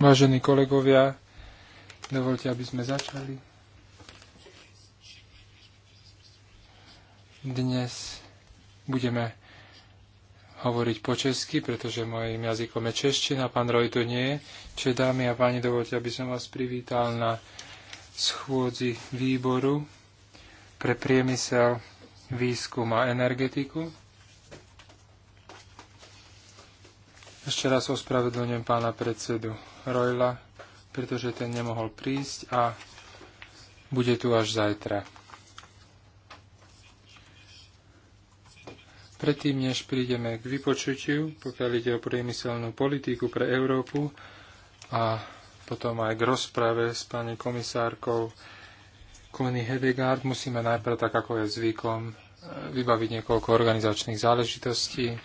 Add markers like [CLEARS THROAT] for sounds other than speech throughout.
Vážení kolegovia, dovolte, aby sme začali. Dnes budeme hovoriť po česky, pretože mojim jazykom je čeština, pán Roj tu nie je. Čiže dámy a páni, dovolte, aby som vás privítal na schôdzi výboru pre priemysel, výskum a energetiku. Ešte raz ospravedlňujem pána predsedu Rojla, pretože ten nemohol prísť a bude tu až zajtra. Predtým, než prídeme k vypočutiu, pokiaľ ide o priemyselnú politiku pre Európu a potom aj k rozprave s pani komisárkou Kony Hedegaard, musíme najprv, tak ako je zvykom, vybaviť niekoľko organizačných záležitostí.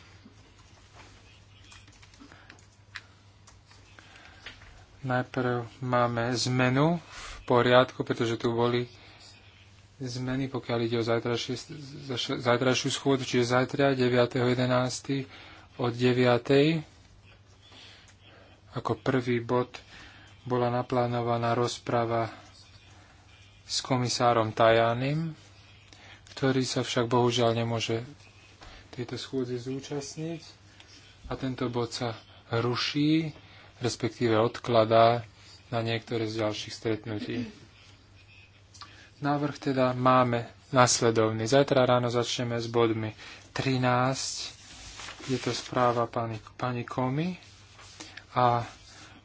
Najprv máme zmenu v poriadku, pretože tu boli zmeny, pokiaľ ide o zajtrajšiu, schôd, čiže zajtra 9.11. od 9. ako prvý bod bola naplánovaná rozprava s komisárom Tajanim, ktorý sa však bohužiaľ nemôže tejto schôdze zúčastniť a tento bod sa ruší respektíve odkladá na niektoré z ďalších stretnutí. Návrh teda máme nasledovný. Zajtra ráno začneme s bodmi 13, je to správa pani, pani Komi a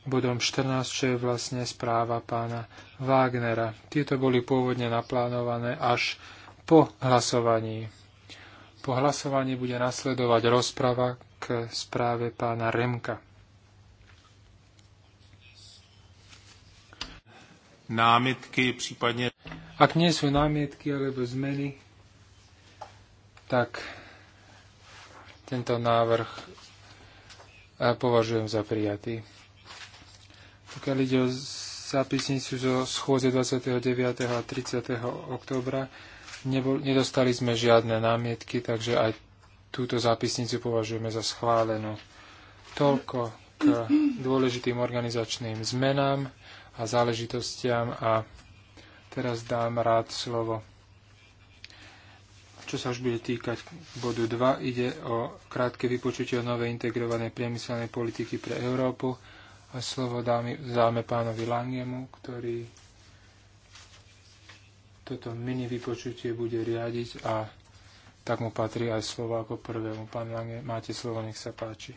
bodom 14, čo je vlastne správa pána Wagnera. Tieto boli pôvodne naplánované až po hlasovaní. Po hlasovaní bude nasledovať rozprava k správe pána Remka. námietky, prípadne... Ak nie sú námietky alebo zmeny, tak tento návrh považujem za prijatý. Pokiaľ ide o zápisnicu zo schôze 29. a 30. oktobra, nebol, nedostali sme žiadne námietky, takže aj túto zápisnicu považujeme za schválenú. Toľko k dôležitým organizačným zmenám a záležitostiam a teraz dám rád slovo. Čo sa už bude týkať bodu 2, ide o krátke vypočutie o novej integrovanej priemyselnej politiky pre Európu a slovo dáme, dáme pánovi Langemu, ktorý toto mini vypočutie bude riadiť a tak mu patrí aj slovo ako prvému. Pán Lange, máte slovo, nech sa páči.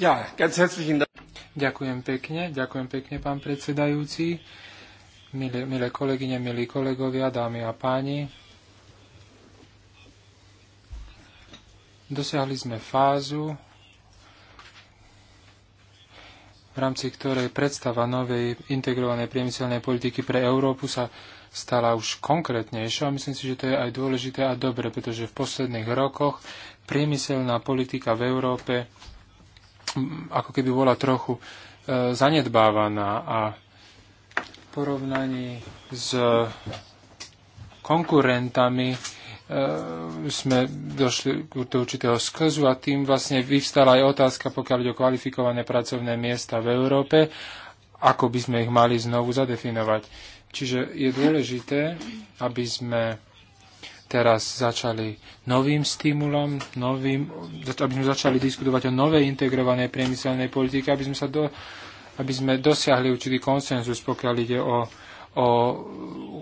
Ja, ganz herzlichen Dank. Ďakujem pekne, ďakujem pekne, pán predsedajúci, milé, milé kolegyne, milí kolegovia, dámy a páni. Dosiahli sme fázu, v rámci ktorej predstava novej integrovanej priemyselnej politiky pre Európu sa stala už konkrétnejšou a myslím si, že to je aj dôležité a dobre, pretože v posledných rokoch priemyselná politika v Európe ako keby bola trochu e, zanedbávaná a v porovnaní s konkurentami e, sme došli do určitého sklzu a tým vlastne vyvstala aj otázka, pokiaľ ide o kvalifikované pracovné miesta v Európe, ako by sme ich mali znovu zadefinovať. Čiže je dôležité, aby sme teraz začali novým stimulom, novým, aby sme začali diskutovať o novej integrovanej priemyselnej politike, aby sme, sa do, aby sme dosiahli určitý konsenzus, pokiaľ ide o, o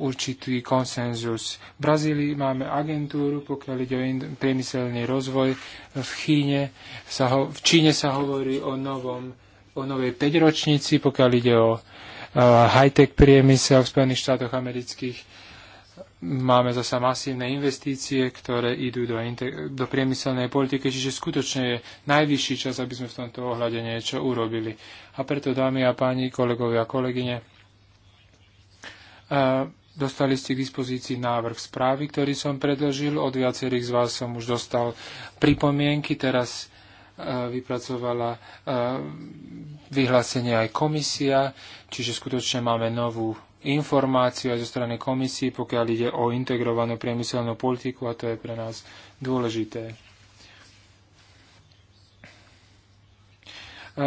určitý konsenzus. V Brazílii máme agentúru, pokiaľ ide o priemyselný rozvoj. V, Chíne sa ho, v Číne sa hovorí o, novom, o novej 5 pokiaľ ide o uh, high-tech priemysel v Spojených štátoch amerických Máme zasa masívne investície, ktoré idú do, do priemyselnej politiky, čiže skutočne je najvyšší čas, aby sme v tomto ohľade niečo urobili. A preto, dámy a páni, kolegovia a kolegyne, e, dostali ste k dispozícii návrh správy, ktorý som predložil. Od viacerých z vás som už dostal pripomienky. Teraz e, vypracovala e, vyhlásenie aj komisia, čiže skutočne máme novú informáciu aj zo strany komisí, pokiaľ ide o integrovanú priemyselnú politiku a to je pre nás dôležité. E,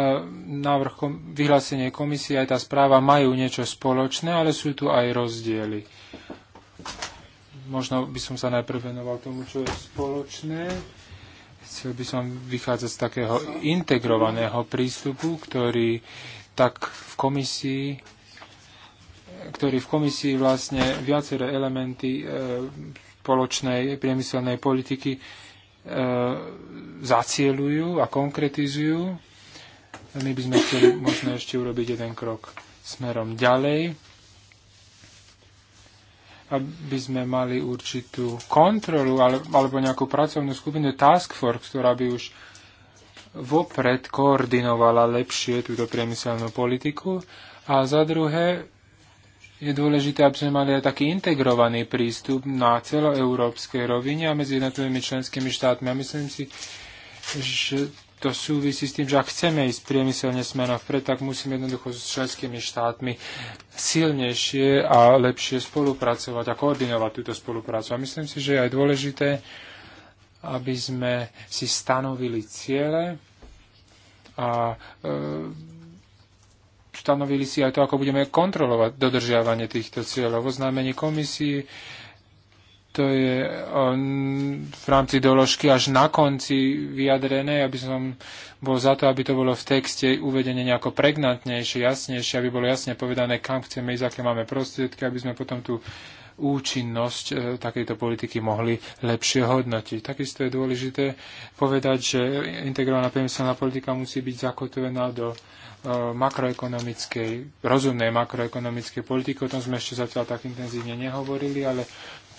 návrh kom- vyhlásenie komisie aj tá správa majú niečo spoločné, ale sú tu aj rozdiely. Možno by som sa najprv venoval tomu, čo je spoločné. Chcel by som vychádzať z takého integrovaného prístupu, ktorý tak v komisii ktorý v komisii vlastne viaceré elementy e, spoločnej priemyselnej politiky e, zacielujú a konkretizujú. My by sme chceli možno ešte urobiť jeden krok smerom ďalej, aby sme mali určitú kontrolu alebo nejakú pracovnú skupinu Task Force, ktorá by už vopred koordinovala lepšie túto priemyselnú politiku a za druhé je dôležité, aby sme mali aj taký integrovaný prístup na celoeurópskej rovine a medzi jednotlivými členskými štátmi. A myslím si, že to súvisí s tým, že ak chceme ísť priemyselne smerom vpred, tak musíme jednoducho s členskými štátmi silnejšie a lepšie spolupracovať a koordinovať túto spoluprácu. A myslím si, že je aj dôležité, aby sme si stanovili ciele a e, stanovili si aj to, ako budeme kontrolovať dodržiavanie týchto cieľov. Oznámenie komisii to je v rámci doložky až na konci vyjadrené, aby som bol za to, aby to bolo v texte uvedené nejako pregnantnejšie, jasnejšie, aby bolo jasne povedané, kam chceme ísť, aké máme prostriedky, aby sme potom uh, účinnosť e, takejto politiky mohli lepšie hodnotiť. Takisto je dôležité povedať, že integrovaná priemyselná politika musí byť zakotvená do e, makroekonomickej, rozumnej makroekonomickej politiky. O tom sme ešte zatiaľ tak intenzívne nehovorili, ale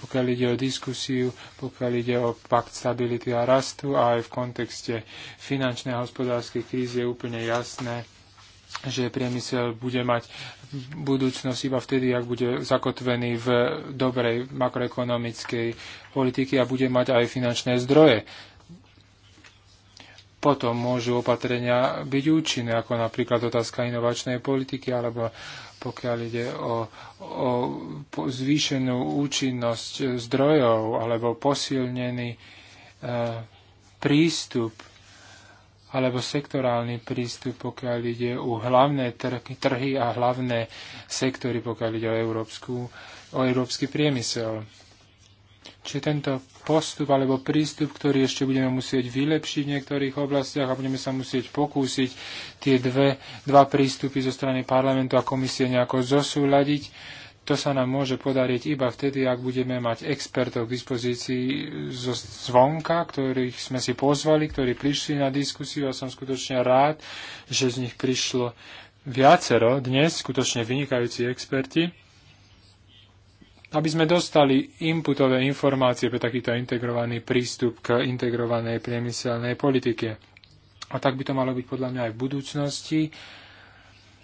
pokiaľ ide o diskusiu, pokiaľ ide o pakt stability a rastu a aj v kontexte finančnej a hospodárskej krízy je úplne jasné, že priemysel bude mať budúcnosť iba vtedy, ak bude zakotvený v dobrej makroekonomickej politiky a bude mať aj finančné zdroje. Potom môžu opatrenia byť účinné, ako napríklad otázka inovačnej politiky, alebo pokiaľ ide o, o zvýšenú účinnosť zdrojov, alebo posilnený e, prístup alebo sektorálny prístup, pokiaľ ide o hlavné trhy a hlavné sektory, pokiaľ ide o, európsku, o európsky priemysel. Čiže tento postup alebo prístup, ktorý ešte budeme musieť vylepšiť v niektorých oblastiach a budeme sa musieť pokúsiť tie dve, dva prístupy zo strany parlamentu a komisie nejako zosúľadiť, to sa nám môže podariť iba vtedy, ak budeme mať expertov k dispozícii zo zvonka, ktorých sme si pozvali, ktorí prišli na diskusiu a som skutočne rád, že z nich prišlo viacero dnes, skutočne vynikajúci experti, aby sme dostali inputové informácie pre takýto integrovaný prístup k integrovanej priemyselnej politike. A tak by to malo byť podľa mňa aj v budúcnosti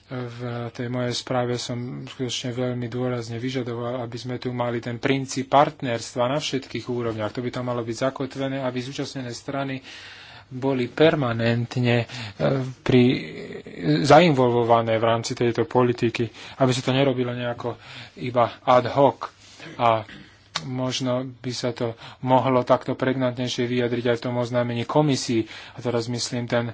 v tej mojej správe som skutočne veľmi dôrazne vyžadoval, aby sme tu mali ten princíp partnerstva na všetkých úrovniach. To by tam malo byť zakotvené, aby zúčastnené strany boli permanentne e, pri, zainvolvované v rámci tejto politiky, aby sa to nerobilo nejako iba ad hoc. A možno by sa to mohlo takto pregnantnejšie vyjadriť aj v tom oznámení komisii, a teraz myslím ten e,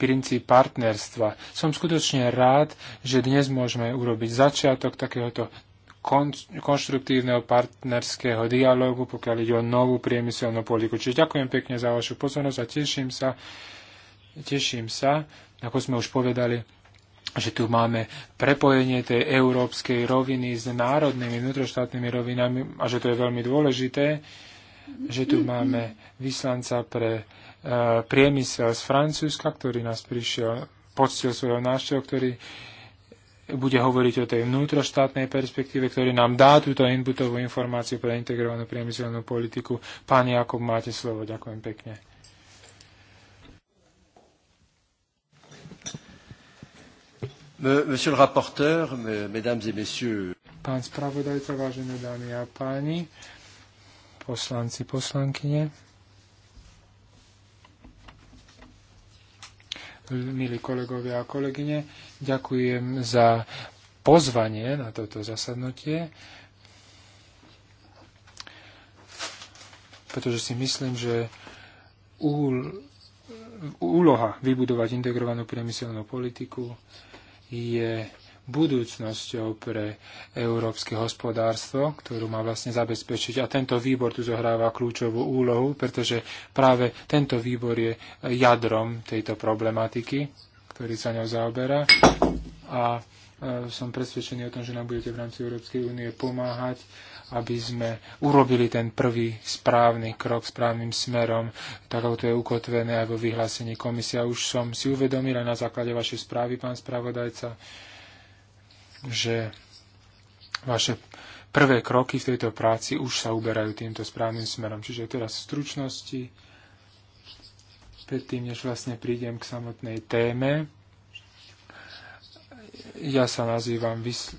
princíp partnerstva. Som skutočne rád, že dnes môžeme urobiť začiatok takéhoto kon, konštruktívneho partnerského dialógu, pokiaľ ide o novú priemyselnú politiku. Čiže ďakujem pekne za vašu pozornosť a teším sa, teším sa, ako sme už povedali, že tu máme prepojenie tej európskej roviny s národnými vnútroštátnymi rovinami a že to je veľmi dôležité, že tu máme vyslanca pre e, priemysel z Francúzska, ktorý nás prišiel, poctil svojho návštevu, ktorý bude hovoriť o tej vnútroštátnej perspektíve, ktorý nám dá túto inputovú informáciu pre integrovanú priemyselnú politiku. Pán Jakob, máte slovo, ďakujem pekne. Monsieur le rapporteur, mesdames et messieurs. Pán spravodajca, vážené dámy a páni, poslanci, poslankyne, milí kolegovia a kolegyne, ďakujem za pozvanie na toto zasadnutie. pretože si myslím, že úloha vybudovať integrovanú priemyselnú politiku je budúcnosťou pre európske hospodárstvo, ktorú má vlastne zabezpečiť. A tento výbor tu zohráva kľúčovú úlohu, pretože práve tento výbor je jadrom tejto problematiky, ktorý sa ňou zaoberá. A e, som presvedčený o tom, že nám budete v rámci Európskej únie pomáhať aby sme urobili ten prvý správny krok správnym smerom, tak ako to je ukotvené aj vo vyhlásení komisia. Už som si uvedomila na základe vašej správy, pán spravodajca, že vaše prvé kroky v tejto práci už sa uberajú týmto správnym smerom. Čiže teraz v stručnosti, predtým, než vlastne prídem k samotnej téme, ja sa nazývam, vysl-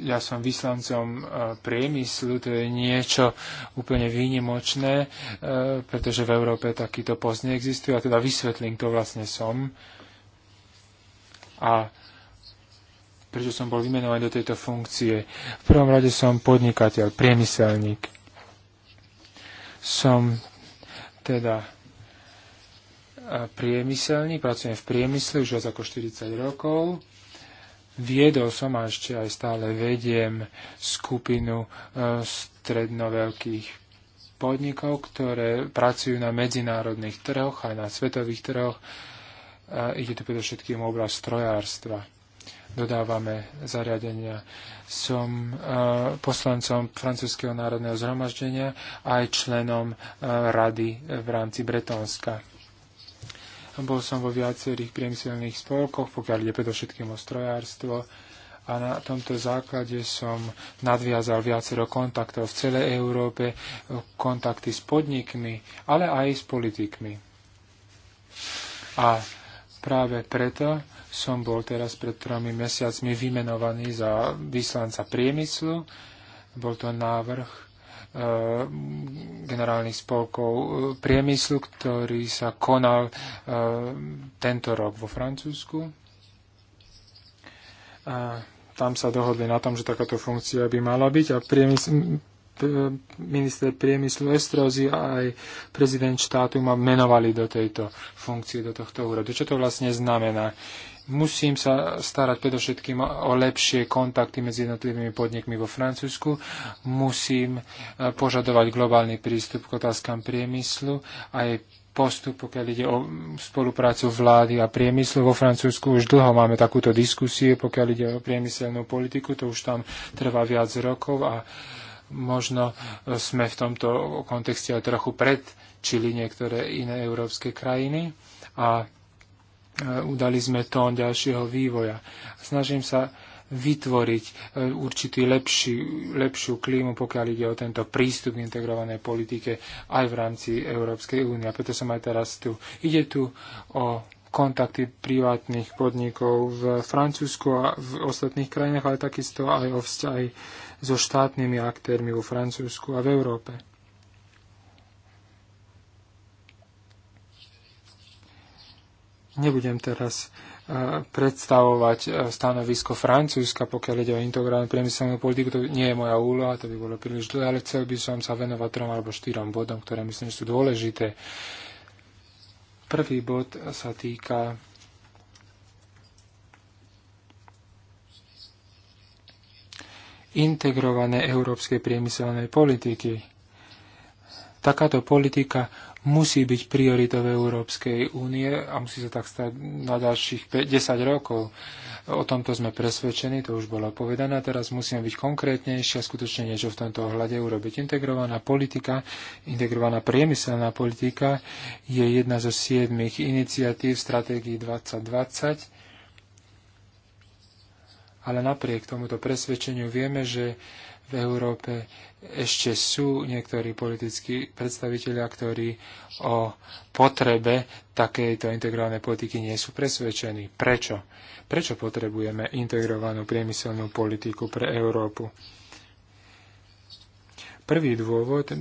ja som vyslancom e, priemyslu, to je niečo úplne výnimočné, e, pretože v Európe takýto post neexistuje, a teda vysvetlím, kto vlastne som. A prečo som bol vymenovaný do tejto funkcie. V prvom rade som podnikateľ, priemyselník. Som teda e, priemyselník, pracujem v priemysle už viac ako 40 rokov. Viedol som a ešte aj stále vediem skupinu e, strednoveľkých podnikov, ktoré pracujú na medzinárodných trhoch aj na svetových trhoch. E, ide tu predovšetkým oblasť strojárstva. Dodávame zariadenia. Som e, poslancom Francúzského národného zhromaždenia a aj členom rady v rámci Bretónska. Bol som vo viacerých priemyselných spolkoch, pokiaľ ide predovšetkým o strojárstvo a na tomto základe som nadviazal viacero kontaktov v celej Európe, kontakty s podnikmi, ale aj s politikmi. A práve preto som bol teraz pred tromi mesiacmi vymenovaný za vyslanca priemyslu. Bol to návrh Eh, generálnych spolkov eh, priemyslu, ktorý sa konal eh, tento rok vo Francúzsku. A tam sa dohodli na tom, že takáto funkcia by mala byť a priemysl, minister priemyslu Estrozy a aj prezident štátu ma menovali do tejto funkcie, do tohto úradu. Čo to vlastne znamená? Musím sa starať predovšetkým o lepšie kontakty medzi jednotlivými podnikmi vo Francúzsku. Musím e, požadovať globálny prístup k otázkam priemyslu a postup, pokiaľ ide o spoluprácu vlády a priemyslu. Vo Francúzsku už dlho máme takúto diskusiu, pokiaľ ide o priemyselnú politiku, to už tam trvá viac rokov a možno e, sme v tomto kontexte aj trochu predčili niektoré iné európske krajiny. A E, udali sme tón ďalšieho vývoja. Snažím sa vytvoriť e, určitý lepší, lepšiu klímu, pokiaľ ide o tento prístup k integrovanej politike aj v rámci Európskej únie. A preto som aj teraz tu. Ide tu o kontakty privátnych podnikov v Francúzsku a v ostatných krajinách, ale takisto aj o vzťahy so štátnymi aktérmi vo Francúzsku a v Európe. Nebudem teraz e, predstavovať e, stanovisko Francúzska, pokiaľ ide o integrálnu priemyselnú politiku, to nie je moja úloha, to by bolo príliš dlhé, ale chcel by som sa venovať trom alebo štyrom bodom, ktoré myslím, že sú dôležité. Prvý bod sa týka integrované európskej priemyselnej politiky. Takáto politika musí byť prioritou Európskej únie a musí sa tak stať na ďalších 10 rokov. O tomto sme presvedčení, to už bolo povedané. Teraz musíme byť konkrétnejšie a skutočne niečo v tomto ohľade urobiť. Integrovaná politika, integrovaná priemyselná politika je jedna zo siedmých iniciatív stratégii 2020 ale napriek tomuto presvedčeniu vieme, že v Európe ešte sú niektorí politickí predstavitelia, ktorí o potrebe takejto integrálnej politiky nie sú presvedčení. Prečo? Prečo potrebujeme integrovanú priemyselnú politiku pre Európu? Prvý dôvod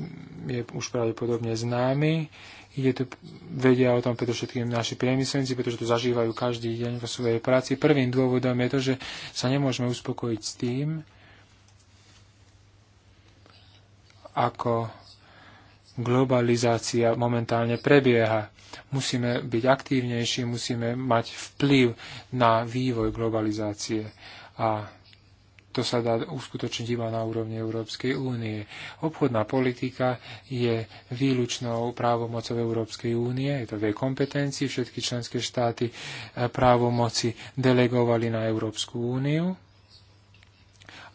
je už pravdepodobne známy. Je to, vedia o tom predovšetkým naši priemyselníci, pretože to zažívajú každý deň vo svojej práci. Prvým dôvodom je to, že sa nemôžeme uspokojiť s tým, ako globalizácia momentálne prebieha. Musíme byť aktívnejší, musíme mať vplyv na vývoj globalizácie a to sa dá uskutočniť iba na úrovni Európskej únie. Obchodná politika je výlučnou právomocou Európskej únie, je to v jej kompetencii, všetky členské štáty právomoci delegovali na Európsku úniu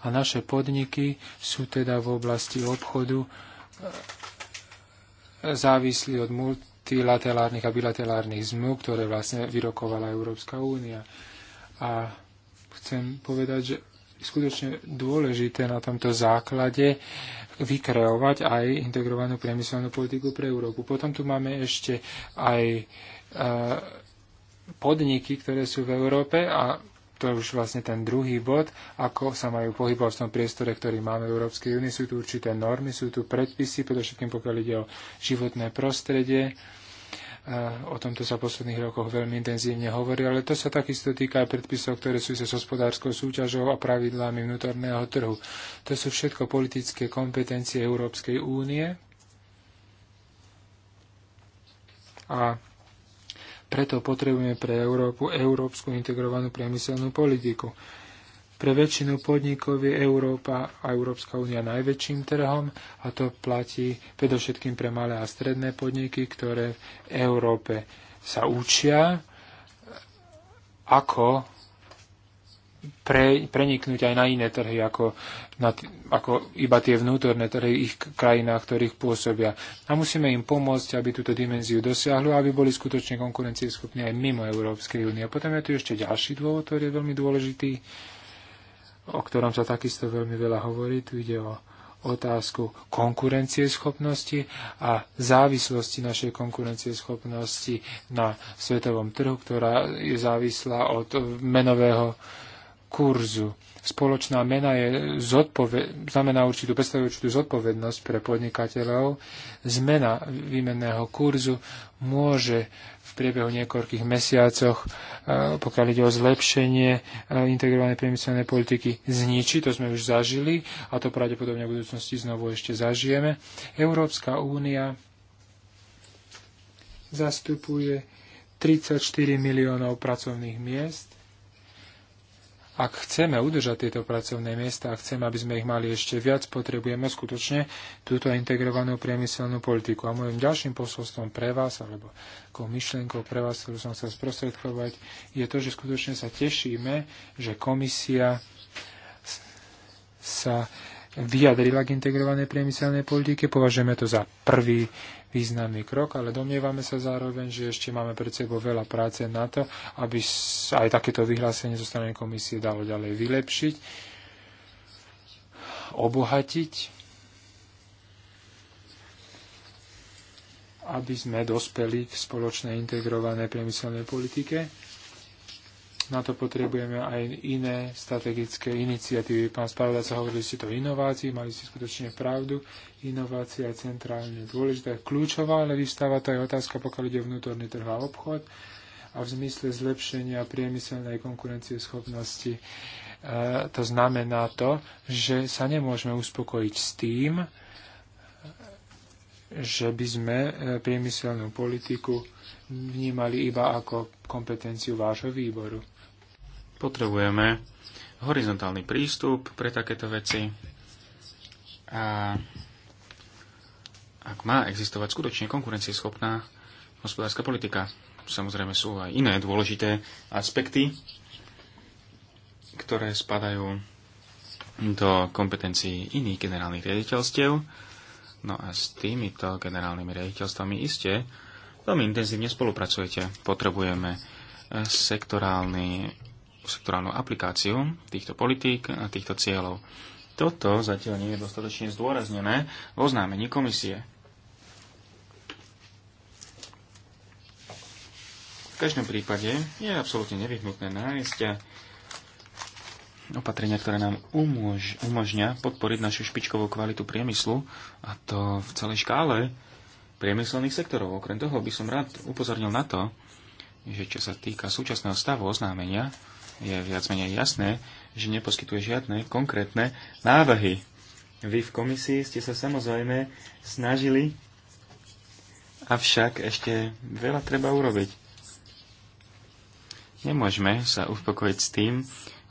a naše podniky sú teda v oblasti obchodu e, závislí od multilaterálnych a bilaterálnych zmluv, ktoré vlastne vyrokovala Európska únia. A chcem povedať, že skutočne dôležité na tomto základe vykreovať aj integrovanú priemyselnú politiku pre Európu. Potom tu máme ešte aj e, podniky, ktoré sú v Európe a to je už vlastne ten druhý bod, ako sa majú pohybovať v tom priestore, ktorý máme v Európskej únii. Sú tu určité normy, sú tu predpisy, predovšetkým pokiaľ ide o životné prostredie. E, o tomto sa v posledných rokoch veľmi intenzívne hovorí, ale to sa takisto týka aj predpisov, ktoré sú s hospodárskou súťažou a pravidlami vnútorného trhu. To sú všetko politické kompetencie Európskej únie. A preto potrebujeme pre Európu európsku integrovanú priemyselnú politiku. Pre väčšinu podnikov je Európa a Európska únia najväčším trhom a to platí predovšetkým pre malé a stredné podniky, ktoré v Európe sa učia, ako pre, preniknúť aj na iné trhy, ako, na, ako iba tie vnútorné trhy ich krajinách, ktorých pôsobia. A musíme im pomôcť, aby túto dimenziu dosiahli, aby boli skutočne konkurencieschopní aj mimo Európskej únie. A potom je tu ešte ďalší dôvod, ktorý je veľmi dôležitý, o ktorom sa takisto veľmi veľa hovorí. Tu ide o otázku konkurencieschopnosti a závislosti našej konkurencieschopnosti na svetovom trhu, ktorá je závislá od menového kurzu. Spoločná mena je zodpove- znamená určitú, predstavuje určitú zodpovednosť pre podnikateľov. Zmena výmenného kurzu môže v priebehu niekoľkých mesiacoch, e, pokiaľ ide o zlepšenie e, integrovanej priemyselnej politiky, zničiť. To sme už zažili a to pravdepodobne v budúcnosti znovu ešte zažijeme. Európska únia zastupuje 34 miliónov pracovných miest ak chceme udržať tieto pracovné miesta a chceme, aby sme ich mali ešte viac, potrebujeme skutočne túto integrovanú priemyselnú politiku. A môjim ďalším posolstvom pre vás, alebo ako myšlienkou pre vás, ktorú som sa sprostredkovať, je to, že skutočne sa tešíme, že komisia sa vyjadrila k integrovanej priemyselnej politike. Považujeme to za prvý významný krok, ale domnievame sa zároveň, že ešte máme pred sebou veľa práce na to, aby sa aj takéto vyhlásenie zo strany komisie dalo ďalej vylepšiť, obohatiť aby sme dospeli k spoločnej integrovanej priemyselnej politike na to potrebujeme aj iné strategické iniciatívy. Pán spravodajca, že ste to o inovácii, mali ste skutočne pravdu. Inovácia je centrálne dôležitá, je kľúčová, ale vystáva to aj otázka, pokiaľ ide vnútorný trh a obchod a v zmysle zlepšenia priemyselnej schopnosti. E, to znamená to, že sa nemôžeme uspokojiť s tým, že by sme e, priemyselnú politiku vnímali iba ako kompetenciu vášho výboru. Potrebujeme horizontálny prístup pre takéto veci a ak má existovať skutočne konkurencieschopná hospodárska politika. Samozrejme sú aj iné dôležité aspekty, ktoré spadajú do kompetencií iných generálnych riaditeľstiev. No a s týmito generálnymi riaditeľstvami iste veľmi intenzívne spolupracujete. Potrebujeme sektorálny sektorálnu aplikáciu týchto politík a týchto cieľov. Toto zatiaľ nie je dostatočne zdôraznené v oznámení komisie. V každom prípade je absolútne nevyhnutné nájsť opatrenia, ktoré nám umož, umožňa podporiť našu špičkovú kvalitu priemyslu a to v celej škále priemyselných sektorov. Okrem toho by som rád upozornil na to, že čo sa týka súčasného stavu oznámenia, je viac menej jasné, že neposkytuje žiadne konkrétne návrhy. Vy v komisii ste sa samozrejme snažili, avšak ešte veľa treba urobiť. Nemôžeme sa uspokojiť s tým,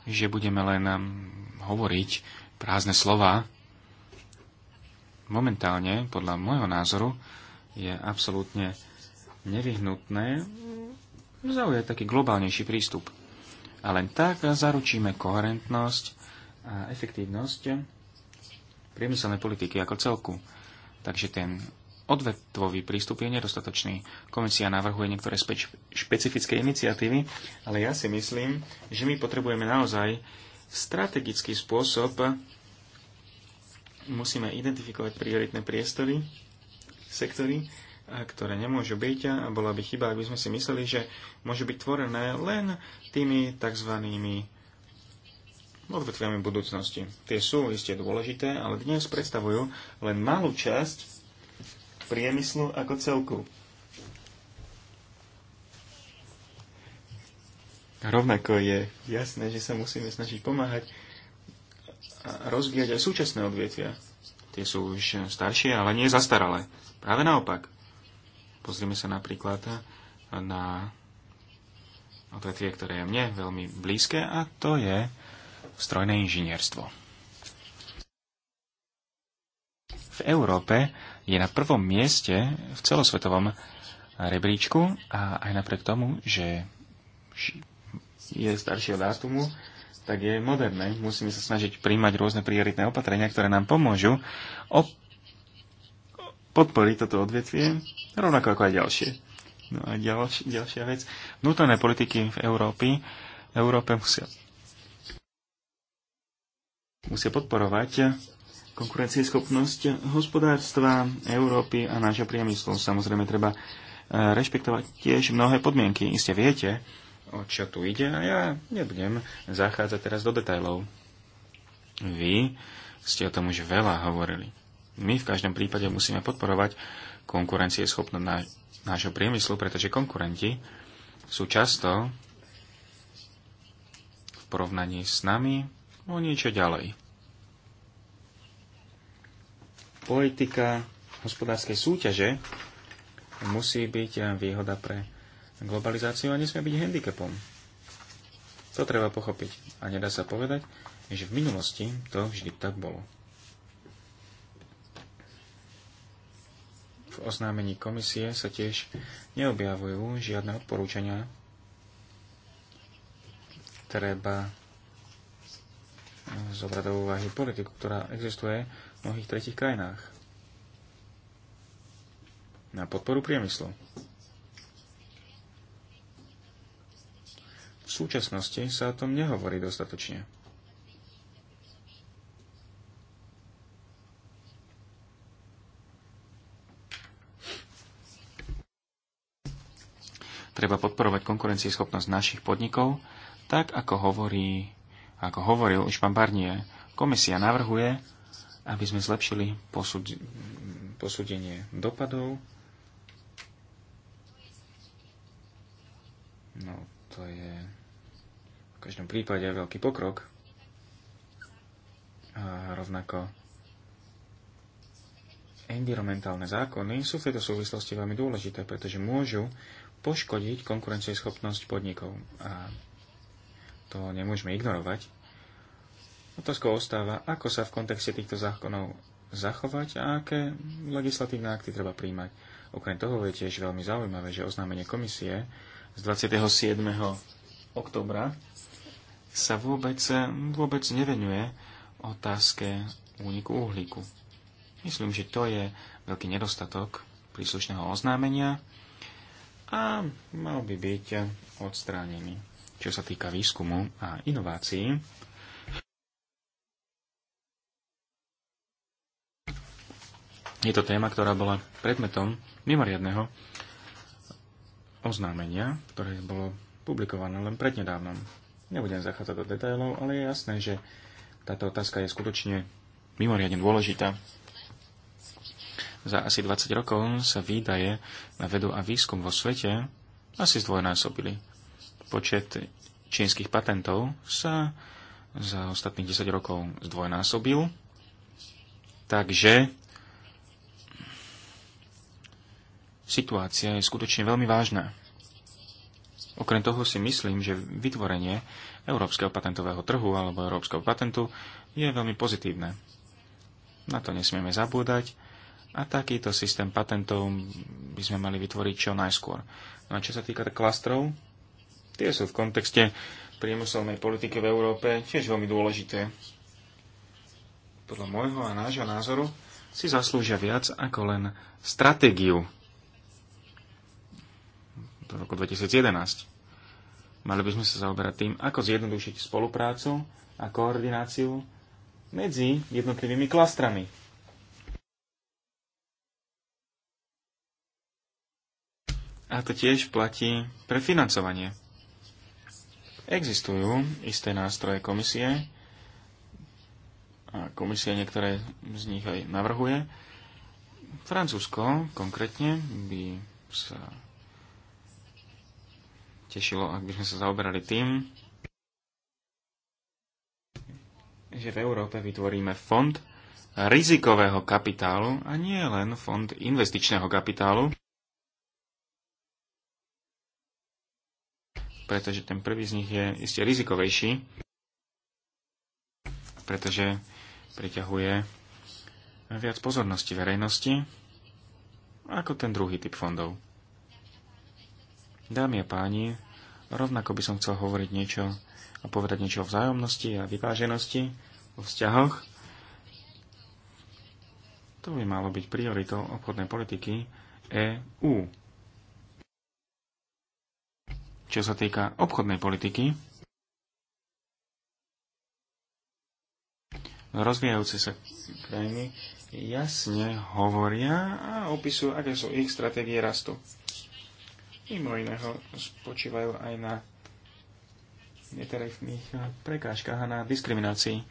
že budeme len nám um, hovoriť prázdne slova. Momentálne, podľa môjho názoru, je absolútne nevyhnutné zaujať taký globálnejší prístup. A len tak zaručíme koherentnosť a efektívnosť priemyselnej politiky ako celku. Takže ten odvetvový prístup je nedostatočný. Komisia navrhuje niektoré speč- špecifické iniciatívy, ale ja si myslím, že my potrebujeme naozaj strategický spôsob, musíme identifikovať prioritné priestory, sektory ktoré nemôžu byť a bola by chyba, ak by sme si mysleli, že môžu byť tvorené len tými tzv. odvetviami budúcnosti. Tie sú isté dôležité, ale dnes predstavujú len malú časť priemyslu ako celku. Rovnako je jasné, že sa musíme snažiť pomáhať a rozvíjať aj súčasné odvietvia. Tie sú už staršie, ale nie zastaralé. Práve naopak. Pozrieme sa napríklad na odvetvie, ktoré je mne veľmi blízke a to je strojné inžinierstvo. V Európe je na prvom mieste v celosvetovom rebríčku a aj napriek tomu, že je staršieho dátumu, tak je moderné. Musíme sa snažiť príjmať rôzne prioritné opatrenia, ktoré nám pomôžu podporiť toto odvetvie rovnako ako aj ďalšie. No a ďalš, ďalšia vec. Vnútorné politiky v Európe, Európe musia, musia podporovať konkurencieschopnosť hospodárstva Európy a nášho priemyslu. Samozrejme, treba e, rešpektovať tiež mnohé podmienky. Iste viete, o čo tu ide a ja nebudem zachádzať teraz do detajlov. Vy ste o tom už veľa hovorili. My v každom prípade musíme podporovať konkurencieschopnosť na, nášho priemyslu, pretože konkurenti sú často v porovnaní s nami o niečo ďalej. Politika hospodárskej súťaže musí byť eh, výhoda pre globalizáciu a nesmie byť handicapom. To treba pochopiť a nedá sa povedať, že v minulosti to vždy tak bolo. V oznámení komisie sa tiež neobjavujú žiadne odporúčania. Treba zobrať do úvahy politiku, ktorá existuje v mnohých tretich krajinách na podporu priemyslu. V súčasnosti sa o tom nehovorí dostatočne. Treba podporovať konkurencieschopnosť našich podnikov, tak ako hovorí, ako hovoril už pán Barnier. Komisia navrhuje, aby sme zlepšili posud, posúdenie dopadov. No, to je v každom prípade veľký pokrok. A rovnako environmentálne zákony sú v tejto súvislosti veľmi dôležité, pretože môžu poškodiť konkurencieschopnosť podnikov. A to nemôžeme ignorovať. Otázkou ostáva, ako sa v kontexte týchto zákonov zachovať a aké legislatívne akty treba príjmať. Okrem toho je tiež veľmi zaujímavé, že oznámenie komisie z 27. oktobra sa vôbec, vôbec nevenuje otázke úniku uhlíku. Myslím, že to je veľký nedostatok príslušného oznámenia a mal by byť odstránený. Čo sa týka výskumu a inovácií, je to téma, ktorá bola predmetom mimoriadného oznámenia, ktoré bolo publikované len prednedávnom. Nebudem zachádzať do detailov, ale je jasné, že táto otázka je skutočne mimoriadne dôležitá. Za asi 20 rokov sa výdaje na vedu a výskum vo svete asi zdvojnásobili. Počet čínskych patentov sa za ostatných 10 rokov zdvojnásobil. Takže situácia je skutočne veľmi vážna. Okrem toho si myslím, že vytvorenie európskeho patentového trhu alebo európskeho patentu je veľmi pozitívne. Na to nesmieme zabúdať a takýto systém patentov by sme mali vytvoriť čo najskôr. No a čo sa týka klastrov, tie sú v kontexte priemyselnej politiky v Európe tiež veľmi dôležité. Podľa môjho a nášho názoru si zaslúžia viac ako len stratégiu do roku 2011. Mali by sme sa zaoberať tým, ako zjednodušiť spoluprácu a koordináciu medzi jednotlivými klastrami A to tiež platí pre financovanie. Existujú isté nástroje komisie, a komisia niektoré z nich aj navrhuje. Francúzsko konkrétne by sa tešilo, ak by sme sa zaoberali tým, že v Európe vytvoríme fond rizikového kapitálu a nie len fond investičného kapitálu. pretože ten prvý z nich je iste rizikovejší, pretože priťahuje viac pozornosti verejnosti ako ten druhý typ fondov. Dámy a páni, rovnako by som chcel hovoriť niečo a povedať niečo o vzájomnosti a vyváženosti, o vzťahoch. To by malo byť prioritou obchodnej politiky EÚ. Čo sa týka obchodnej politiky, rozvíjajúce sa krajiny jasne hovoria a opisujú, aké sú ich stratégie rastu. Mimo iného spočívajú aj na netarifných prekážkach a na diskriminácii.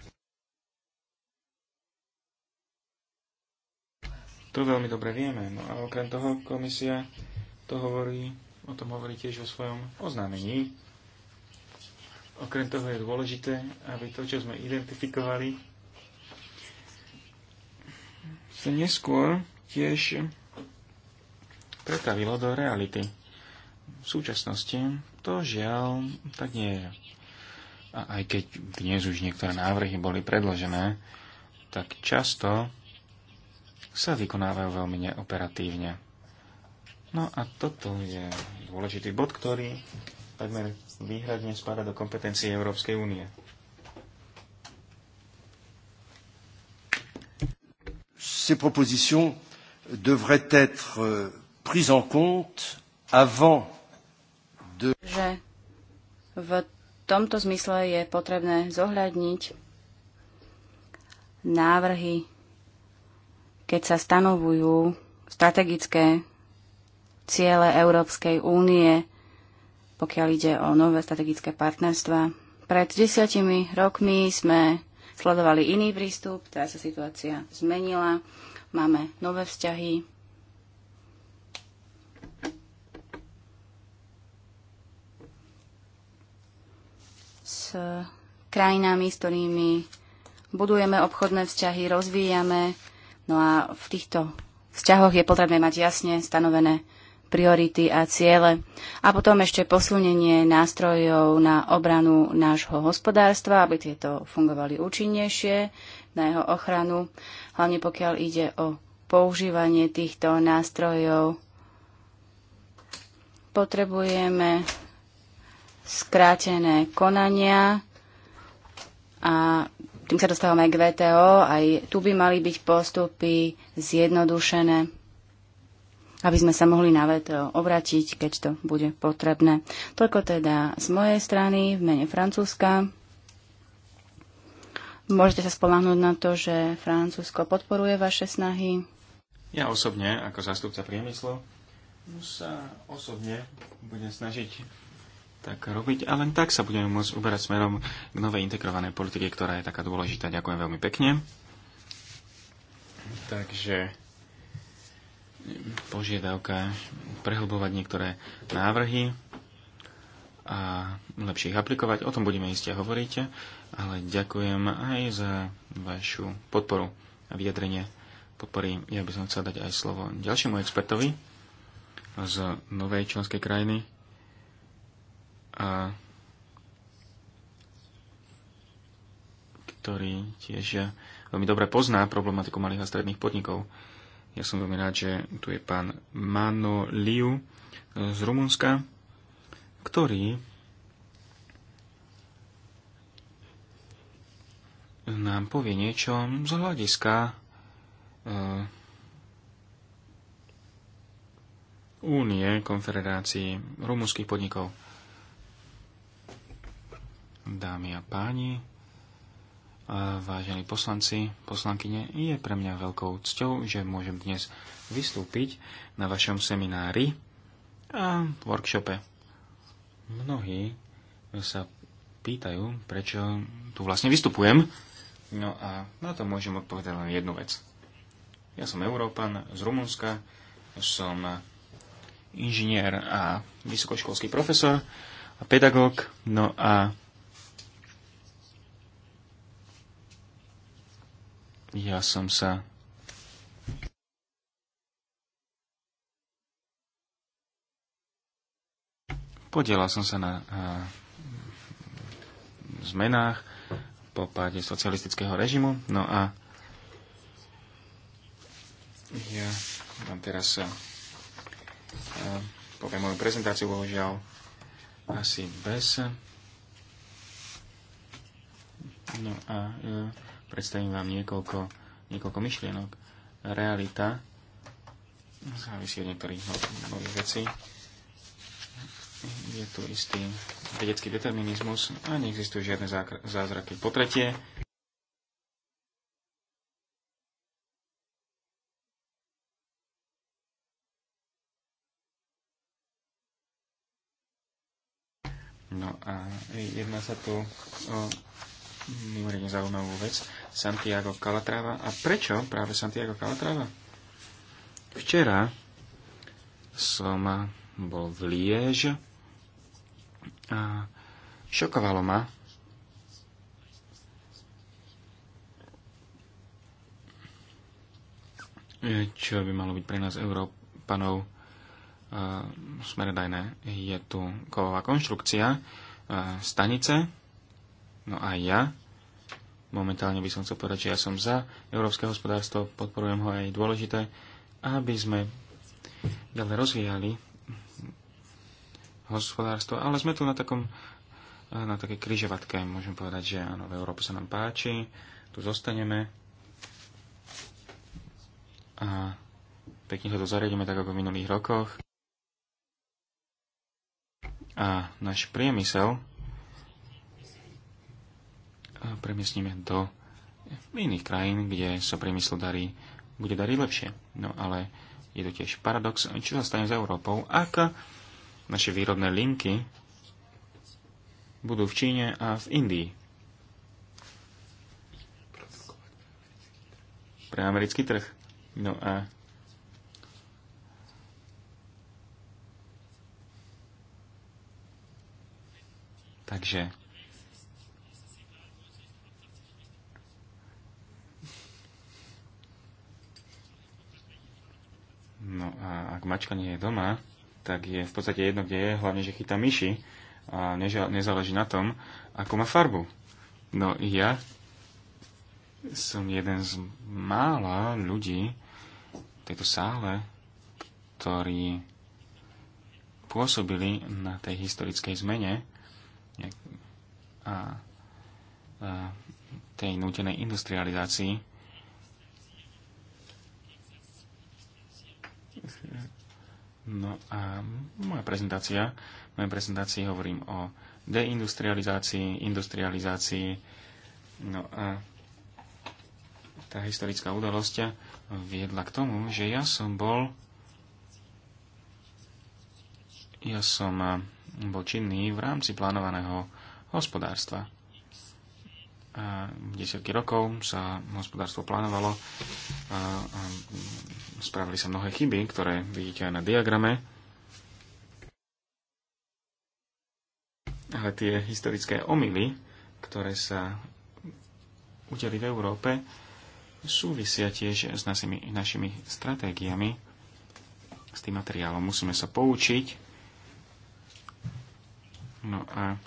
To veľmi dobre vieme. No a okrem toho komisia to hovorí o tom hovorí tiež o svojom oznámení. Okrem toho je dôležité, aby to, čo sme identifikovali, sa neskôr tiež pretavilo do reality. V súčasnosti to žiaľ tak nie je. A aj keď dnes už niektoré návrhy boli predložené, tak často sa vykonávajú veľmi neoperatívne. No a toto je dôležitý bod, ktorý takmer výhradne spada do kompetencie Európskej únie. Ces propositions devraient être euh, prises en compte avant de... Že v tomto zmysle je potrebné zohľadniť návrhy, keď sa stanovujú strategické ciele Európskej únie, pokiaľ ide o nové strategické partnerstva. Pred desiatimi rokmi sme sledovali iný prístup, teraz sa situácia zmenila, máme nové vzťahy, s krajinami, s ktorými budujeme obchodné vzťahy, rozvíjame. No a v týchto vzťahoch je potrebné mať jasne stanovené priority a ciele. A potom ešte posunenie nástrojov na obranu nášho hospodárstva, aby tieto fungovali účinnejšie na jeho ochranu, hlavne pokiaľ ide o používanie týchto nástrojov. Potrebujeme skrátené konania a tým sa dostávame aj k VTO, aj tu by mali byť postupy zjednodušené aby sme sa mohli na VTO e, obrátiť, keď to bude potrebné. Toľko teda z mojej strany v mene Francúzska. Môžete sa spolahnúť na to, že Francúzsko podporuje vaše snahy. Ja osobne, ako zástupca priemyslu, sa osobne budem snažiť tak robiť a len tak sa budeme môcť uberať smerom k novej integrovanej politike, ktorá je taká dôležitá. Ďakujem veľmi pekne. Takže požiadavka prehlbovať niektoré návrhy a lepšie ich aplikovať. O tom budeme iste hovoriť, ale ďakujem aj za vašu podporu a vyjadrenie podpory. Ja by som chcel dať aj slovo ďalšiemu expertovi z novej členskej krajiny. A ktorý tiež veľmi dobre pozná problematiku malých a stredných podnikov. Ja som veľmi rád, že tu je pán Mano Liu eh, z Rumunska, ktorý nám povie niečo z hľadiska eh, Únie Konfederácií rumúnskych podnikov. Dámy a páni, vážení poslanci, poslankyne, je pre mňa veľkou cťou, že môžem dnes vystúpiť na vašom seminári a workshope. Mnohí sa pýtajú, prečo tu vlastne vystupujem. No a na to môžem odpovedať len jednu vec. Ja som Európan z Rumunska, som inžinier a vysokoškolský profesor a pedagóg, no a Ja som sa podielal som sa na a, zmenách po páde socialistického režimu. No a ja vám teraz a, a, poviem moju prezentáciu, bohužiaľ asi bez. No a a e, Predstavím vám niekoľko, niekoľko myšlienok. Realita závisí od niektorých no- nových vecí. Je tu istý vedecký determinizmus a neexistujú žiadne zázraky. Po tretie, No a jedná sa tu o mimoriadne zaujímavú vec, Santiago Calatrava. A prečo práve Santiago Calatrava? Včera som bol v Liež a šokovalo ma, čo by malo byť pre nás Európanov eh, smeredajné. Je tu kovová konštrukcia, eh, stanice, No a ja momentálne by som chcel povedať, že ja som za európske hospodárstvo, podporujem ho aj dôležité, aby sme ďalej rozvíjali hospodárstvo, ale sme tu na takom eh, na také križovatke, Môžem povedať, že áno, v Európe sa nám páči, tu zostaneme a pekne sa to zariadíme tak ako v minulých rokoch. A náš priemysel premiesnime do iných krajín, kde sa priemyslu darí, bude darí lepšie. No ale je to tiež paradox, čo sa stane s Európou, ak naše výrobné linky budú v Číne a v Indii. Pre americký trh. No a Takže No a ak mačka nie je doma, tak je v podstate jedno, kde je, hlavne, že chytá myši a nezáleží na tom, ako má farbu. No ja som jeden z mála ľudí v tejto sále, ktorí pôsobili na tej historickej zmene a, a tej nútenej industrializácii No a moja prezentácia, v prezentácia prezentácii hovorím o deindustrializácii, industrializácii. No a tá historická udalosť viedla k tomu, že ja som bol ja som bol činný v rámci plánovaného hospodárstva desiatky rokov sa hospodárstvo plánovalo, a, a spravili sa mnohé chyby, ktoré vidíte aj na diagrame. Ale tie historické omily, ktoré sa udeli v Európe, súvisia tiež s našimi, našimi stratégiami, s tým materiálom. Musíme sa poučiť. No a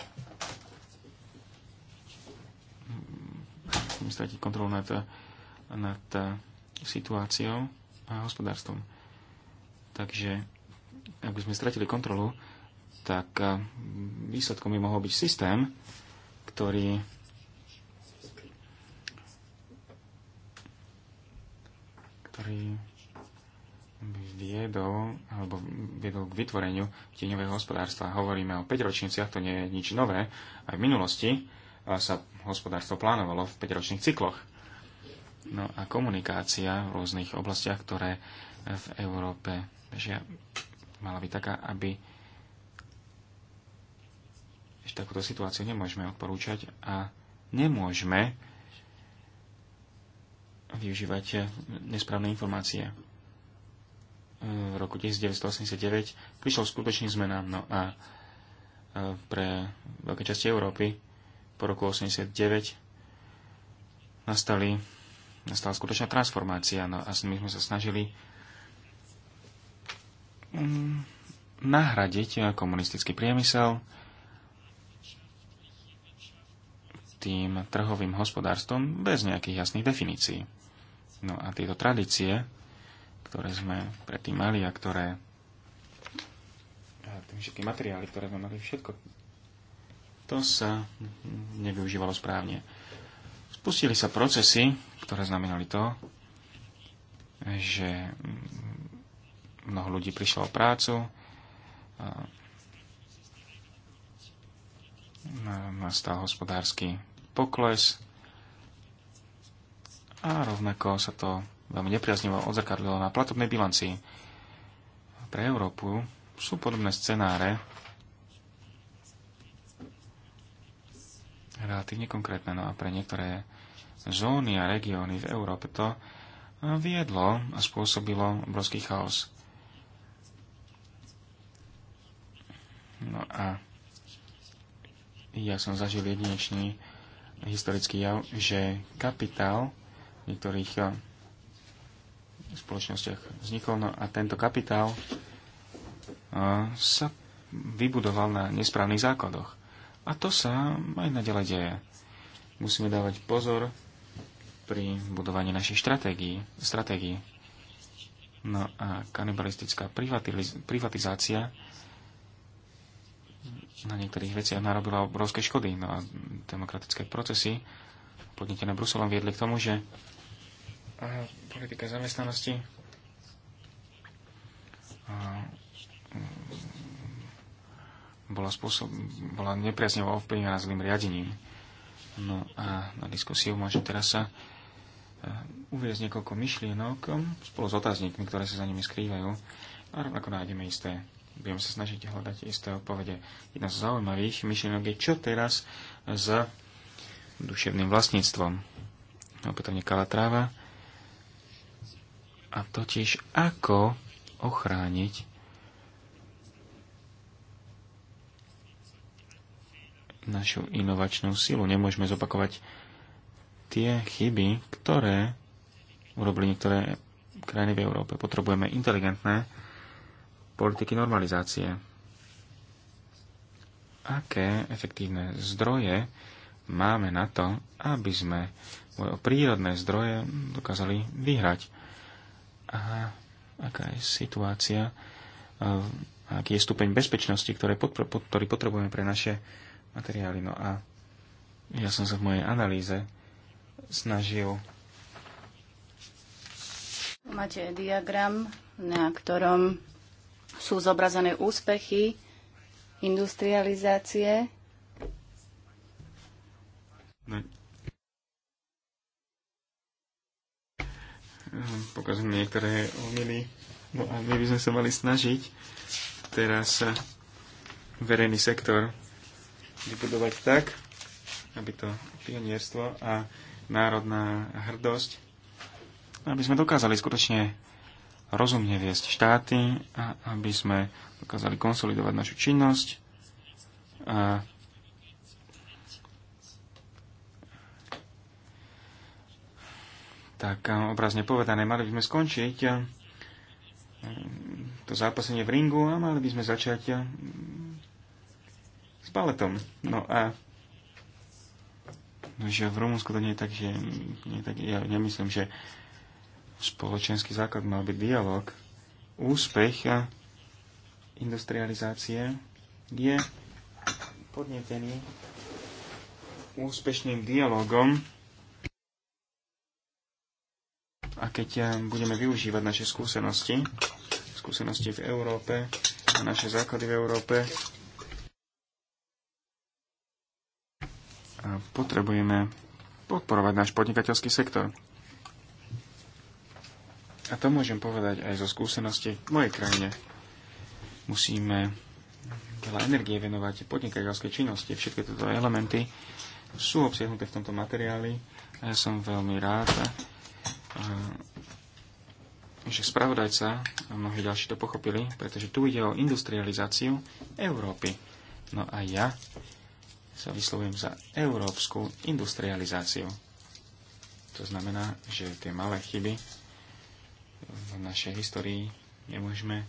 stratiť kontrolu nad, nad situáciou a hospodárstvom. Takže ak by sme stratili kontrolu, tak eh, výsledkom by mohol byť systém, ktorý ktorý viedol, alebo viedol k vytvoreniu tieňového hospodárstva. Hovoríme o 5 ročniciach, to nie je nič nové. Aj v minulosti sa hospodárstvo plánovalo v 5-ročných cykloch. No a komunikácia v rôznych oblastiach, ktoré v Európe bežia, mala byť taká, aby ešte takúto situáciu nemôžeme odporúčať a nemôžeme využívať nesprávne informácie. V roku 1989 prišlo skutočným zmenám, no a e, pre veľké časti Európy po roku 89 nastali, nastala skutočná transformácia no a my sme sa snažili mm, nahradiť komunistický priemysel tým trhovým hospodárstvom bez nejakých jasných definícií. No a tieto tradície, ktoré sme predtým mali a ktoré a tým všetky materiály, ktoré sme mali, všetko to sa nevyužívalo správne. Spustili sa procesy, ktoré znamenali to, že mnoho ľudí prišlo o prácu, nastal hospodársky pokles a rovnako sa to veľmi nepriaznivo odzrkadlilo na platobnej bilancii. Pre Európu sú podobné scenáre, relatívne konkrétne. No a pre niektoré zóny a regióny v Európe to eh, viedlo a spôsobilo obrovský chaos. No a ja som zažil jedinečný historický jav, že kapitál v niektorých eh, spoločnostiach vznikol no a tento kapitál eh, sa vybudoval na nesprávnych základoch. A to sa aj naďalej deje. Musíme dávať pozor pri budovaní našich stratégií. stratégií. No a kanibalistická privatizácia na niektorých veciach narobila obrovské škody. No a demokratické procesy podnetené Bruselom viedli k tomu, že a politika zamestnanosti a bola, spôsob, bola nepriaznevo ovplyvnená zlým riadením. No a na diskusiu môžem teraz sa eh, uviezť niekoľko myšlienok eh, spolu s otáznikmi, ktoré sa za nimi skrývajú a rovnako nájdeme isté budeme sa snažiť hľadať isté odpovede. Jedna z zaujímavých myšlienok je, čo teraz s duševným vlastníctvom. No, opätovne tráva. A totiž, ako ochrániť našu inovačnú silu. Nemôžeme zopakovať tie chyby, ktoré urobili niektoré krajiny v Európe. Potrebujeme inteligentné politiky normalizácie. Aké efektívne zdroje máme na to, aby sme prírodné zdroje dokázali vyhrať? A aká je situácia, aký je stupeň bezpečnosti, ktoré ktorý potrebujeme pre naše materiály. No a ja som sa v mojej analýze snažil. Máte diagram, na ktorom sú zobrazené úspechy industrializácie. No. Pokazujem niektoré omily. No a my by sme sa mali snažiť teraz verejný sektor vybudovať tak, aby to pionierstvo a národná hrdosť, aby sme dokázali skutočne rozumne viesť štáty a aby sme dokázali konsolidovať našu činnosť a tak obrazne povedané, mali by sme skončiť e, to zápasenie v ringu a mali by sme začať e, s paletom. No a že v Rumunsku to nie je tak, že nie je tak, ja nemyslím, že spoločenský základ mal byť dialog. Úspech industrializácie je podnetený úspešným dialogom a keď budeme využívať naše skúsenosti, skúsenosti v Európe a naše základy v Európe, potrebujeme podporovať náš podnikateľský sektor. A to môžem povedať aj zo skúsenosti v mojej krajine. Musíme veľa energie venovať podnikateľskej činnosti. Všetky tieto elementy sú obsiahnuté v tomto materiáli a ja som veľmi rád, že spravodajca a mnohí ďalší to pochopili, pretože tu ide o industrializáciu Európy. No a ja sa vyslovujem za európsku industrializáciu. To znamená, že tie malé chyby v našej histórii nemôžeme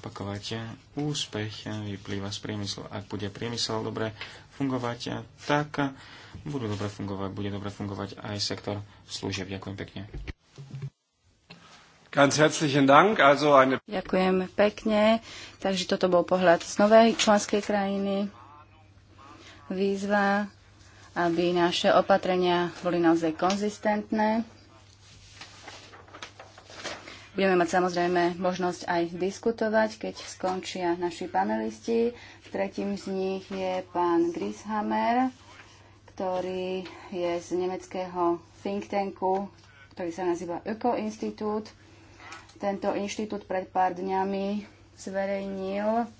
opakovať. Úspech vyplýva z priemyslu. Ak bude priemysel dobre fungovať, tak budú dobre fungovať, bude dobre fungovať aj sektor služieb. Ďakujem pekne. Ďakujem pekne. Takže toto bol pohľad z novej členskej krajiny výzva, aby naše opatrenia boli naozaj konzistentné. Budeme mať samozrejme možnosť aj diskutovať, keď skončia naši panelisti. Tretím z nich je pán Grishammer, ktorý je z nemeckého think tanku, ktorý sa nazýva Öko-institút. Tento inštitút pred pár dňami zverejnil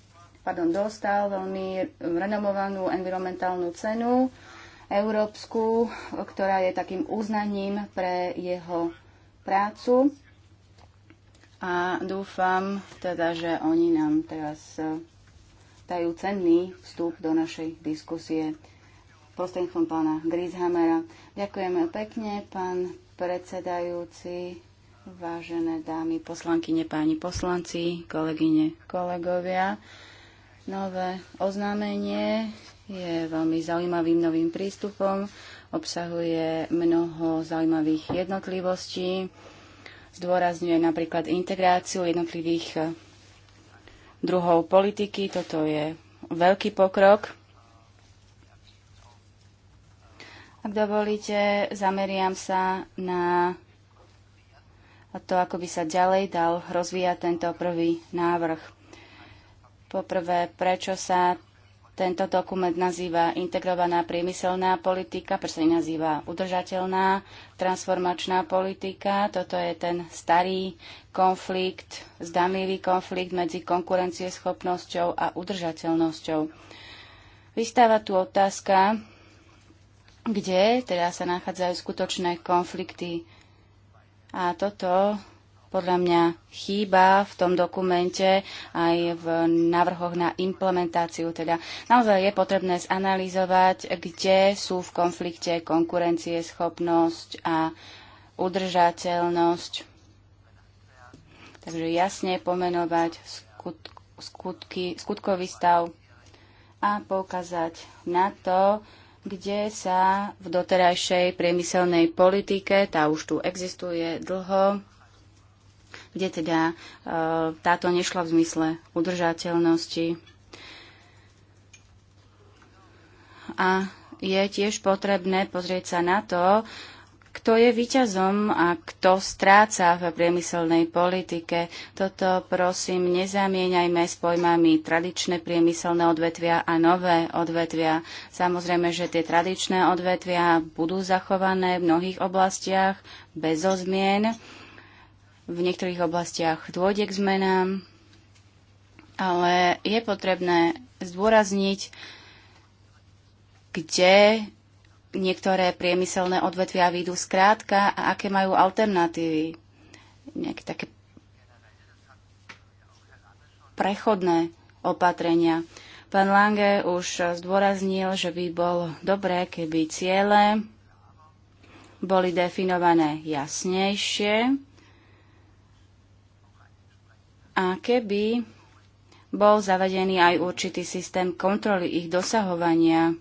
pardon, dostal veľmi renomovanú environmentálnu cenu európsku, ktorá je takým uznaním pre jeho prácu. A dúfam teda, že oni nám teraz e, dajú cenný vstup do našej diskusie prostredníctvom pána Grishamera. Ďakujeme pekne, pán predsedajúci, vážené dámy poslankyne, páni poslanci, kolegyne, kolegovia. Nové oznámenie je veľmi zaujímavým novým prístupom, obsahuje mnoho zaujímavých jednotlivostí, zdôrazňuje napríklad integráciu jednotlivých eh, druhov politiky. Toto je veľký pokrok. Ak dovolíte, zameriam sa na to, ako by sa ďalej dal rozvíjať tento prvý návrh. Poprvé, prečo sa tento dokument nazýva integrovaná priemyselná politika, prečo sa nazýva udržateľná transformačná politika. Toto je ten starý konflikt, zdanlivý konflikt medzi konkurencieschopnosťou a udržateľnosťou. Vystáva tu otázka, kde teda sa nachádzajú skutočné konflikty. A toto podľa mňa chýba v tom dokumente aj v návrhoch na implementáciu. Teda naozaj je potrebné zanalýzovať, kde sú v konflikte konkurencie, schopnosť a udržateľnosť. Takže jasne pomenovať skutky, skutkový stav a poukázať na to, kde sa v doterajšej priemyselnej politike, tá už tu existuje dlho, kde teda e, táto nešla v zmysle udržateľnosti. A je tiež potrebné pozrieť sa na to, kto je výťazom a kto stráca v priemyselnej politike. Toto prosím nezamieňajme s pojmami tradičné priemyselné odvetvia a nové odvetvia. Samozrejme, že tie tradičné odvetvia budú zachované v mnohých oblastiach bez ozmien. zmien v niektorých oblastiach dôjde k zmenám, ale je potrebné zdôrazniť, kde niektoré priemyselné odvetvia výjdu skrátka a aké majú alternatívy. Nejaké také prechodné opatrenia. Pán Lange už zdôraznil, že by bol dobré, keby ciele boli definované jasnejšie a keby bol zavedený aj určitý systém kontroly ich dosahovania.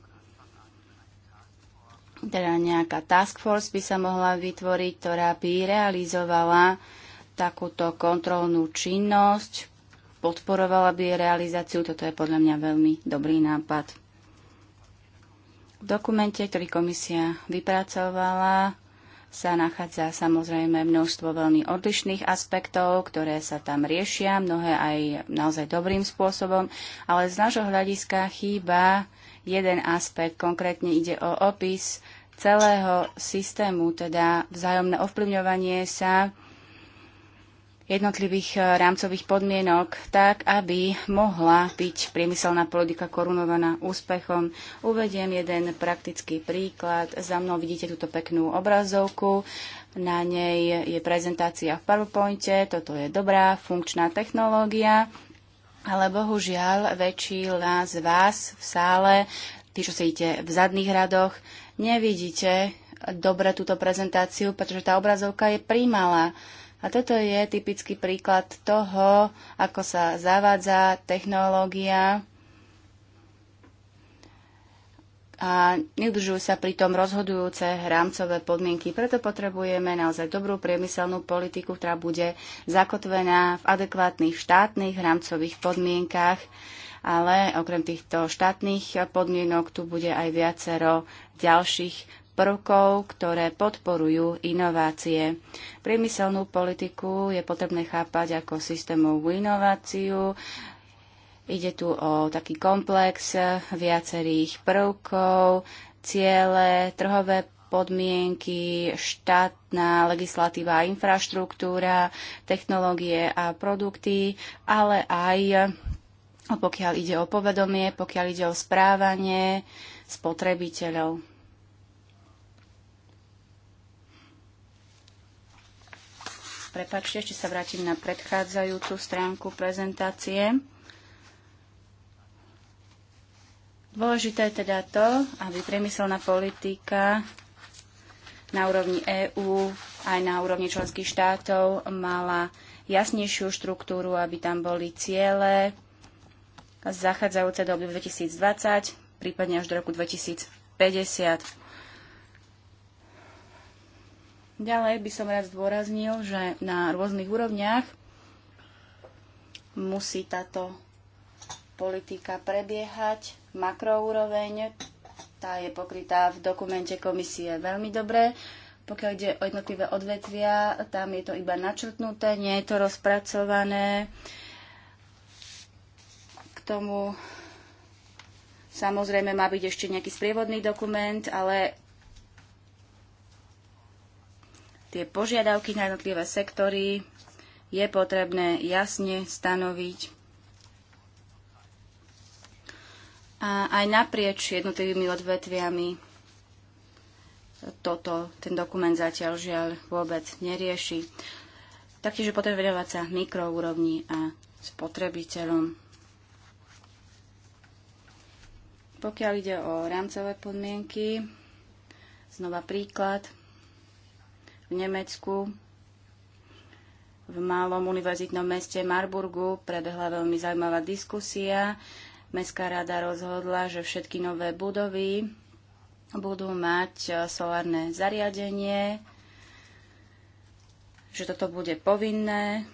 Teda nejaká task force by sa mohla vytvoriť, ktorá by realizovala takúto kontrolnú činnosť, podporovala by realizáciu. Toto je podľa mňa veľmi dobrý nápad. V dokumente, ktorý komisia vypracovala, sa nachádza samozrejme množstvo veľmi odlišných aspektov, ktoré sa tam riešia, mnohé aj naozaj dobrým spôsobom, ale z nášho hľadiska chýba jeden aspekt, konkrétne ide o opis celého systému, teda vzájomné ovplyvňovanie sa jednotlivých e, rámcových podmienok tak, aby mohla byť priemyselná politika korunovaná úspechom. Uvediem jeden praktický príklad. Za mnou vidíte túto peknú obrazovku. Na nej je prezentácia v PowerPointe. Toto je dobrá funkčná technológia. Ale bohužiaľ väčšina z vás v sále, tí, čo sedíte v zadných radoch, nevidíte dobre túto prezentáciu, pretože tá obrazovka je primalá. A toto je typický príklad toho, ako sa zavádza technológia a nedržujú sa pritom rozhodujúce rámcové podmienky. Preto potrebujeme naozaj dobrú priemyselnú politiku, ktorá bude zakotvená v adekvátnych štátnych rámcových podmienkach, ale okrem týchto štátnych podmienok tu bude aj viacero ďalších prvkov, ktoré podporujú inovácie. Priemyselnú politiku je potrebné chápať ako systémovú inováciu. Ide tu o taký komplex viacerých prvkov, ciele, trhové podmienky, štátna legislatíva a infraštruktúra, technológie a produkty, ale aj pokiaľ ide o povedomie, pokiaľ ide o správanie spotrebiteľov. Prepačte, ešte sa vrátim na predchádzajúcu stránku prezentácie. Dôležité je teda to, aby priemyselná politika na úrovni EÚ aj na úrovni členských štátov mala jasnejšiu štruktúru, aby tam boli ciele zachádzajúce do obdobia 2020, prípadne až do roku 2050 Ďalej by som rád zdôraznil, že na rôznych úrovniach musí táto politika prebiehať. Makroúroveň, tá je pokrytá v dokumente komisie veľmi dobre. Pokiaľ ide o jednotlivé odvetvia, tam je to iba načrtnuté, nie je to rozpracované. K tomu samozrejme má byť ešte nejaký sprievodný dokument, ale tie požiadavky na jednotlivé sektory je potrebné jasne stanoviť. A aj naprieč jednotlivými odvetviami toto ten dokument zatiaľ žiaľ vôbec nerieši. Taktiež je potrebné venovať sa mikroúrovni a spotrebiteľom. Pokiaľ ide o rámcové podmienky, znova príklad – v Nemecku, v malom univerzitnom meste Marburgu prebehla veľmi zaujímavá diskusia. Mestská rada rozhodla, že všetky nové budovy budú mať e, solárne zariadenie, že toto bude povinné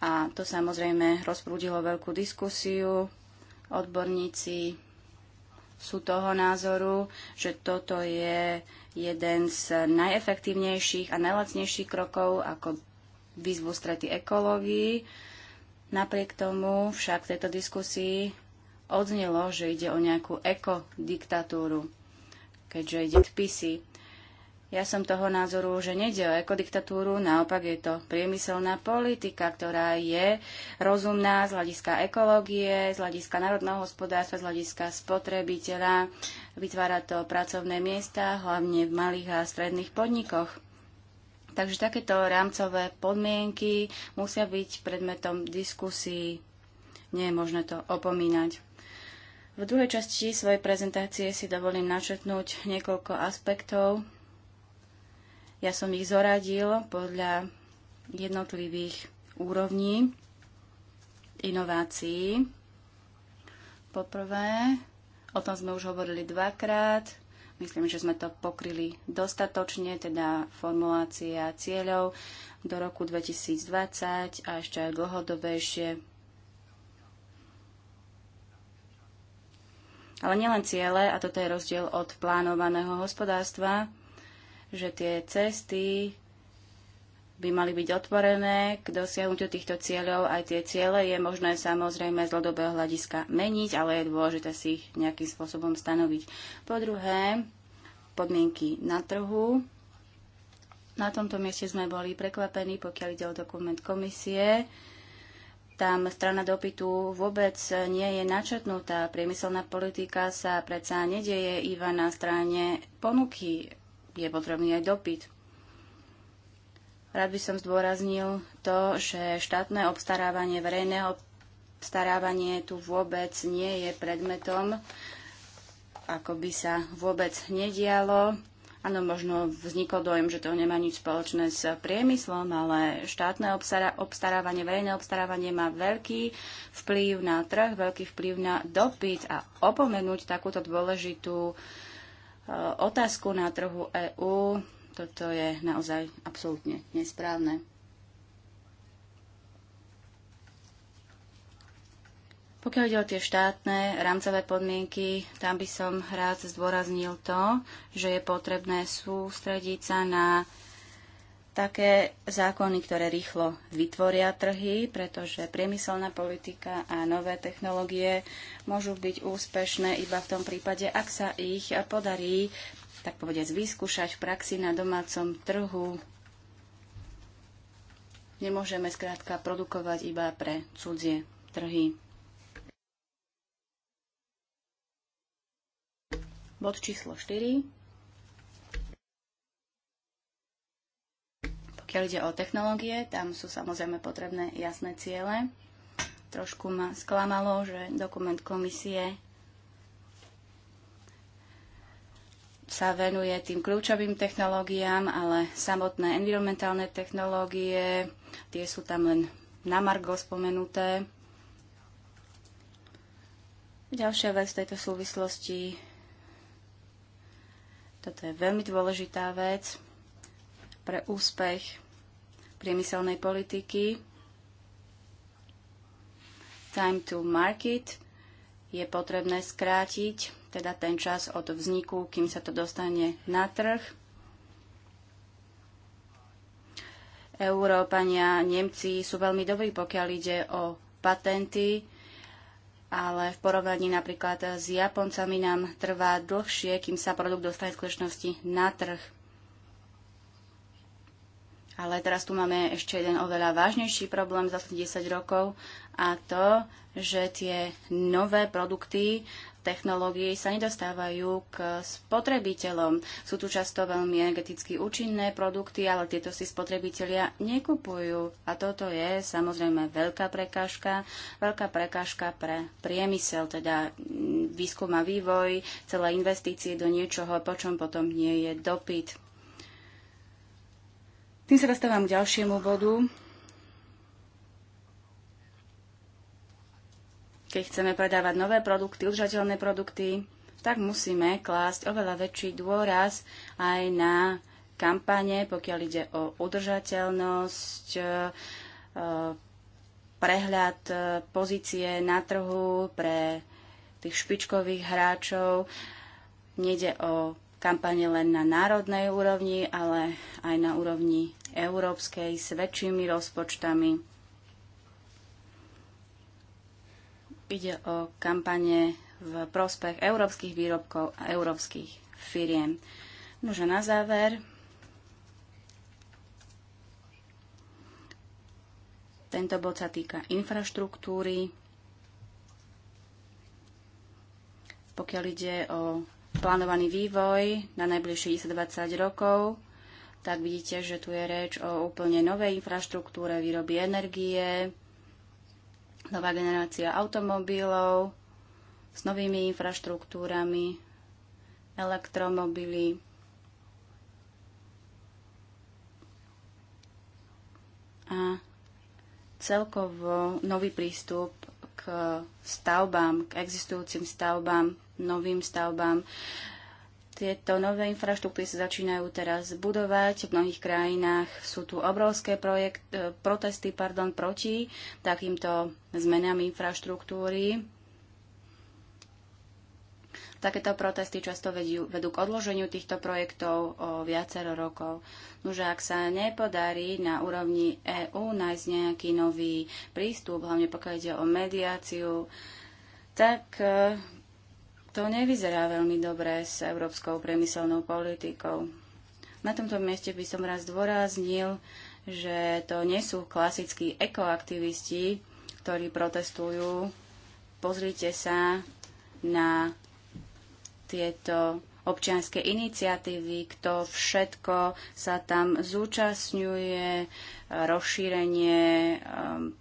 a to samozrejme rozprúdilo veľkú diskusiu. Odborníci sú toho názoru, že toto je jeden z najefektívnejších a najlacnejších krokov ako výzvu strety ekológii. Napriek tomu však v tejto diskusii odznelo, že ide o nejakú ekodiktatúru, keďže ide vpisy. Ja som toho názoru, že nejde o ekodiktatúru, naopak je to priemyselná politika, ktorá je rozumná z hľadiska ekológie, z hľadiska národného hospodárstva, z hľadiska spotrebiteľa, Vytvára to pracovné miesta, hlavne v malých a stredných podnikoch. Takže takéto rámcové podmienky musia byť predmetom diskusí. Nie je možné to opomínať. V druhej časti svojej prezentácie si dovolím načetnúť niekoľko aspektov. Ja som ich zoradil podľa jednotlivých úrovní inovácií. Poprvé, O tom sme už hovorili dvakrát. Myslím, že sme to pokryli dostatočne, teda formulácia cieľov do roku 2020 a ešte aj dlhodobejšie. Ale nielen ciele, a toto je rozdiel od plánovaného hospodárstva, že tie cesty by mali byť otvorené k dosiahnutiu týchto cieľov. Aj tie ciele je možné samozrejme z dlhodobého hľadiska meniť, ale je dôležité si ich nejakým spôsobom stanoviť. Po druhé, podmienky na trhu. Na tomto mieste sme boli prekvapení, pokiaľ ide o dokument komisie. Tam strana dopytu vôbec nie je načetnutá. Priemyselná politika sa predsa nedieje iba na strane ponuky. Je potrebný aj dopyt. Rád by som zdôraznil to, že štátne obstarávanie, verejné obstarávanie tu vôbec nie je predmetom, ako by sa vôbec nedialo. Áno, možno vznikol dojem, že to nemá nič spoločné s priemyslom, ale štátne obstarávanie, verejné obstarávanie má veľký vplyv na trh, veľký vplyv na dopyt a opomenúť takúto dôležitú e, otázku na trhu EÚ toto je naozaj absolútne nesprávne. Pokiaľ ide o tie štátne rámcové podmienky, tam by som rád zdôraznil to, že je potrebné sústrediť sa na také zákony, ktoré rýchlo vytvoria trhy, pretože priemyselná politika a nové technológie môžu byť úspešné iba v tom prípade, ak sa ich podarí tak povediať, vyskúšať v praxi na domácom trhu. Nemôžeme skrátka produkovať iba pre cudzie trhy. Bod číslo 4. Pokiaľ ide o technológie, tam sú samozrejme potrebné jasné ciele. Trošku ma sklamalo, že dokument komisie sa venuje tým kľúčovým technológiám, ale samotné environmentálne technológie, tie sú tam len na Margo spomenuté. Ďalšia vec v tejto súvislosti, toto je veľmi dôležitá vec pre úspech priemyselnej politiky. Time to market je potrebné skrátiť teda ten čas od vzniku, kým sa to dostane na trh. Európania, Nemci sú veľmi dobrí, pokiaľ ide o patenty, ale v porovnaní napríklad s Japoncami nám trvá dlhšie, kým sa produkt dostane v skutočnosti na trh. Ale teraz tu máme ešte jeden oveľa vážnejší problém za 10 rokov a to, že tie nové produkty technológií sa nedostávajú k spotrebiteľom. Sú tu často veľmi energeticky účinné produkty, ale tieto si spotrebitelia nekupujú. A toto je samozrejme veľká prekážka, veľká prekážka pre priemysel, teda mm, výskum a vývoj, celé investície do niečoho, po čom potom nie je dopyt. Tým sa dostávam k ďalšiemu bodu, Keď chceme predávať nové produkty, udržateľné produkty, tak musíme klásť oveľa väčší dôraz aj na kampane, pokiaľ ide o udržateľnosť, e, prehľad e, pozície na trhu pre tých špičkových hráčov. Nejde o kampane len na národnej úrovni, ale aj na úrovni európskej s väčšími rozpočtami Ide o kampane v prospech európskych výrobkov a európskych firiem. Nože na záver, tento bod sa týka infraštruktúry. Pokiaľ ide o plánovaný vývoj na najbližšie 20 rokov, tak vidíte, že tu je reč o úplne novej infraštruktúre výroby energie, nová generácia automobilov s novými infraštruktúrami, elektromobily, a celkovo nový prístup k stavbám, k existujúcim stavbám, novým stavbám, tieto nové infraštruktúry sa začínajú teraz budovať. V mnohých krajinách sú tu obrovské projekt, e, protesty pardon, proti takýmto zmenám infraštruktúry. Takéto protesty často vedú, vedú k odloženiu týchto projektov o viacero rokov. Nože ak sa nepodarí na úrovni EÚ nájsť nejaký nový prístup, hlavne pokiaľ ide o mediáciu, tak e, to nevyzerá veľmi dobre s európskou priemyselnou politikou. Na tomto mieste by som raz dôraznil, že to nie sú klasickí ekoaktivisti, ktorí protestujú. Pozrite sa na tieto občianske iniciatívy, kto všetko sa tam zúčastňuje, rozšírenie um,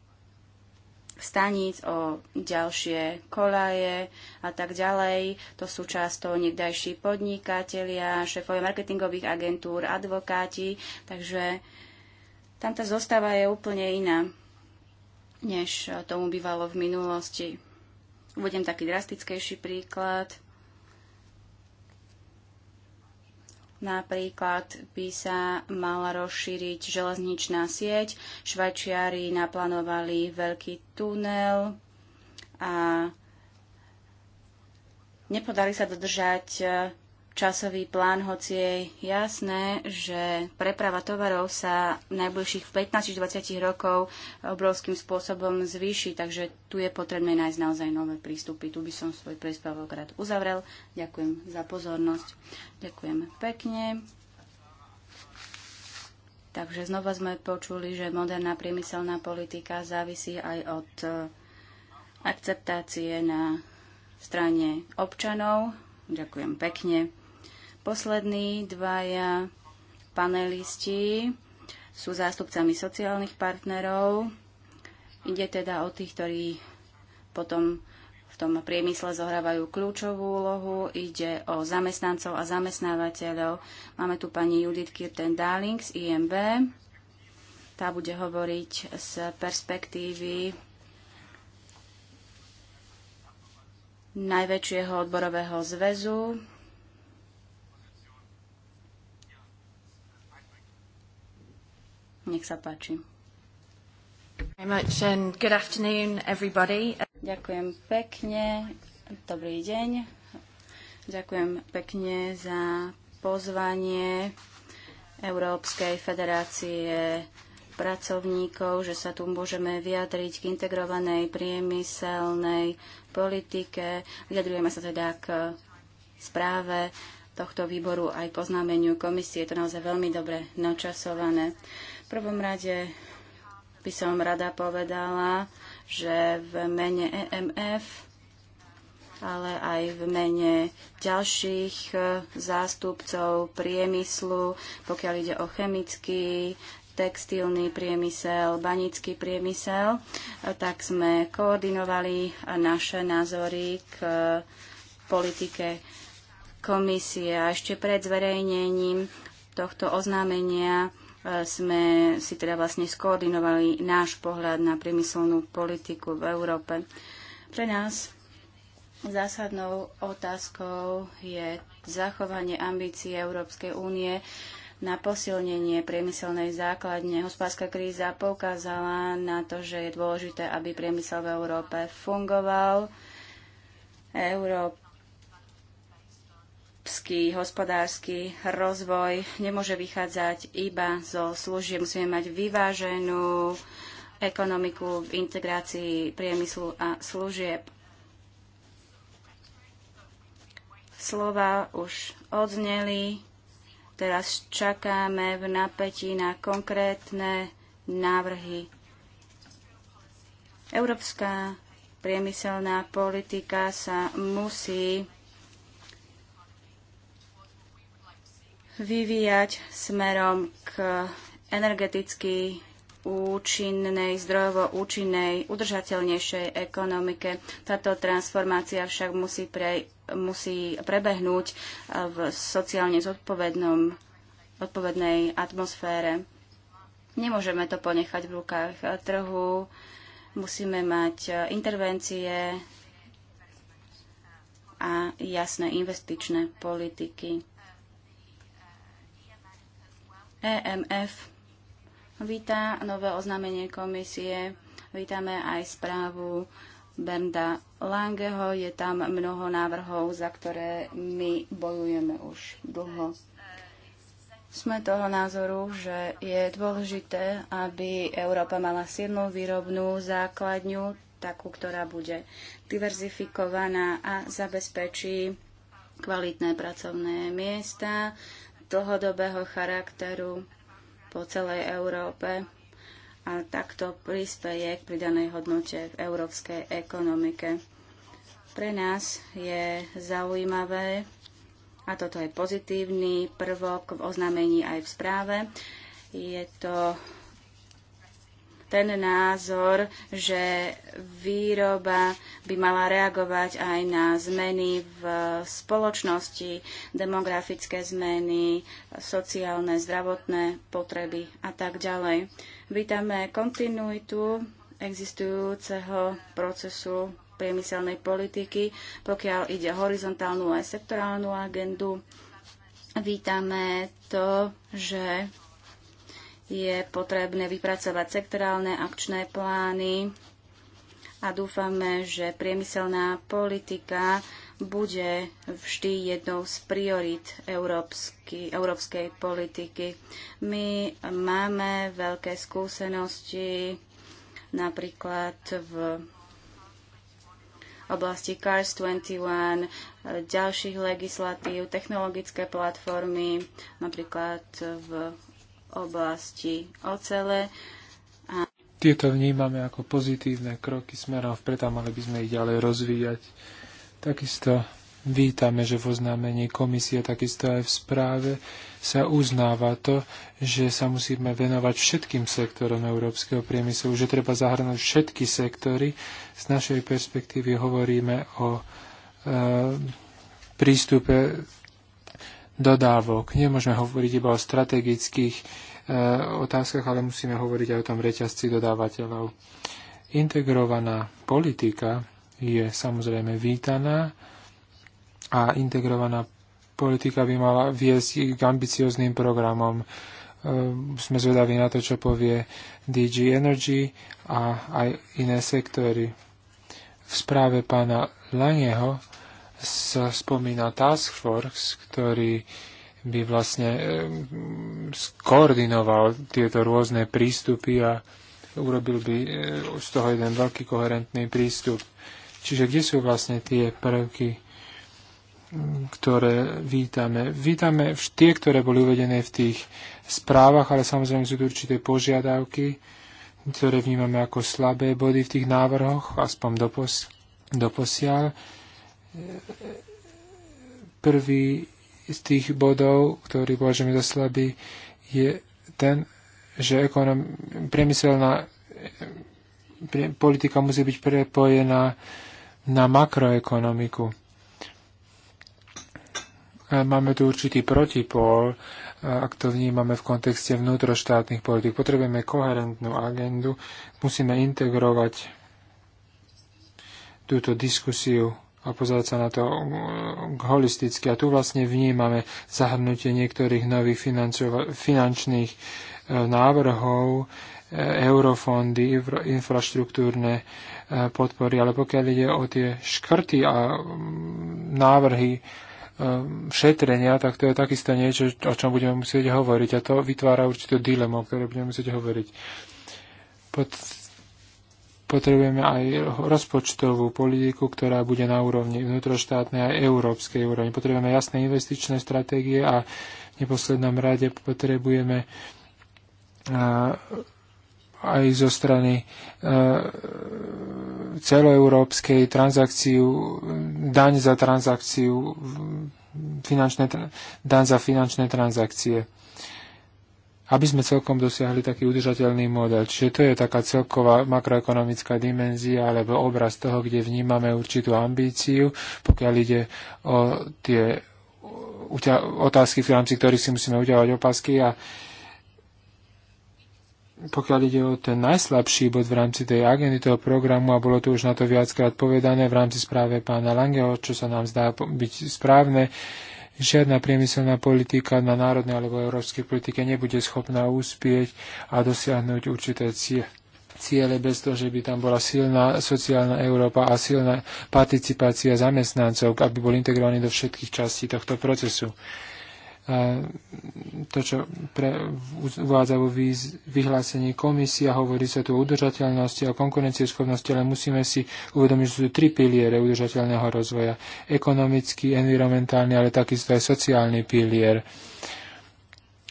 staníc, o ďalšie kolaje a tak ďalej. To sú často niekdajší podnikatelia, šéfovia marketingových agentúr, advokáti, takže tam tá zostava je úplne iná, než tomu bývalo v minulosti. Uvediem taký drastickejší príklad – Napríklad by sa mala rozšíriť železničná sieť. Švajčiari naplánovali veľký tunel a nepodali sa dodržať časový plán, hoci je jasné, že preprava tovarov sa v najbližších 15-20 rokov obrovským spôsobom zvýši, takže tu je potrebné nájsť naozaj nové prístupy. Tu by som svoj príspevok rád uzavrel. Ďakujem za pozornosť. Ďakujem pekne. Takže znova sme počuli, že moderná priemyselná politika závisí aj od e, akceptácie na strane občanov. Ďakujem pekne. Poslední dvaja panelisti sú zástupcami sociálnych partnerov. Ide teda o tých, ktorí potom v tom priemysle zohrávajú kľúčovú úlohu. Ide o zamestnancov a zamestnávateľov. Máme tu pani Judith Kirten Darling z IMB. Tá bude hovoriť z perspektívy najväčšieho odborového zväzu Nech sa páči. Ďakujem pekne. Dobrý deň. Ďakujem pekne za pozvanie Európskej federácie pracovníkov, že sa tu môžeme vyjadriť k integrovanej priemyselnej politike. Vyjadrujeme sa teda k správe tohto výboru aj k oznámeniu komisie. Je to naozaj veľmi dobre načasované prvom rade by som rada povedala, že v mene EMF ale aj v mene ďalších e, zástupcov priemyslu, pokiaľ ide o chemický, textilný priemysel, banický priemysel, e, tak sme koordinovali naše názory k e, politike komisie. A ešte pred zverejnením tohto oznámenia sme si teda vlastne skoordinovali náš pohľad na priemyselnú politiku v Európe. Pre nás zásadnou otázkou je zachovanie ambícií Európskej únie na posilnenie priemyselnej základne. Hospodárska kríza poukázala na to, že je dôležité, aby priemysel v Európe fungoval. Európa európsky hospodársky rozvoj nemôže vychádzať iba zo služieb. Musíme mať vyváženú ekonomiku v integrácii priemyslu a služieb. Slova už odzneli. Teraz čakáme v napätí na konkrétne návrhy. Európska priemyselná politika sa musí vyvíjať smerom k energeticky účinnej, zdrojovo účinnej, udržateľnejšej ekonomike. Táto transformácia však musí, pre, musí prebehnúť v sociálne zodpovednom, odpovednej atmosfére. Nemôžeme to ponechať v rukách trhu, musíme mať e, intervencie a jasné investičné politiky. EMF vítá nové oznámenie komisie, vítame aj správu Bernda Langeho. Je tam mnoho návrhov, za ktoré my bojujeme už dlho. Sme toho názoru, že je dôležité, aby Európa mala silnú výrobnú základňu, takú, ktorá bude diverzifikovaná a zabezpečí kvalitné pracovné miesta, dlhodobého charakteru po celej Európe a takto prispeje k pridanej hodnote v európskej ekonomike. Pre nás je zaujímavé, a toto je pozitívny prvok v oznámení aj v správe, je to ten názor, že výroba by mala reagovať aj na zmeny v spoločnosti, demografické zmeny, sociálne, zdravotné potreby a tak ďalej. Vítame kontinuitu existujúceho procesu priemyselnej politiky, pokiaľ ide horizontálnu aj sektorálnu agendu. Vítame to, že je potrebné vypracovať sektorálne akčné plány a dúfame, že priemyselná politika bude vždy jednou z priorit európsky, európskej politiky. My máme veľké skúsenosti napríklad v oblasti CARS 21, ďalších legislatív, technologické platformy, napríklad v oblasti ocele. A... Tieto vnímame ako pozitívne kroky smerom vpred a mali by sme ich ďalej rozvíjať. Takisto vítame, že vo oznámení komisie, takisto aj v správe sa uznáva to, že sa musíme venovať všetkým sektorom európskeho priemyslu, že treba zahrnúť všetky sektory. Z našej perspektívy hovoríme o e, prístupe dodávok. Nemôžeme hovoriť iba o strategických e, otázkach, ale musíme hovoriť aj o tom reťazci dodávateľov. Integrovaná politika je samozrejme vítaná a integrovaná politika by mala viesť k ambiciozným programom. E, sme zvedaví na to, čo povie DG Energy a aj iné sektory. V správe pána Langeho sa spomína Task Force, ktorý by vlastne eh, skoordinoval tieto rôzne prístupy a urobil by eh, z toho jeden veľký koherentný prístup. Čiže kde sú vlastne tie prvky, mm, ktoré vítame? Vítame tie, ktoré boli uvedené v tých správach, ale samozrejme sú tu určité požiadavky, ktoré vnímame ako slabé body v tých návrhoch, aspoň doposiaľ. Do Prvý z tých bodov, ktorý považujeme za slabý, je ten, že ekonom, priemyselná prie, politika musí byť prepojená na makroekonomiku. A máme tu určitý protipol, ak to vnímame v kontexte vnútroštátnych politik. Potrebujeme koherentnú agendu, musíme integrovať túto diskusiu a pozerať sa na to uh, holisticky. A tu vlastne vnímame zahrnutie niektorých nových finančných uh, návrhov, uh, eurofondy, infraštruktúrne podpory. Ale pokiaľ ide o tie škrty a mm, návrhy um, šetrenia, tak to je takisto niečo, o čom budeme musieť hovoriť. A to vytvára určitú dilemu, o ktorej budeme musieť hovoriť. Pod potrebujeme aj rozpočtovú politiku, ktorá bude na úrovni vnútroštátnej a európskej úrovni. Potrebujeme jasné investičné stratégie a v neposlednom rade potrebujeme aj zo strany celoeurópskej transakciu, daň za transakciu, finančné, daň za finančné transakcie aby sme celkom dosiahli taký udržateľný model. Čiže to je taká celková makroekonomická dimenzia alebo obraz toho, kde vnímame určitú ambíciu, pokiaľ ide o tie otázky, v rámci ktorých si musíme udiavať opasky a pokiaľ ide o ten najslabší bod v rámci tej agendy toho programu, a bolo to už na to viackrát povedané v rámci správe pána Langeho, čo sa nám zdá byť správne, žiadna priemyselná politika na národnej alebo európskej politike nebude schopná úspieť a dosiahnuť určité cie ciele bez toho, že by tam bola silná sociálna Európa a silná participácia zamestnancov, aby boli integrovaní do všetkých častí tohto procesu to, čo pre, uvádza vo vyhlásení komisia, hovorí sa tu o udržateľnosti a konkurencieschopnosti, ale musíme si uvedomiť, že sú tu tri piliere udržateľného rozvoja. Ekonomický, environmentálny, ale takisto aj sociálny pilier.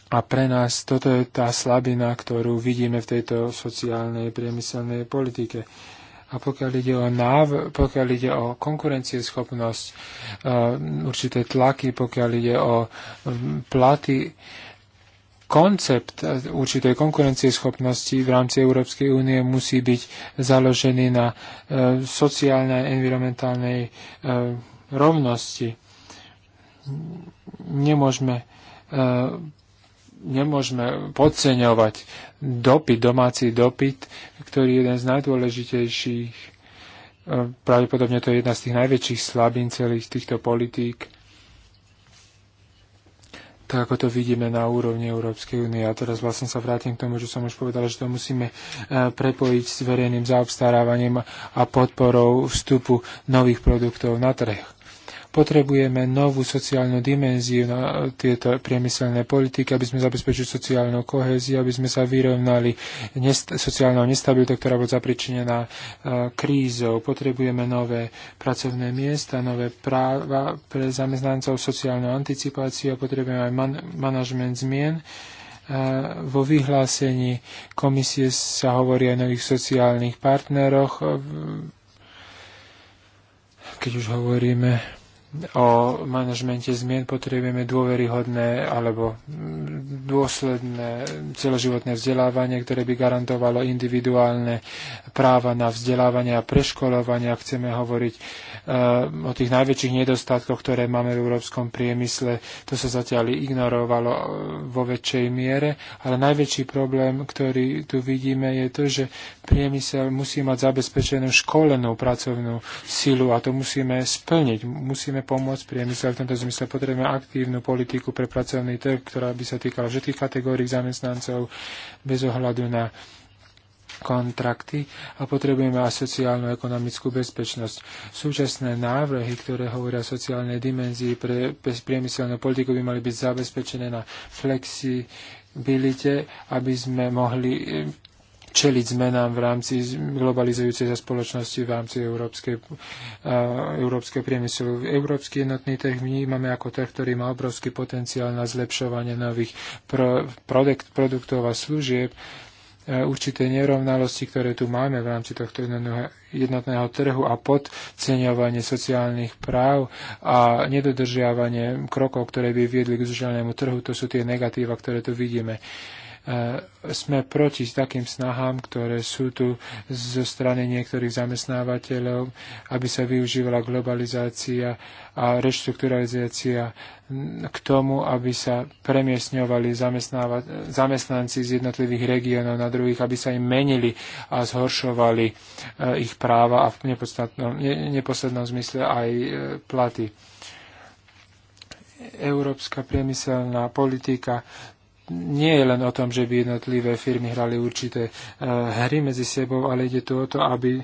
A pre nás toto je tá slabina, ktorú vidíme v tejto sociálnej priemyselnej politike. A pokiaľ ide o, náv- pokiaľ ide o konkurencieschopnosť, eh, určité tlaky, pokiaľ ide o mm, platy, koncept eh, určitej konkurencieschopnosti v rámci Európskej únie musí byť založený na eh, sociálnej a environmentálnej rovnosti. Nemôžeme nemôžeme podceňovať dopyt, domáci dopyt, ktorý je jeden z najdôležitejších. E, Pravdepodobne to je jedna z tých najväčších slabín celých týchto politík, tak ako to vidíme na úrovni Európskej únie. A teraz vlastne sa vrátim k tomu, že som už povedal, že to musíme e, prepojiť s verejným zaobstarávaním a podporou vstupu nových produktov na trh Potrebujeme novú sociálnu dimenziu na tieto priemyselné politiky, aby sme zabezpečili sociálnu koheziu, aby sme sa vyrovnali nest- sociálnou nestabilitou, ktorá bola zapričinená e, krízou. Potrebujeme nové pracovné miesta, nové práva pre zamestnancov, sociálnu anticipáciu a potrebujeme aj man- manažment zmien e, vo vyhlásení komisie sa hovorí o nových sociálnych partneroch, e, keď už hovoríme o manažmente zmien potrebujeme dôveryhodné alebo dôsledné celoživotné vzdelávanie, ktoré by garantovalo individuálne práva na vzdelávanie a preškolovanie. Ak chceme hovoriť e, o tých najväčších nedostatkoch, ktoré máme v európskom priemysle, to sa zatiaľ ignorovalo e, vo väčšej miere, ale najväčší problém, ktorý tu vidíme, je to, že priemysel musí mať zabezpečenú školenú pracovnú silu a to musíme splniť. Musíme chceme pomôcť priemysel, v tomto zmysle potrebujeme aktívnu politiku pre pracovný trh, ktorá by sa týkala všetkých kategórií zamestnancov bez ohľadu na kontrakty a potrebujeme aj sociálnu ekonomickú bezpečnosť. Súčasné návrhy, ktoré hovoria o sociálnej dimenzii pre priemyselnú politiku, by mali byť zabezpečené na flexibilite, aby sme mohli čeliť zmenám v rámci globalizujúcej sa spoločnosti, v rámci európskej, európskeho priemyslu. Európsky jednotný trh vnímame ako trh, ktorý má obrovský potenciál na zlepšovanie nových pro, produkt, produktov a služieb e, určité nerovnalosti, ktoré tu máme v rámci tohto jednotného trhu a podceňovanie sociálnych práv a nedodržiavanie krokov, ktoré by viedli k sociálnemu trhu, to sú tie negatíva, ktoré tu vidíme sme proti takým snahám, ktoré sú tu zo strany niektorých zamestnávateľov, aby sa využívala globalizácia a reštrukturalizácia k tomu, aby sa premiesňovali zamestnanci z jednotlivých regiónov na druhých, aby sa im menili a zhoršovali e, ich práva a v neposlednom zmysle aj e, platy. Európska priemyselná politika nie je len o tom, že by jednotlivé firmy hrali určité eh, hry medzi sebou, ale ide tu o to, aby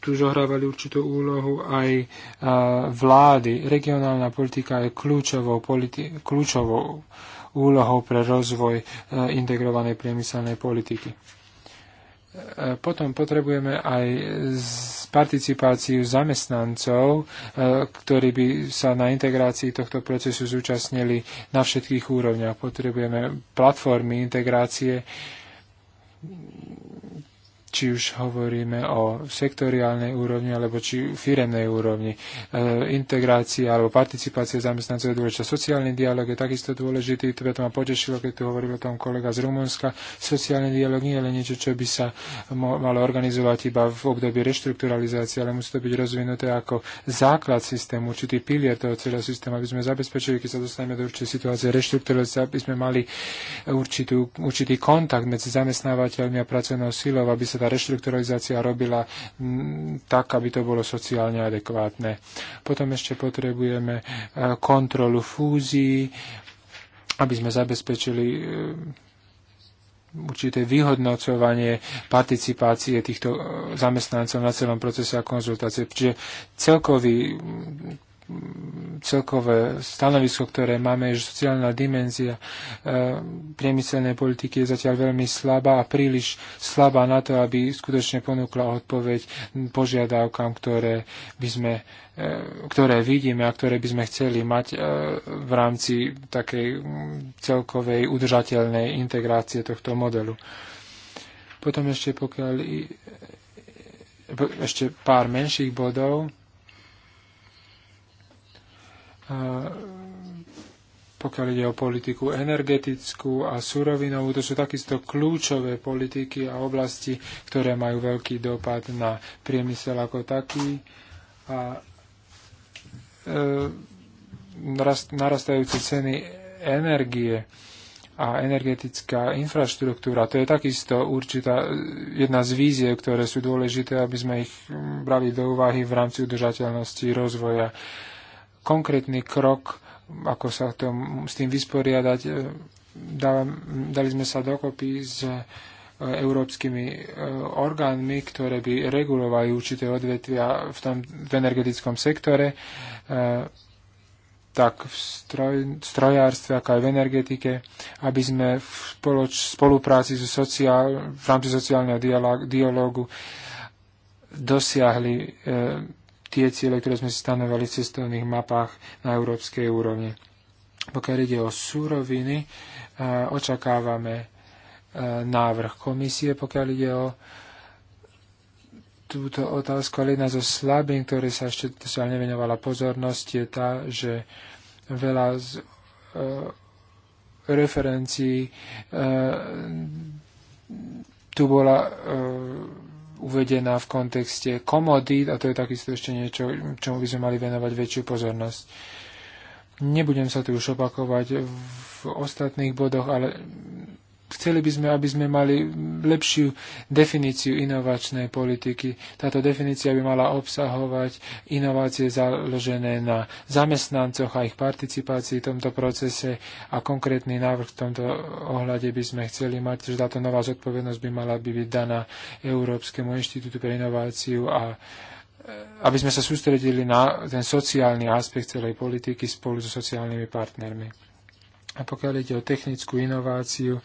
tu zohrávali určitú úlohu aj eh, vlády. Regionálna politika je kľúčovou, politi- kľúčovou úlohou pre rozvoj eh, integrovanej priemyselnej politiky. Potom potrebujeme aj participáciu zamestnancov, e, ktorí by sa na integrácii tohto procesu zúčastnili na všetkých úrovniach. Potrebujeme platformy integrácie, či už hovoríme o sektoriálnej úrovni alebo či firemnej úrovni. E, integrácia alebo participácia zamestnancov je dôležitá. Sociálny dialog je takisto dôležitý, to ma potešilo, keď tu hovoril o tom kolega z Rumunska. Sociálny dialog nie je len niečo, čo by sa malo organizovať iba v období reštrukturalizácie, ale musí to byť rozvinuté ako základ systému, určitý pilier toho celého systému, aby sme zabezpečili, keď sa dostaneme do určitej situácie reštrukturalizácie, aby sme mali určitú, určitý kontakt medzi zamestnávateľmi a pracovnou silou, aby sa tá reštrukturalizácia robila tak, aby to bolo sociálne adekvátne. Potom ešte potrebujeme e, kontrolu fúzií, aby sme zabezpečili e, určité vyhodnocovanie participácie týchto e, zamestnancov na celom procese a konzultácie. Čiže celkový celkové stanovisko, ktoré máme, že sociálna dimenzia e, priemyselnej politiky je zatiaľ veľmi slabá a príliš slabá na to, aby skutočne ponúkla odpoveď požiadavkám, ktoré, by sme, e, ktoré vidíme a ktoré by sme chceli mať e, v rámci takej celkovej udržateľnej integrácie tohto modelu. Potom ešte pokiaľ ešte pár menších bodov pokiaľ ide o politiku energetickú a surovinovú, to sú takisto kľúčové politiky a oblasti, ktoré majú veľký dopad na priemysel ako taký. A e, narastajúce ceny energie a energetická infraštruktúra. To je takisto určitá e, jedna z vízie, ktoré sú dôležité, aby sme ich brali do úvahy v rámci udržateľnosti rozvoja. E, konkrétny krok, ako sa tom, s tým vysporiadať. E, dali sme sa dokopy s e, európskymi e, orgánmi, ktoré by regulovali určité odvetvia v, tom, v energetickom sektore, tak v stroj, strojárstve, ako aj v energetike, aby sme v spoloč, spolupráci so sociál, v rámci sociálneho dialógu dosiahli tie ciele, ktoré sme stanovali v cestovných mapách na európskej úrovni. Pokiaľ ide o súroviny, e, očakávame e, návrh komisie, pokiaľ ide o túto otázku, ale jedna zo slabín, ktoré sa ešte sa nevenovala pozornosť, je tá, že veľa z e, referencií tu bola uvedená v kontexte komodít a to je takisto ešte niečo, čomu by sme mali venovať väčšiu pozornosť. Nebudem sa tu už opakovať v ostatných bodoch, ale chceli by sme, aby sme mali lepšiu definíciu inovačnej politiky. Táto definícia by mala obsahovať inovácie založené na zamestnancoch a ich participácii v tomto procese a konkrétny návrh v tomto ohľade by sme chceli mať, že táto nová zodpovednosť by mala by byť daná Európskemu inštitútu pre inováciu a e, aby sme sa sústredili na ten sociálny aspekt celej politiky spolu so sociálnymi partnermi. A pokiaľ ide o technickú inováciu,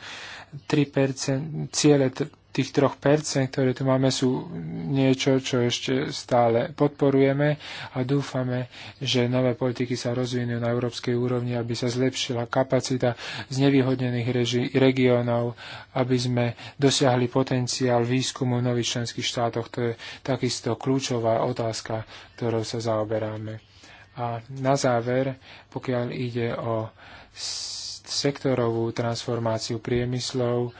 3%, ciele tých 3%, ktoré tu máme, sú niečo, čo ešte stále podporujeme a dúfame, že nové politiky sa rozvinú na európskej úrovni, aby sa zlepšila kapacita z nevyhodnených regiónov, aby sme dosiahli potenciál výskumu v nových členských štátoch. To je takisto kľúčová otázka, ktorou sa zaoberáme. A na záver, pokiaľ ide o sektorovú transformáciu priemyslov.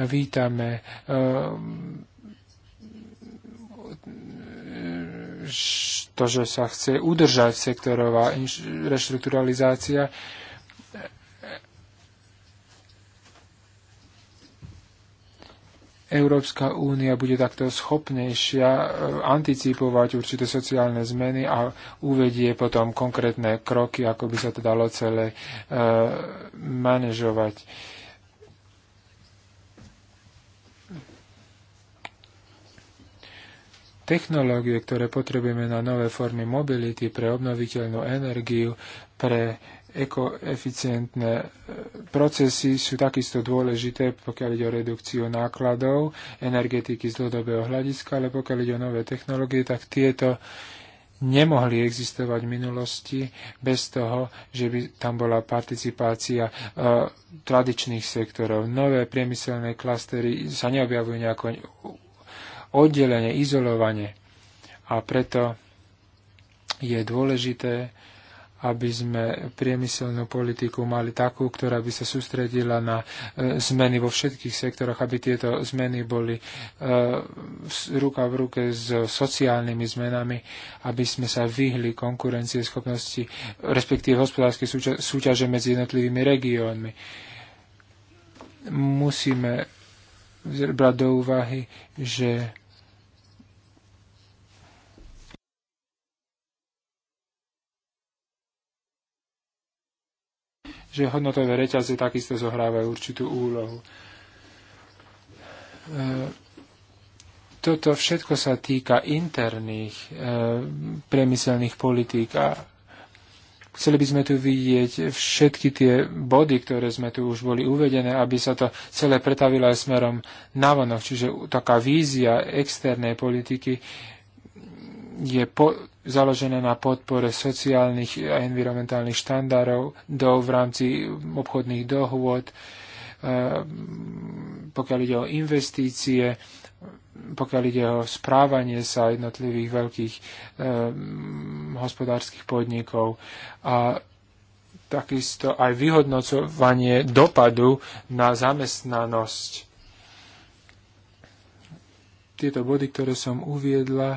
Vítame ehm, to, že sa chce udržať sektorová reštrukturalizácia Európska únia bude takto schopnejšia e, anticipovať určité sociálne zmeny a uvedie potom konkrétne kroky, ako by sa to dalo celé e, manažovať. Technológie, ktoré potrebujeme na nové formy mobility pre obnoviteľnú energiu, pre ekoeficientné e, procesy sú takisto dôležité, pokiaľ ide o redukciu nákladov energetiky z dlhodobého hľadiska, ale pokiaľ ide o nové technológie, tak tieto nemohli existovať v minulosti bez toho, že by tam bola participácia e, tradičných sektorov. Nové priemyselné klastery sa neobjavujú nejako oddelenie, izolovanie. A preto je dôležité, aby sme priemyselnú politiku mali takú, ktorá by sa sústredila na e, zmeny vo všetkých sektoroch, aby tieto zmeny boli e, ruka v ruke s sociálnymi zmenami, aby sme sa vyhli konkurencie schopnosti, respektíve hospodárskej súťaže medzi jednotlivými regiónmi. Musíme brať do úvahy, že že hodnotové reťazy takisto zohrávajú určitú úlohu. E, toto všetko sa týka interných e, priemyselných politík a Chceli by sme tu vidieť všetky tie body, ktoré sme tu už boli uvedené, aby sa to celé pretavilo aj smerom navonok. Čiže taká vízia externej politiky je po, založené na podpore sociálnych a environmentálnych štandardov do v rámci obchodných dohôd, e, pokiaľ ide o investície, pokiaľ ide o správanie sa jednotlivých veľkých e, hospodárskych podnikov a takisto aj vyhodnocovanie dopadu na zamestnanosť. Tieto body, ktoré som uviedla,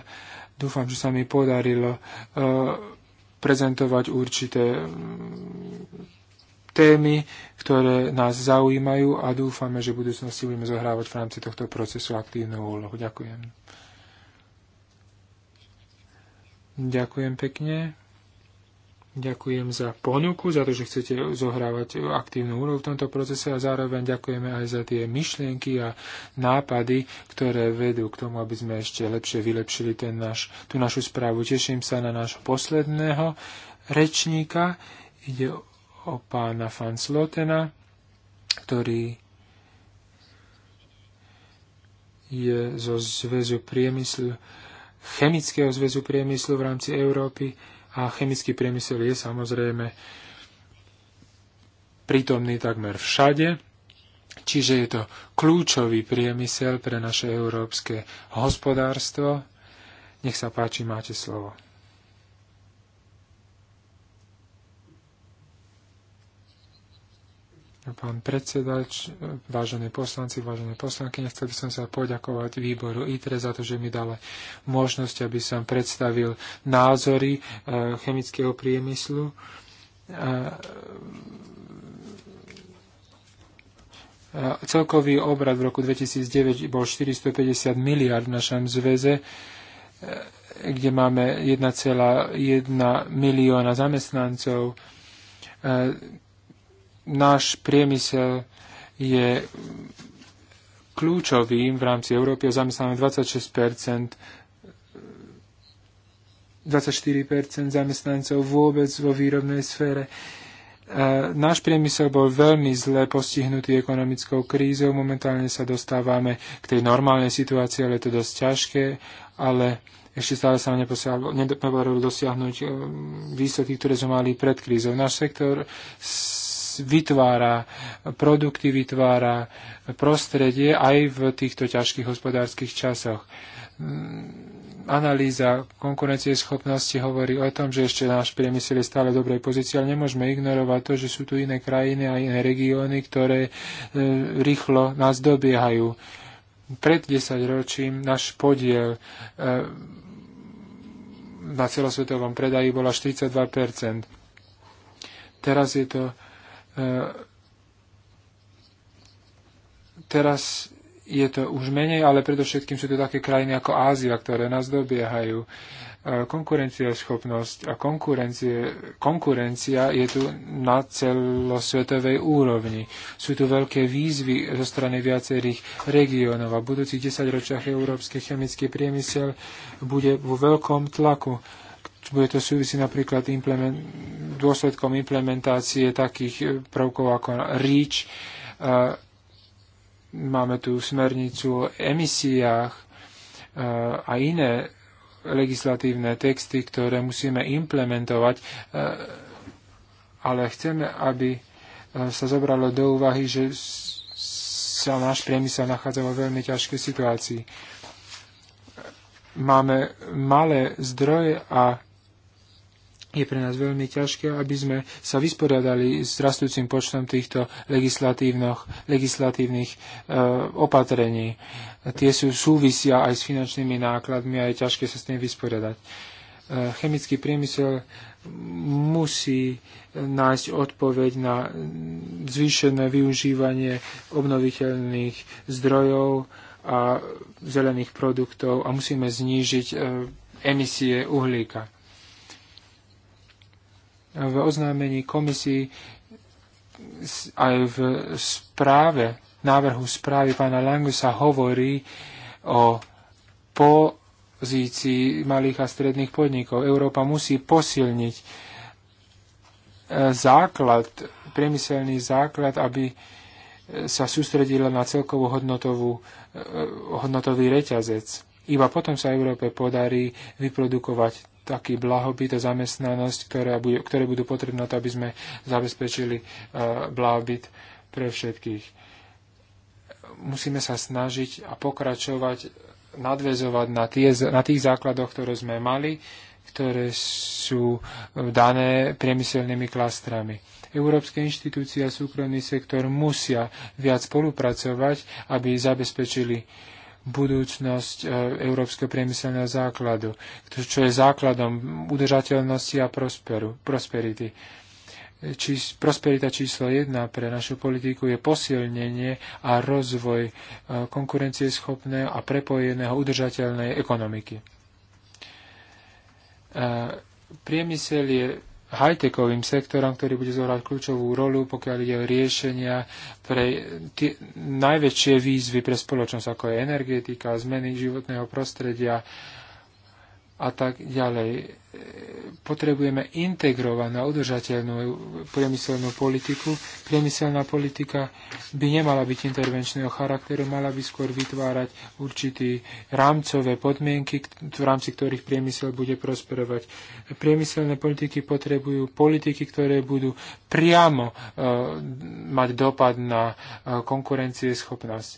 Dúfam, že sa mi podarilo e, prezentovať určité témy, ktoré nás zaujímajú a dúfame, že v budúcnosti budeme zohrávať v rámci tohto procesu aktívnu úlohu. Ďakujem. Ďakujem pekne. Ďakujem za ponuku, za to, že chcete zohrávať aktívnu úlohu v tomto procese a zároveň ďakujeme aj za tie myšlienky a nápady, ktoré vedú k tomu, aby sme ešte lepšie vylepšili ten naš, tú našu správu. Teším sa na nášho posledného rečníka. Ide o pána Fan Slotena, ktorý je zo zväzu priemyslu, chemického zväzu priemyslu v rámci Európy a chemický priemysel je samozrejme prítomný takmer všade, čiže je to kľúčový priemysel pre naše európske hospodárstvo. Nech sa páči, máte slovo. Pán predsedač, vážení poslanci, vážené poslanky, chcel by som sa poďakovať výboru ITRE za to, že mi dala možnosť, aby som predstavil názory e, chemického priemyslu. E, e, celkový obrad v roku 2009 bol 450 miliard v našom zväze, kde máme 1,1 milióna zamestnancov náš priemysel je kľúčovým v rámci Európy, zamestnáme 26 24 zamestnancov vôbec vo výrobnej sfére. E, náš priemysel bol veľmi zle postihnutý ekonomickou krízou. Momentálne sa dostávame k tej normálnej situácii, ale je to dosť ťažké, ale ešte stále sa nepodarilo dosiahnuť e, výsledky, ktoré sme mali pred krízou. Náš sektor vytvára produkty, vytvára prostredie aj v týchto ťažkých hospodárskych časoch. Mm, analýza schopnosti hovorí o tom, že ešte náš priemysel je stále v dobrej pozícii, ale nemôžeme ignorovať to, že sú tu iné krajiny a iné regióny, ktoré e, rýchlo nás dobiehajú. Pred 10 ročím náš podiel e, na celosvetovom predaji bola 42%. Teraz je to E, teraz je to už menej, ale predovšetkým sú to také krajiny ako Ázia, ktoré nás dobiehajú. E, schopnosť a konkurencia je tu na celosvetovej úrovni. Sú tu veľké výzvy zo strany viacerých regiónov a v budúcich desaťročiach európsky chemický priemysel bude vo veľkom tlaku bude to súvisí napríklad implement, dôsledkom implementácie takých prvkov ako REACH, e, máme tu smernicu o emisiách e, a iné legislatívne texty, ktoré musíme implementovať, e, ale chceme, aby sa zobralo do úvahy, že sa náš priemysel nachádza vo veľmi ťažkej situácii. Máme malé zdroje a je pre nás veľmi ťažké, aby sme sa vysporiadali s rastúcim počtom týchto legislatívnych e, opatrení. Tie sú súvisia aj s finančnými nákladmi a je ťažké sa s tým vysporiadať. E, chemický priemysel musí nájsť odpoveď na zvýšené využívanie obnoviteľných zdrojov a zelených produktov a musíme znížiť e, emisie uhlíka v oznámení komisii aj v správe, návrhu správy pána Langu sa hovorí o pozícii malých a stredných podnikov. Európa musí posilniť e, základ, priemyselný základ, aby e, sa sústredila na celkovú hodnotovú, e, hodnotový reťazec. Iba potom sa Európe podarí vyprodukovať taký blahobyt a zamestnanosť, ktoré, bude, ktoré budú potrebné na to, aby sme zabezpečili uh, blahobyt pre všetkých. Musíme sa snažiť a pokračovať, nadvezovať na, tie, na tých základoch, ktoré sme mali, ktoré sú e, dané priemyselnými klastrami. Európske inštitúcie a súkromný sektor musia viac spolupracovať, aby zabezpečili uh, budúcnosť e, európskeho priemyselného základu, čo je základom udržateľnosti a prosperu, prosperity. Čís, prosperita číslo jedna pre našu politiku je posilnenie a rozvoj e, konkurencieschopného a prepojeného udržateľnej ekonomiky. E, priemysel je high-techovým sektorom, ktorý bude zohrať kľúčovú rolu, pokiaľ ide o riešenia pre tie najväčšie výzvy pre spoločnosť, ako je energetika, zmeny životného prostredia a tak ďalej potrebujeme integrovanú a udržateľnú priemyselnú politiku. Priemyselná politika by nemala byť intervenčného charakteru, mala by skôr vytvárať určité rámcové podmienky, v rámci ktorých priemysel bude prosperovať. Priemyselné politiky potrebujú politiky, ktoré budú priamo e, mať dopad na e, konkurencieschopnosť.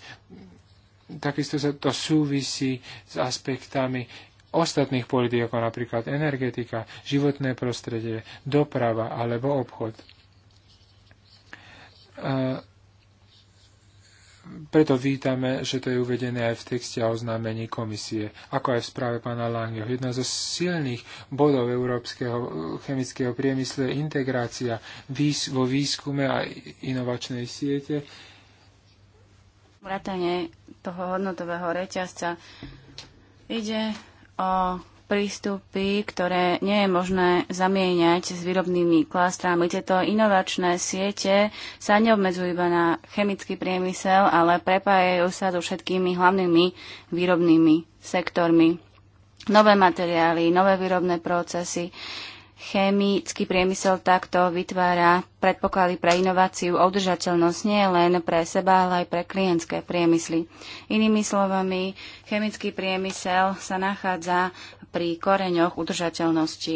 Takisto sa to súvisí s aspektami ostatných politik, ako napríklad energetika, životné prostredie, doprava alebo obchod. preto vítame, že to je uvedené aj v texte a oznámení komisie, ako aj v správe pána Langeho. Jedna zo silných bodov európskeho chemického priemyslu je integrácia vo výskume a inovačnej siete. Vrátanie toho hodnotového reťazca ide o prístupy, ktoré nie je možné zamieňať s výrobnými klastrami. Tieto inovačné siete sa neobmedzujú iba na chemický priemysel, ale prepájajú sa so všetkými hlavnými výrobnými sektormi. Nové materiály, nové výrobné procesy chemický priemysel takto vytvára predpoklady pre inováciu a udržateľnosť nie len pre seba, ale aj pre klientské priemysly. Inými slovami, chemický priemysel sa nachádza pri koreňoch udržateľnosti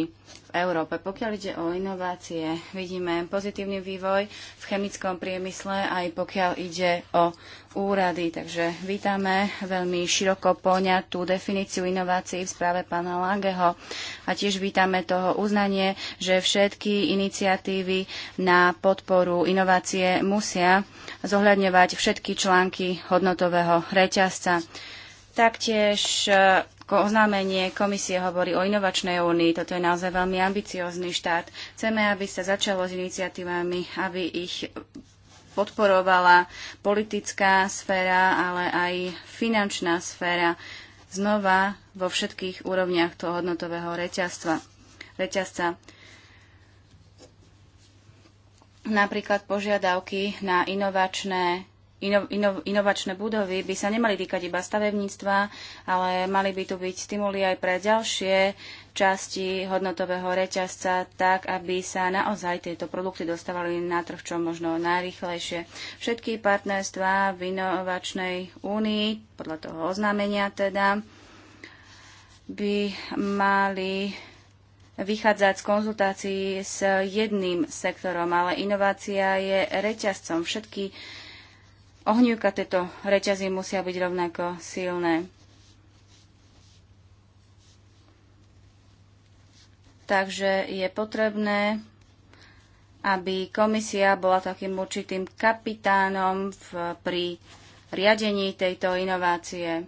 v Európe. Pokiaľ ide o inovácie, vidíme pozitívny vývoj v chemickom priemysle, aj pokiaľ ide o úrady. Takže vítame veľmi široko poňatú definíciu inovácií v správe pána Langeho. A tiež vítame toho uznanie, že všetky iniciatívy na podporu inovácie musia zohľadňovať všetky články hodnotového reťazca. Taktiež oznámenie komisie hovorí o inovačnej únii. Toto je naozaj veľmi ambiciózny štát. Chceme, aby sa začalo s iniciatívami, aby ich podporovala politická sféra, ale aj finančná sféra znova vo všetkých úrovniach toho hodnotového reťazstva. reťazca. Napríklad požiadavky na inovačné ino, ino, inovačné budovy by sa nemali týkať iba stavebníctva, ale mali by tu byť stimuli aj pre ďalšie časti hodnotového reťazca, tak aby sa naozaj tieto produkty dostávali na trh čo možno najrychlejšie. Všetky partnerstvá v inovačnej únii, podľa toho oznámenia teda, by mali vychádzať z konzultácií s jedným sektorom, ale inovácia je reťazcom. Všetky uh, ohňuka tieto reťazy musia byť rovnako silné. Takže je potrebné, aby komisia bola takým určitým kapitánom v, pri riadení tejto inovácie.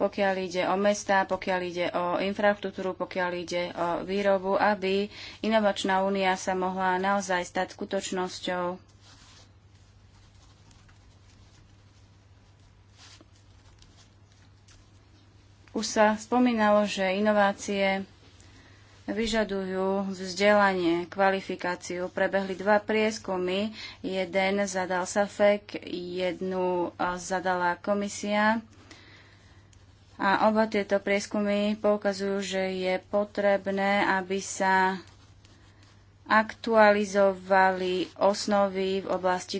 Pokiaľ ide o mesta, pokiaľ ide o infraštruktúru, pokiaľ ide o výrobu, aby inovačná únia sa mohla naozaj stať skutočnosťou Už sa spomínalo, že inovácie vyžadujú vzdelanie, kvalifikáciu. Prebehli dva prieskumy. Jeden zadal SAFEK, jednu zadala komisia. A oba tieto prieskumy poukazujú, že je potrebné, aby sa aktualizovali osnovy v oblasti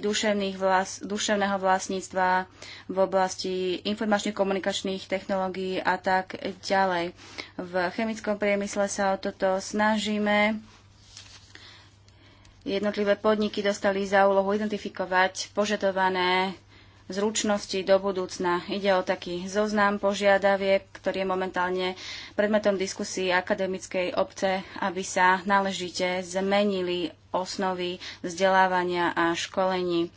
vlas, duševného vlastníctva, v oblasti informačných komunikačných technológií a tak ďalej. V chemickom priemysle sa o toto snažíme. Jednotlivé podniky dostali za úlohu identifikovať požadované Zručnosti do budúcna. Ide o taký zoznam požiadaviek, ktorý je momentálne predmetom diskusí akademickej obce, aby sa náležite zmenili osnovy vzdelávania a školení.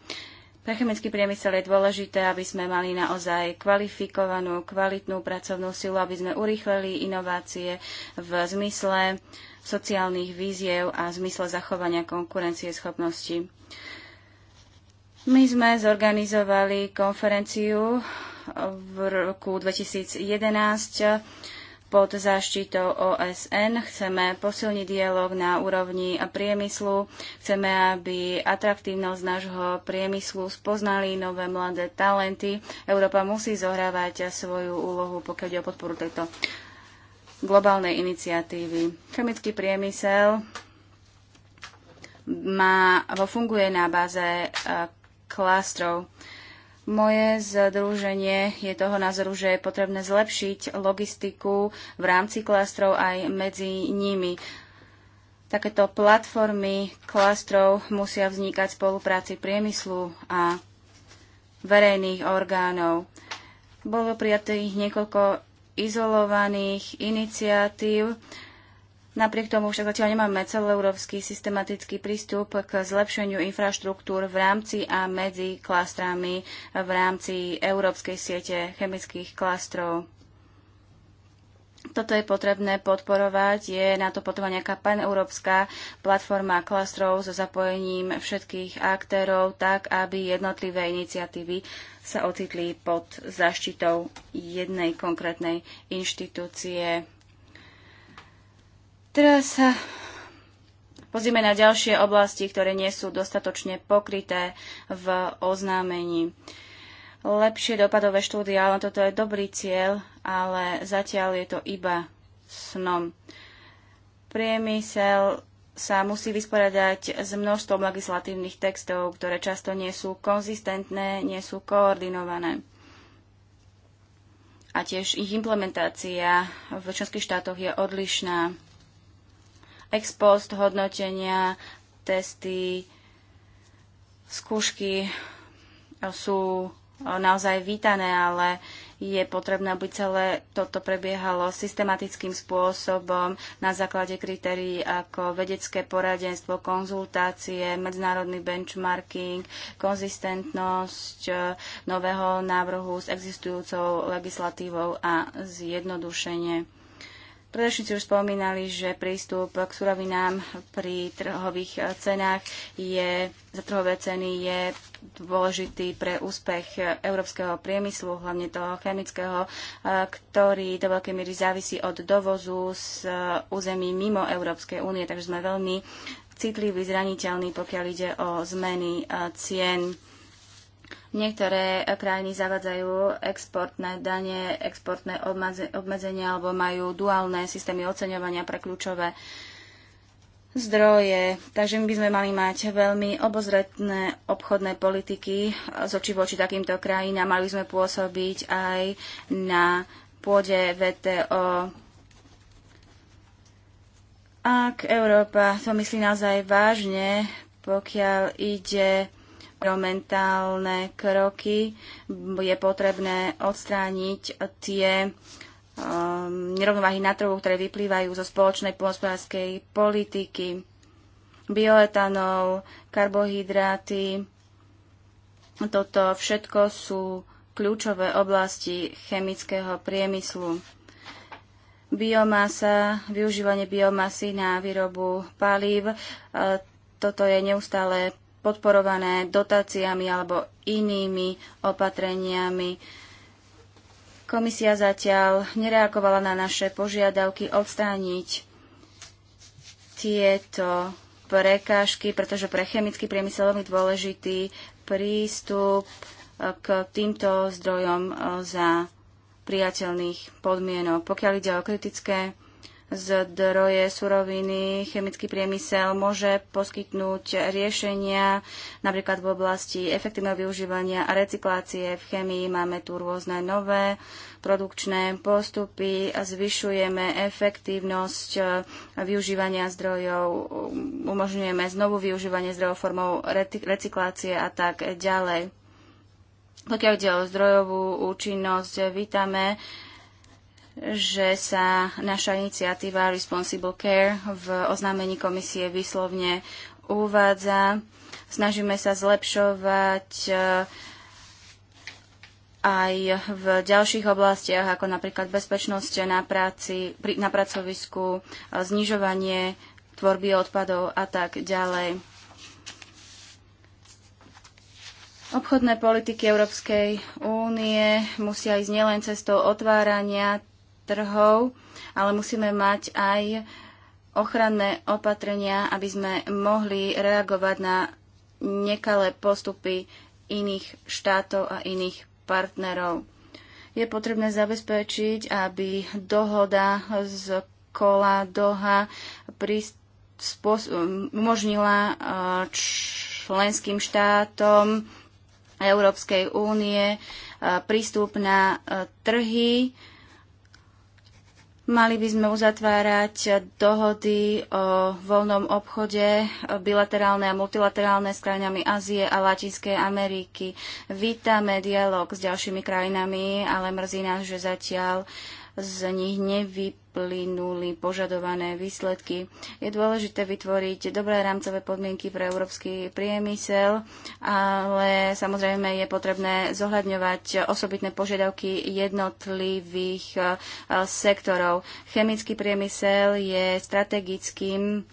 Pre chemický priemysel je dôležité, aby sme mali naozaj kvalifikovanú, kvalitnú pracovnú silu, aby sme urýchlili inovácie v zmysle sociálnych víziev a zmysle zachovania konkurencie schopnosti. My sme zorganizovali konferenciu v roku 2011 pod záštitou OSN. Chceme posilniť dialog na úrovni priemyslu. Chceme, aby atraktívnosť nášho priemyslu spoznali nové mladé talenty. Európa musí zohrávať svoju úlohu, pokiaľ ide o podporu tejto globálnej iniciatívy. Chemický priemysel má, funguje na báze eh, klástrov. Moje združenie je toho názoru, že je potrebné zlepšiť logistiku v rámci klástrov aj medzi nimi. Takéto platformy klástrov musia vznikať v spolupráci priemyslu a verejných orgánov. Bolo prijatých niekoľko izolovaných iniciatív, Napriek tomu však zatiaľ nemáme celoeurópsky systematický prístup k zlepšeniu infraštruktúr v rámci a medzi klastrami v rámci európskej siete chemických klastrov. Toto je potrebné podporovať. Je na to potom nejaká paneurópska platforma klastrov so zapojením všetkých aktérov, tak aby jednotlivé iniciatívy sa ocitli pod zaštitou jednej konkrétnej inštitúcie Teraz sa pozrime na ďalšie oblasti, ktoré nie sú dostatočne pokryté v oznámení. Lepšie dopadové štúdie, ale toto je dobrý cieľ, ale zatiaľ je to iba snom. Priemysel sa musí vysporiadať s množstvom legislatívnych textov, ktoré často nie sú konzistentné, nie sú koordinované. A tiež ich implementácia v členských štátoch je odlišná ex post hodnotenia, testy, skúšky e, sú e, naozaj vítané, ale je potrebné, aby celé toto prebiehalo systematickým spôsobom na základe kritérií ako vedecké poradenstvo, konzultácie, medzinárodný benchmarking, konzistentnosť e, nového návrhu s existujúcou legislatívou a zjednodušenie. Predrečníci už spomínali, že prístup k surovinám pri trhových e, cenách je, za trhové ceny je dôležitý pre úspech európskeho priemyslu, hlavne toho chemického, e, ktorý do veľkej miery závisí od dovozu z e, území mimo Európskej únie. Takže sme veľmi citlivý, zraniteľný, pokiaľ ide o zmeny cien Niektoré krajiny zavadzajú exportné dane, exportné obmedzenia alebo majú duálne systémy oceňovania pre kľúčové zdroje. Takže my by sme mali mať veľmi obozretné obchodné politiky z očí voči takýmto krajinám. Mali sme pôsobiť aj na pôde VTO ak Európa to myslí naozaj vážne, pokiaľ ide environmentálne kroky. Je potrebné odstrániť tie um, nerovnováhy na trhu, ktoré vyplývajú zo spoločnej poľnospodárskej politiky, bioetanol, karbohydráty. Toto všetko sú kľúčové oblasti chemického priemyslu. Biomasa, využívanie biomasy na výrobu palív, e, toto je neustále podporované dotáciami alebo inými opatreniami. Komisia zatiaľ nereagovala na naše požiadavky odstrániť tieto prekážky, pretože pre chemický priemysel veľmi dôležitý prístup eh, k týmto zdrojom eh, za priateľných podmienok. Pokiaľ ide o kritické zdroje, suroviny, chemický priemysel môže poskytnúť riešenia napríklad v oblasti efektívneho využívania a recyklácie. V chemii máme tu rôzne nové produkčné postupy a zvyšujeme efektívnosť e, využívania zdrojov, um, umožňujeme znovu využívanie zdrojov formou recyklácie a tak ďalej. Pokiaľ ide o zdrojovú účinnosť, vítame že sa naša iniciatíva Responsible Care v oznámení komisie výslovne uvádza. Snažíme sa zlepšovať eh, aj v ďalších oblastiach, ako napríklad bezpečnosť na, práci, na pracovisku, eh, znižovanie tvorby odpadov a tak ďalej. Obchodné politiky Európskej únie musia ísť nielen cestou otvárania trhov, ale musíme mať aj ochranné opatrenia, aby sme mohli reagovať na nekalé postupy iných štátov a iných partnerov. Je potrebné zabezpečiť, aby dohoda z kola Doha umožnila eh, členským štátom Európskej únie eh, prístup na eh, trhy, Mali by sme uzatvárať dohody o voľnom obchode bilaterálne a multilaterálne s krajinami Ázie a Latinskej Ameriky. Vítame dialog s ďalšími krajinami, ale mrzí nás, že zatiaľ z nich nevyplýva vyplynuli požadované výsledky. Je dôležité vytvoriť dobré rámcové podmienky pre európsky priemysel, ale samozrejme je potrebné zohľadňovať osobitné požiadavky jednotlivých eh, sektorov. Chemický priemysel je strategickým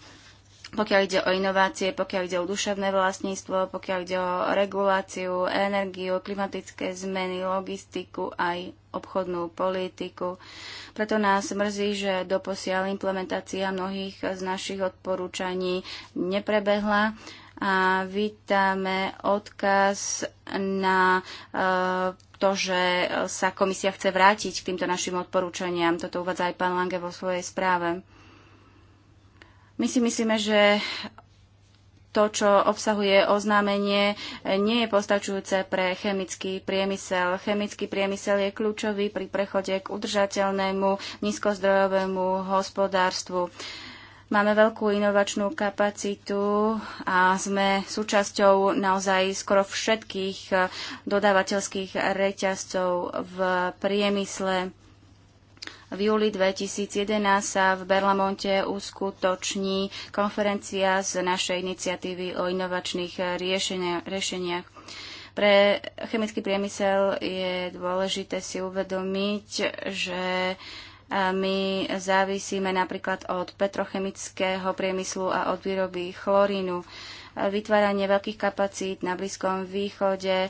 pokiaľ ide o inovácie, pokiaľ ide o duševné vlastníctvo, pokiaľ ide o reguláciu, energiu, klimatické zmeny, logistiku aj obchodnú politiku. Preto nás mrzí, že doposiaľ implementácia mnohých z našich odporúčaní neprebehla a vítame odkaz na e, to, že sa komisia chce vrátiť k týmto našim odporúčaniam. Toto uvádza aj pán Lange vo svojej správe. My si myslíme, že to, čo obsahuje oznámenie, nie je postačujúce pre chemický priemysel. Chemický priemysel je kľúčový pri prechode k udržateľnému nízkozdrojovému hospodárstvu. Máme veľkú inovačnú kapacitu a sme súčasťou naozaj skoro všetkých dodávateľských reťazcov v priemysle v júli 2011 sa v Berlamonte uskutoční konferencia z našej iniciatívy o inovačných riešenia, riešeniach. Pre chemický priemysel je dôležité si uvedomiť, že my závisíme napríklad od petrochemického priemyslu a od výroby chlorínu vytváranie veľkých kapacít na Blízkom východe, e,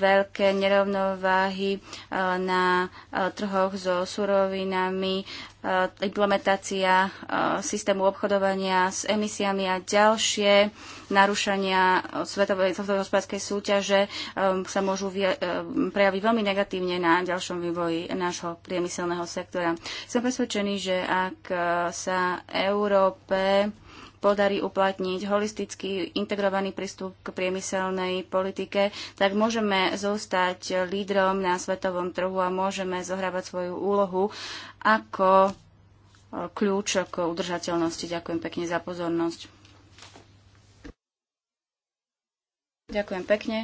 veľké nerovnováhy e, na e, trhoch so surovinami, implementácia systému obchodovania s emisiami a ďalšie narušania svetovej hospodárskej súťaže sa môžu prejaviť veľmi negatívne na ďalšom vývoji nášho priemyselného sektora. Som presvedčený, že ak sa Európe podarí uplatniť holistický integrovaný prístup k priemyselnej politike, tak môžeme zostať lídrom na svetovom trhu a môžeme zohrávať svoju úlohu ako e, kľúč k udržateľnosti. Ďakujem pekne za pozornosť. Ďakujem pekne.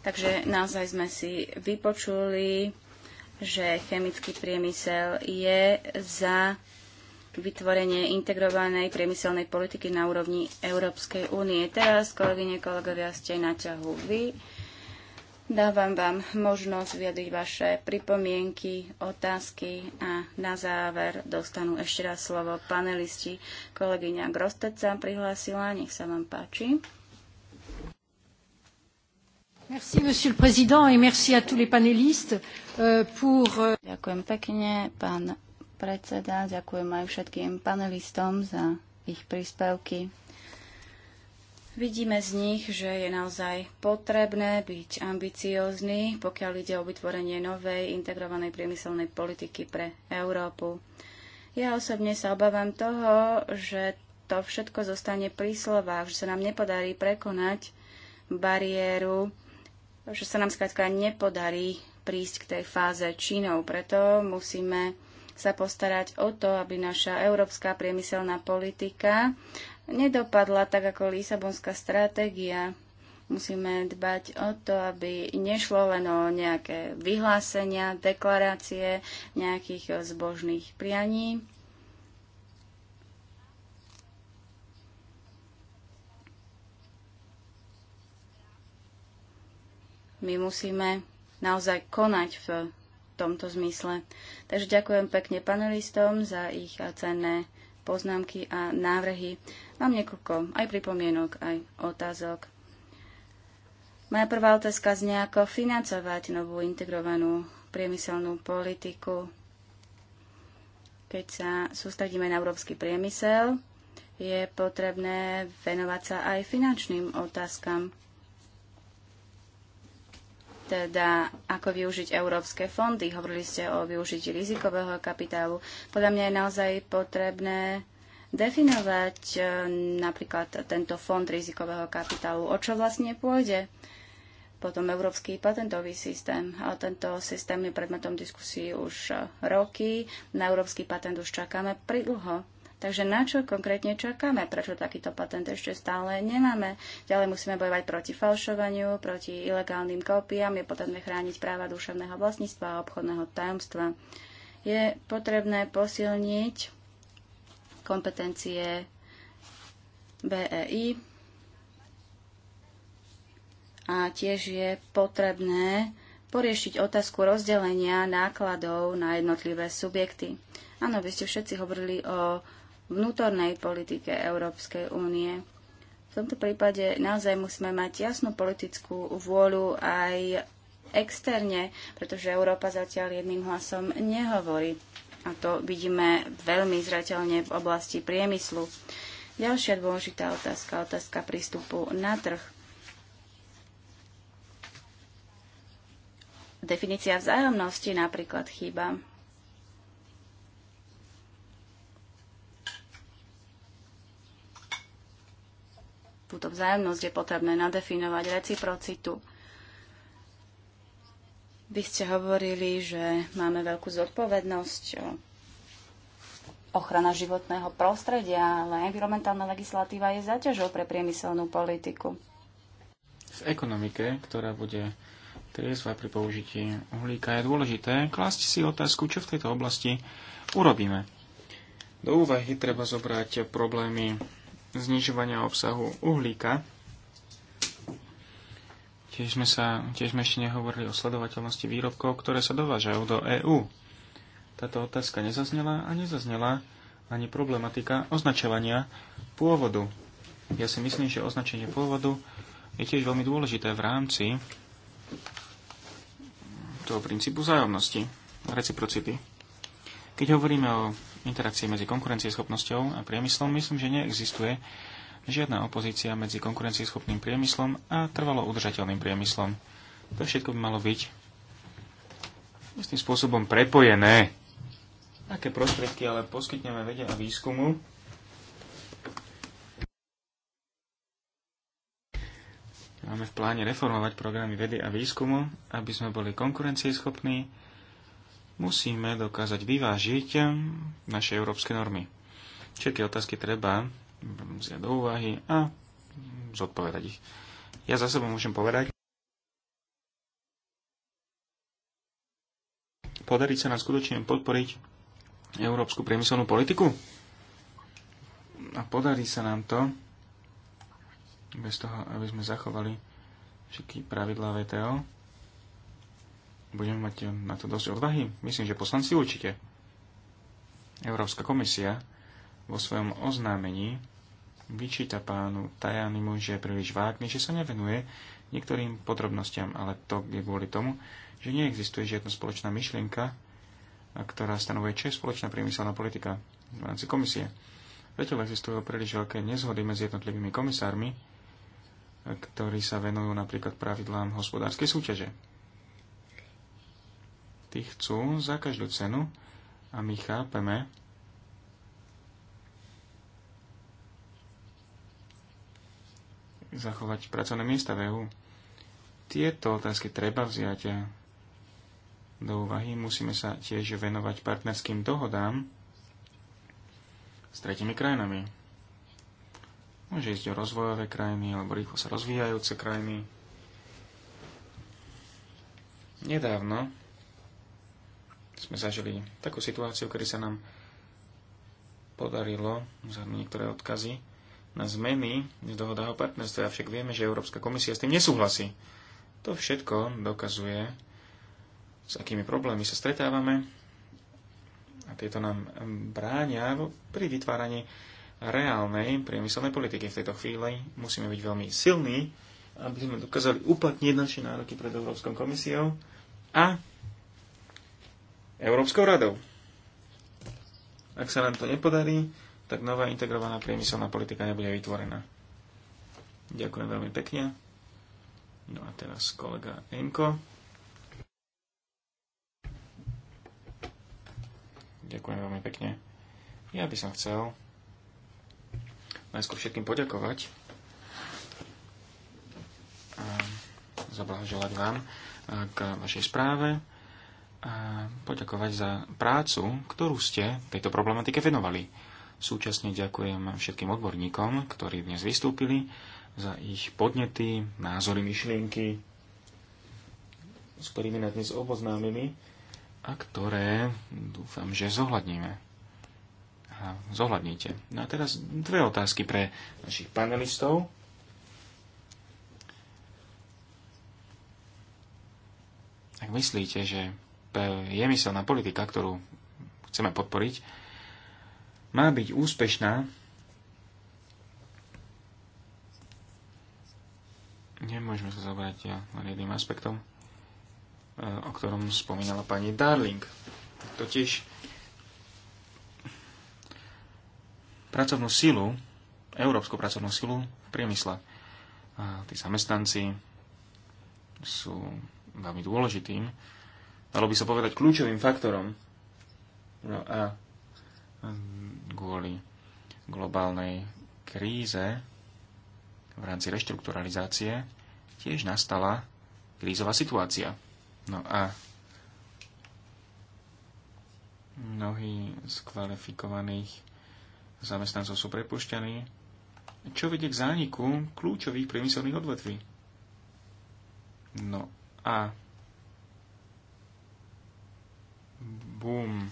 Takže naozaj sme si vypočuli že chemický priemysel je za vytvorenie integrovanej priemyselnej politiky na úrovni Európskej únie. Teraz, kolegyne, kolegovia, ste na ťahu vy. Dávam vám možnosť vyjadriť vaše pripomienky, otázky a na záver dostanú ešte raz slovo panelisti. Kolegyňa Grosteca prihlásila, nech sa vám páči monsieur le président, et merci à tous les panélistes euh, pour... Euh, ďakujem pekne, pán predseda, ďakujem aj všetkým panelistom za ich príspevky. Vidíme z nich, že je naozaj potrebné byť ambiciózny, pokiaľ ide o vytvorenie novej integrovanej priemyselnej politiky pre Európu. Ja osobne sa obávam toho, že to všetko zostane pri slovách, že sa nám nepodarí prekonať bariéru že sa nám skrátka nepodarí prísť k tej fáze činov. Preto musíme sa postarať o to, aby naša európska priemyselná politika nedopadla tak ako Lisabonská stratégia. Musíme dbať o to, aby nešlo len o nejaké vyhlásenia, deklarácie nejakých zbožných prianí, My musíme naozaj konať v tomto zmysle. Takže ďakujem pekne panelistom za ich cenné poznámky a návrhy. Mám niekoľko aj pripomienok, aj otázok. Moja prvá otázka znie, ako financovať novú integrovanú priemyselnú politiku. Keď sa sústredíme na európsky priemysel, je potrebné venovať sa aj finančným otázkam teda ako využiť európske fondy. Hovorili ste o využití rizikového kapitálu. Podľa mňa je naozaj potrebné definovať e, napríklad tento fond rizikového kapitálu. O čo vlastne pôjde? Potom Európsky patentový systém. Ale tento systém je predmetom diskusí už e, roky. Na Európsky patent už čakáme pridlho. Takže na čo konkrétne čakáme? Prečo takýto patent ešte stále nemáme? Ďalej musíme bojovať proti falšovaniu, proti ilegálnym kópiám, je potrebné chrániť práva duševného vlastníctva a obchodného tajomstva. Je potrebné posilniť kompetencie BEI a tiež je potrebné poriešiť otázku rozdelenia nákladov na jednotlivé subjekty. Áno, vy ste všetci hovorili o vnútornej politike Európskej únie. V tomto prípade naozaj musíme mať jasnú politickú vôľu aj externe, pretože Európa zatiaľ jedným hlasom nehovorí. A to vidíme veľmi zrateľne v oblasti priemyslu. Ďalšia dôležitá otázka, otázka prístupu na trh. Definícia vzájomnosti napríklad chýba. túto vzájomnosť je potrebné nadefinovať reciprocitu. Vy ste hovorili, že máme veľkú zodpovednosť e, ochrana životného prostredia, ale environmentálna legislatíva je zaťažou pre priemyselnú politiku. V ekonomike, ktorá bude triezva pri použití uhlíka, je dôležité klásť si otázku, čo v tejto oblasti urobíme. Do úvahy treba zobrať problémy znižovania obsahu uhlíka. Tiež sme, sa, tiež sme ešte nehovorili o sledovateľnosti výrobkov, ktoré sa dovážajú do EÚ. Táto otázka nezaznela a nezaznela ani problematika označovania pôvodu. Ja si myslím, že označenie pôvodu je tiež veľmi dôležité v rámci toho princípu zájomnosti, reciprocity. Keď hovoríme o interakcie medzi konkurencieschopnosťou a priemyslom, myslím, že neexistuje žiadna opozícia medzi konkurencieschopným priemyslom a trvalo udržateľným priemyslom. To všetko by malo byť istým spôsobom prepojené. Také prostriedky ale poskytneme vede a výskumu? Máme v pláne reformovať programy vedy a výskumu, aby sme boli konkurencieschopní, musíme dokázať vyvážiť um, naše európske normy. Všetky otázky treba vziať do úvahy a zodpovedať ich. Ja za sebou môžem povedať, podarí sa nám skutočne podporiť európsku priemyselnú politiku? A podarí sa nám to bez toho, aby sme zachovali všetky pravidlá VTO? budeme mať na to dosť odvahy? Myslím, že poslanci určite. Európska komisia vo svojom oznámení vyčíta pánu Tajanimu, že je príliš vágny, že sa nevenuje niektorým podrobnostiam, ale to je kvôli tomu, že neexistuje žiadna spoločná myšlienka, ktorá stanovuje, čo je spoločná priemyselná politika v rámci komisie. Zatiaľ existujú príliš veľké nezhody medzi jednotlivými komisármi, ktorí sa venujú napríklad pravidlám hospodárskej súťaže. Tí chcú za každú cenu a my chápeme, zachovať pracovné miesta v EU. Tieto otázky treba vziať do úvahy. Musíme sa tiež venovať partnerským dohodám s tretimi krajinami. Môže ísť o rozvojové krajiny alebo rýchlo sa rozvíjajúce krajiny. Nedávno sme zažili takú situáciu, kedy sa nám podarilo za niektoré odkazy na zmeny z dohoda o partnerstve, avšak vieme, že Európska komisia s tým nesúhlasí. To všetko dokazuje, s akými problémy sa stretávame a tieto nám bráňa pri vytváraní reálnej priemyselnej politiky. V tejto chvíli musíme byť veľmi silní, aby sme dokázali uplatniť naše nároky pred Európskou komisiou a Európskou radou. Ak sa nám to nepodarí, tak nová integrovaná priemyselná politika nebude vytvorená. Ďakujem veľmi pekne. No a teraz kolega Enko. Ďakujem veľmi pekne. Ja by som chcel najskôr všetkým poďakovať a zablahoželať vám k vašej správe a poďakovať za prácu, ktorú ste tejto problematike venovali. Súčasne ďakujem všetkým odborníkom, ktorí dnes vystúpili, za ich podnety, názory, myšlienky, s ktorými na dnes oboznámili a ktoré dúfam, že zohľadníme. A zohľadníte. No a teraz dve otázky pre našich panelistov. Ak myslíte, že priemyselná politika, ktorú chceme podporiť, má byť úspešná, nemôžeme sa zabrať len jedným aspektom, e, o ktorom spomínala pani Darling. Totiž pracovnú silu, európsku pracovnú silu v priemysle. tí zamestnanci sú veľmi dôležitým dalo by sa povedať, kľúčovým faktorom. No a ehm, kvôli globálnej kríze v rámci reštrukturalizácie tiež nastala krízová situácia. No a mnohí z kvalifikovaných zamestnancov sú prepušťaní, čo vedie k zániku kľúčových priemyselných odvetví. No a boom.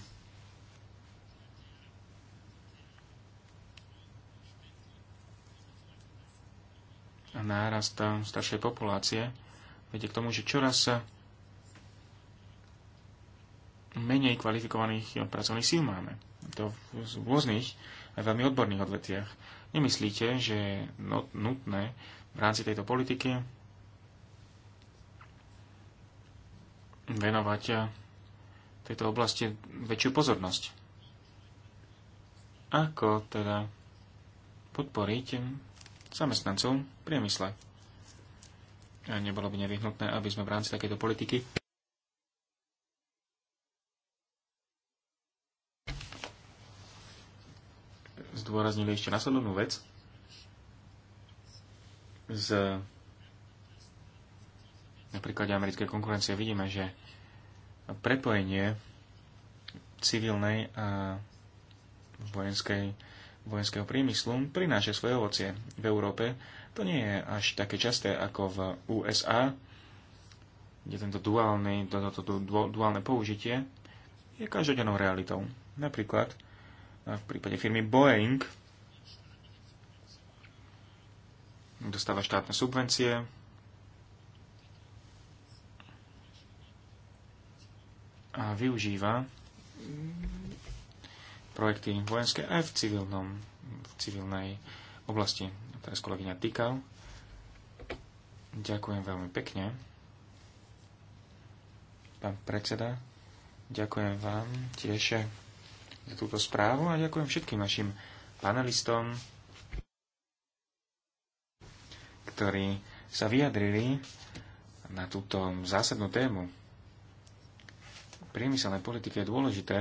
A nárast eh, staršej populácie vedie k tomu, že čoraz eh, menej kvalifikovaných eh, pracovných síl máme. To v rôznych aj veľmi odborných odvetiach. Nemyslíte, že je nutné v rámci tejto politiky venovať tejto oblasti väčšiu pozornosť. Ako teda podporiť zamestnancov v priemysle? A nebolo by nevyhnutné, aby sme v rámci takéto politiky zdôraznili ešte nasledovnú vec z napríklad americkej konkurencie vidíme, že prepojenie civilnej a vojenskej, vojenského priemyslu prináša svoje ovocie. V Európe to nie je až také časté ako v USA, kde tento duálny, toto to, to, duálne použitie je každodennou realitou. Napríklad v prípade firmy Boeing dostáva štátne subvencie, a využíva projekty vojenské aj v civilnom, v civilnej oblasti. Teraz kolegyňa Tikal. Ďakujem veľmi pekne. Pán predseda, ďakujem vám tiež za túto správu a ďakujem všetkým našim panelistom, ktorí sa vyjadrili na túto zásadnú tému priemyselnej politike je dôležité,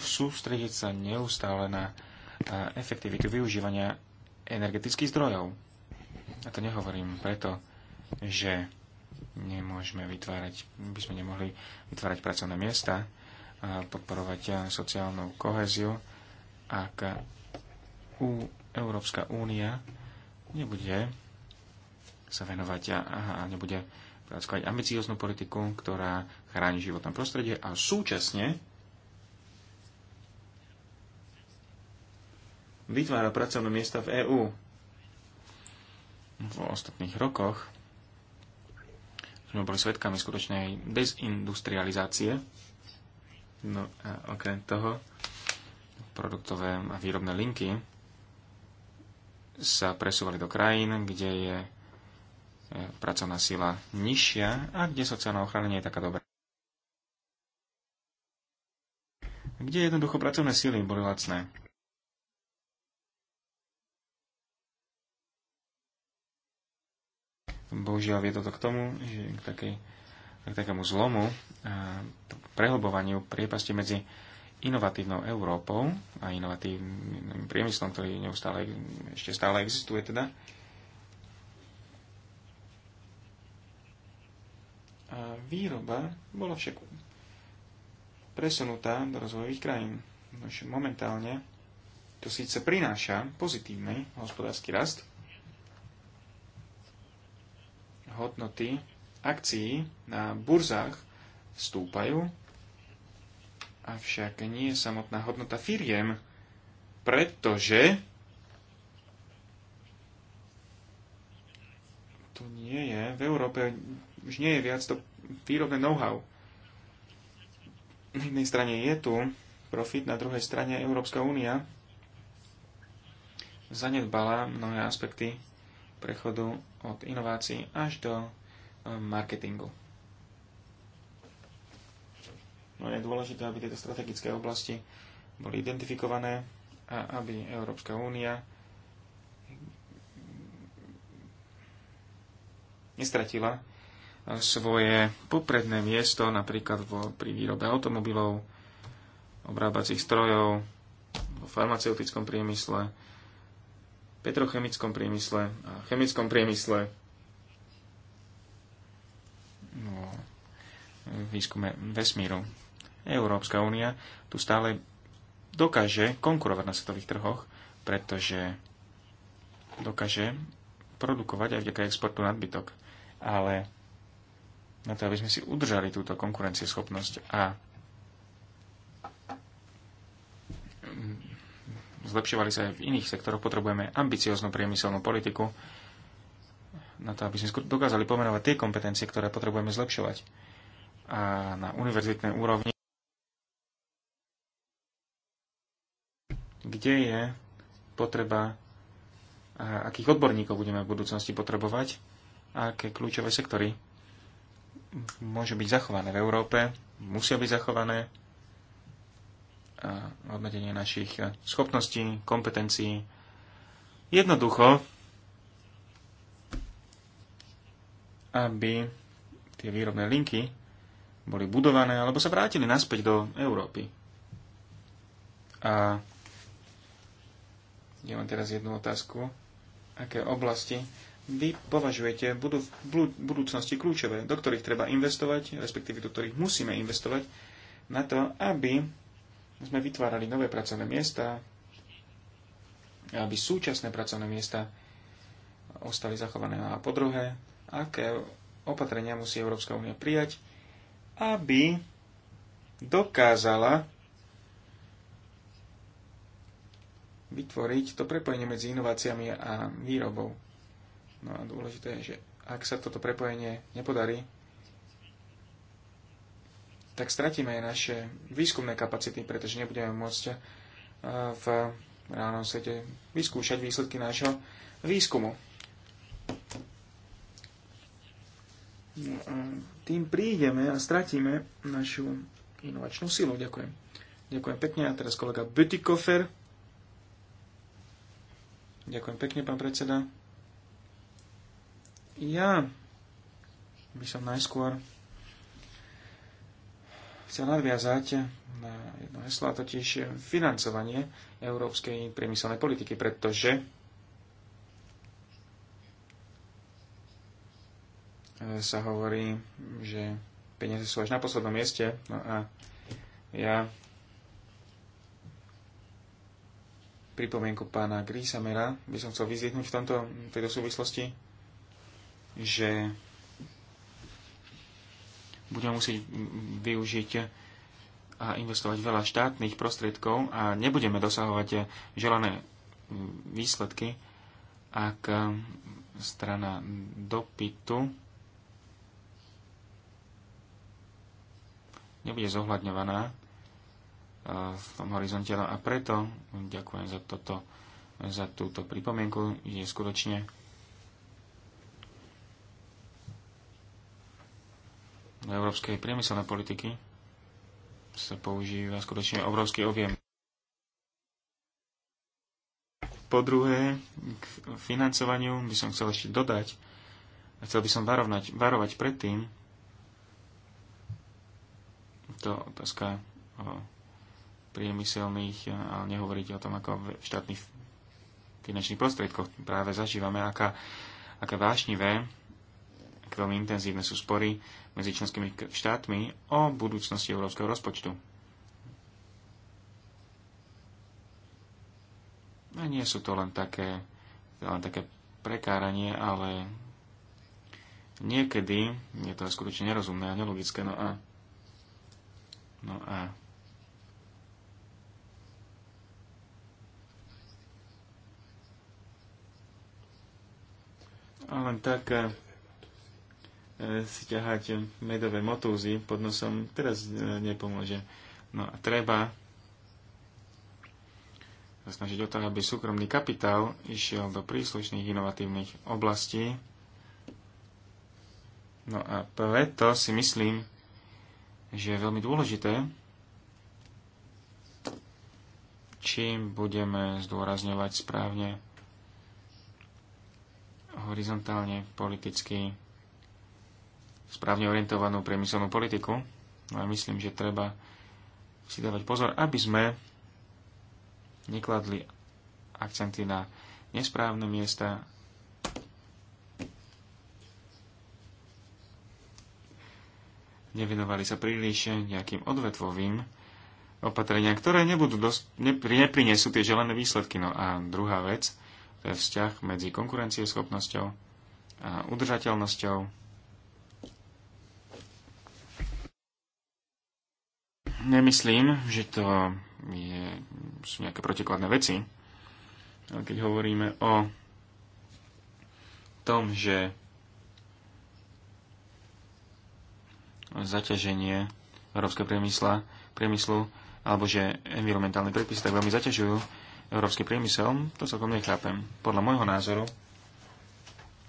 sústrediť sa neustále na efektivitu využívania energetických zdrojov. A to nehovorím preto, že nemôžeme vytvárať, by sme nemohli vytvárať pracovné miesta, a podporovať sociálnu koheziu, ak Európska únia nebude sa venovať a, a nebude prevádzkovať ambicióznu politiku, ktorá chráni životné prostredie a súčasne vytvára pracovné miesta v EÚ. V ostatných rokoch sme boli svedkami skutočnej dezindustrializácie. No a okrem toho produktové a výrobné linky sa presúvali do krajín, kde je pracovná sila nižšia a kde sociálna ochrana nie je taká dobrá. Kde jednoducho pracovné síly boli lacné. Bohužiaľ viedlo to k tomu, že k, takej, k takému zlomu, a prehlbovaniu priepasti medzi inovatívnou Európou a inovatívnym priemyslom, ktorý neustále ešte stále existuje teda, a výroba bola však presunutá do rozvojových krajín. momentálne to síce prináša pozitívny hospodársky rast, hodnoty akcií na burzách stúpajú, avšak nie je samotná hodnota firiem, pretože tu nie je v Európe už nie je viac to výrobné know-how. Na jednej strane je tu profit, na druhej strane Európska únia zanedbala mnohé aspekty prechodu od inovácií až do eh, marketingu. No je dôležité, aby tieto strategické oblasti boli identifikované a aby Európska únia nestratila svoje popredné miesto, napríklad vo, pri výrobe automobilov, obrábacích strojov, vo farmaceutickom priemysle, petrochemickom priemysle a chemickom priemysle, no, výskume vesmíru. Európska únia tu stále dokáže konkurovať na svetových trhoch, pretože dokáže produkovať aj vďaka exportu nadbytok. Ale na to, aby sme si udržali túto konkurencieschopnosť a zlepšovali sa aj v iných sektoroch, potrebujeme ambicioznú priemyselnú politiku na to, aby sme dokázali pomenovať tie kompetencie, ktoré potrebujeme zlepšovať. A na univerzitnej úrovni, kde je potreba, akých odborníkov budeme v budúcnosti potrebovať a aké kľúčové sektory môžu byť zachované v Európe, musia byť zachované a hodnotenie našich eh, schopností, kompetencií. Jednoducho, aby tie výrobné linky boli budované alebo sa vrátili naspäť do Európy. A ja mám teraz jednu otázku. Aké oblasti vy považujete budú v budúcnosti kľúčové, do ktorých treba investovať, respektíve do ktorých musíme investovať, na to, aby sme vytvárali nové pracovné miesta, aby súčasné pracovné miesta ostali zachované. No a po druhé, aké opatrenia musí Európska únia prijať, aby dokázala vytvoriť to prepojenie medzi inováciami a výrobou No a dôležité je, že ak sa toto prepojenie nepodarí, tak stratíme aj naše výskumné kapacity, pretože nebudeme môcť eh, v reálnom svete vyskúšať výsledky nášho výskumu. No a tým prídeme a stratíme našu inovačnú silu. Ďakujem. Ďakujem pekne. A teraz kolega Bytikofer. Ďakujem pekne, pán predseda. Ja by som najskôr chcel nadviazať na jedno heslo, a totiž financovanie európskej priemyselnej politiky, pretože sa hovorí, že peniaze sú až na poslednom mieste. No a ja pripomienku pána Grísamera by som chcel vyzvihnúť v tomto, tejto súvislosti že budeme musieť využiť a investovať veľa štátnych prostriedkov a nebudeme dosahovať želané výsledky, ak strana dopytu nebude zohľadňovaná eh, v tom horizonte. No a preto ďakujem za, toto, za túto pripomienku. Je skutočne do európskej priemyselnej politiky sa používa skutočne obrovský objem. Po druhé, k financovaniu by som chcel ešte dodať, a chcel by som varovnať, varovať predtým, to otázka o priemyselných, ale nehovoríte o tom, ako v štátnych finančných prostriedkoch práve zažívame, aká, aké vášnivé, aké veľmi intenzívne sú spory medzi členskými štátmi o budúcnosti európskeho rozpočtu. A nie sú to len také, len také prekáranie, ale niekedy je to skutočne nerozumné a nelogické. No a, no a Ale tak eh, E, si ťahať medové motúzy pod nosom teraz e, nepomôže. No a treba snažiť o to, aby súkromný kapitál išiel do príslušných inovatívnych oblastí. No a preto si myslím, že je veľmi dôležité, čím budeme zdôrazňovať správne horizontálne politický správne orientovanú priemyselnú politiku. No a myslím, že treba si dávať pozor, aby sme nekladli akcenty na nesprávne miesta. Nevenovali sa príliš nejakým odvetvovým opatreniam, ktoré nebudú dos- neprinesú tie želené výsledky. No a druhá vec, to je vzťah medzi konkurencieschopnosťou a udržateľnosťou Nemyslím, že to je, sú nejaké protikladné veci, ale keď hovoríme o tom, že zaťaženie európskeho priemysla, priemyslu alebo že environmentálne predpisy tak veľmi zaťažujú európsky priemysel, to celkom nechápem. Podľa môjho názoru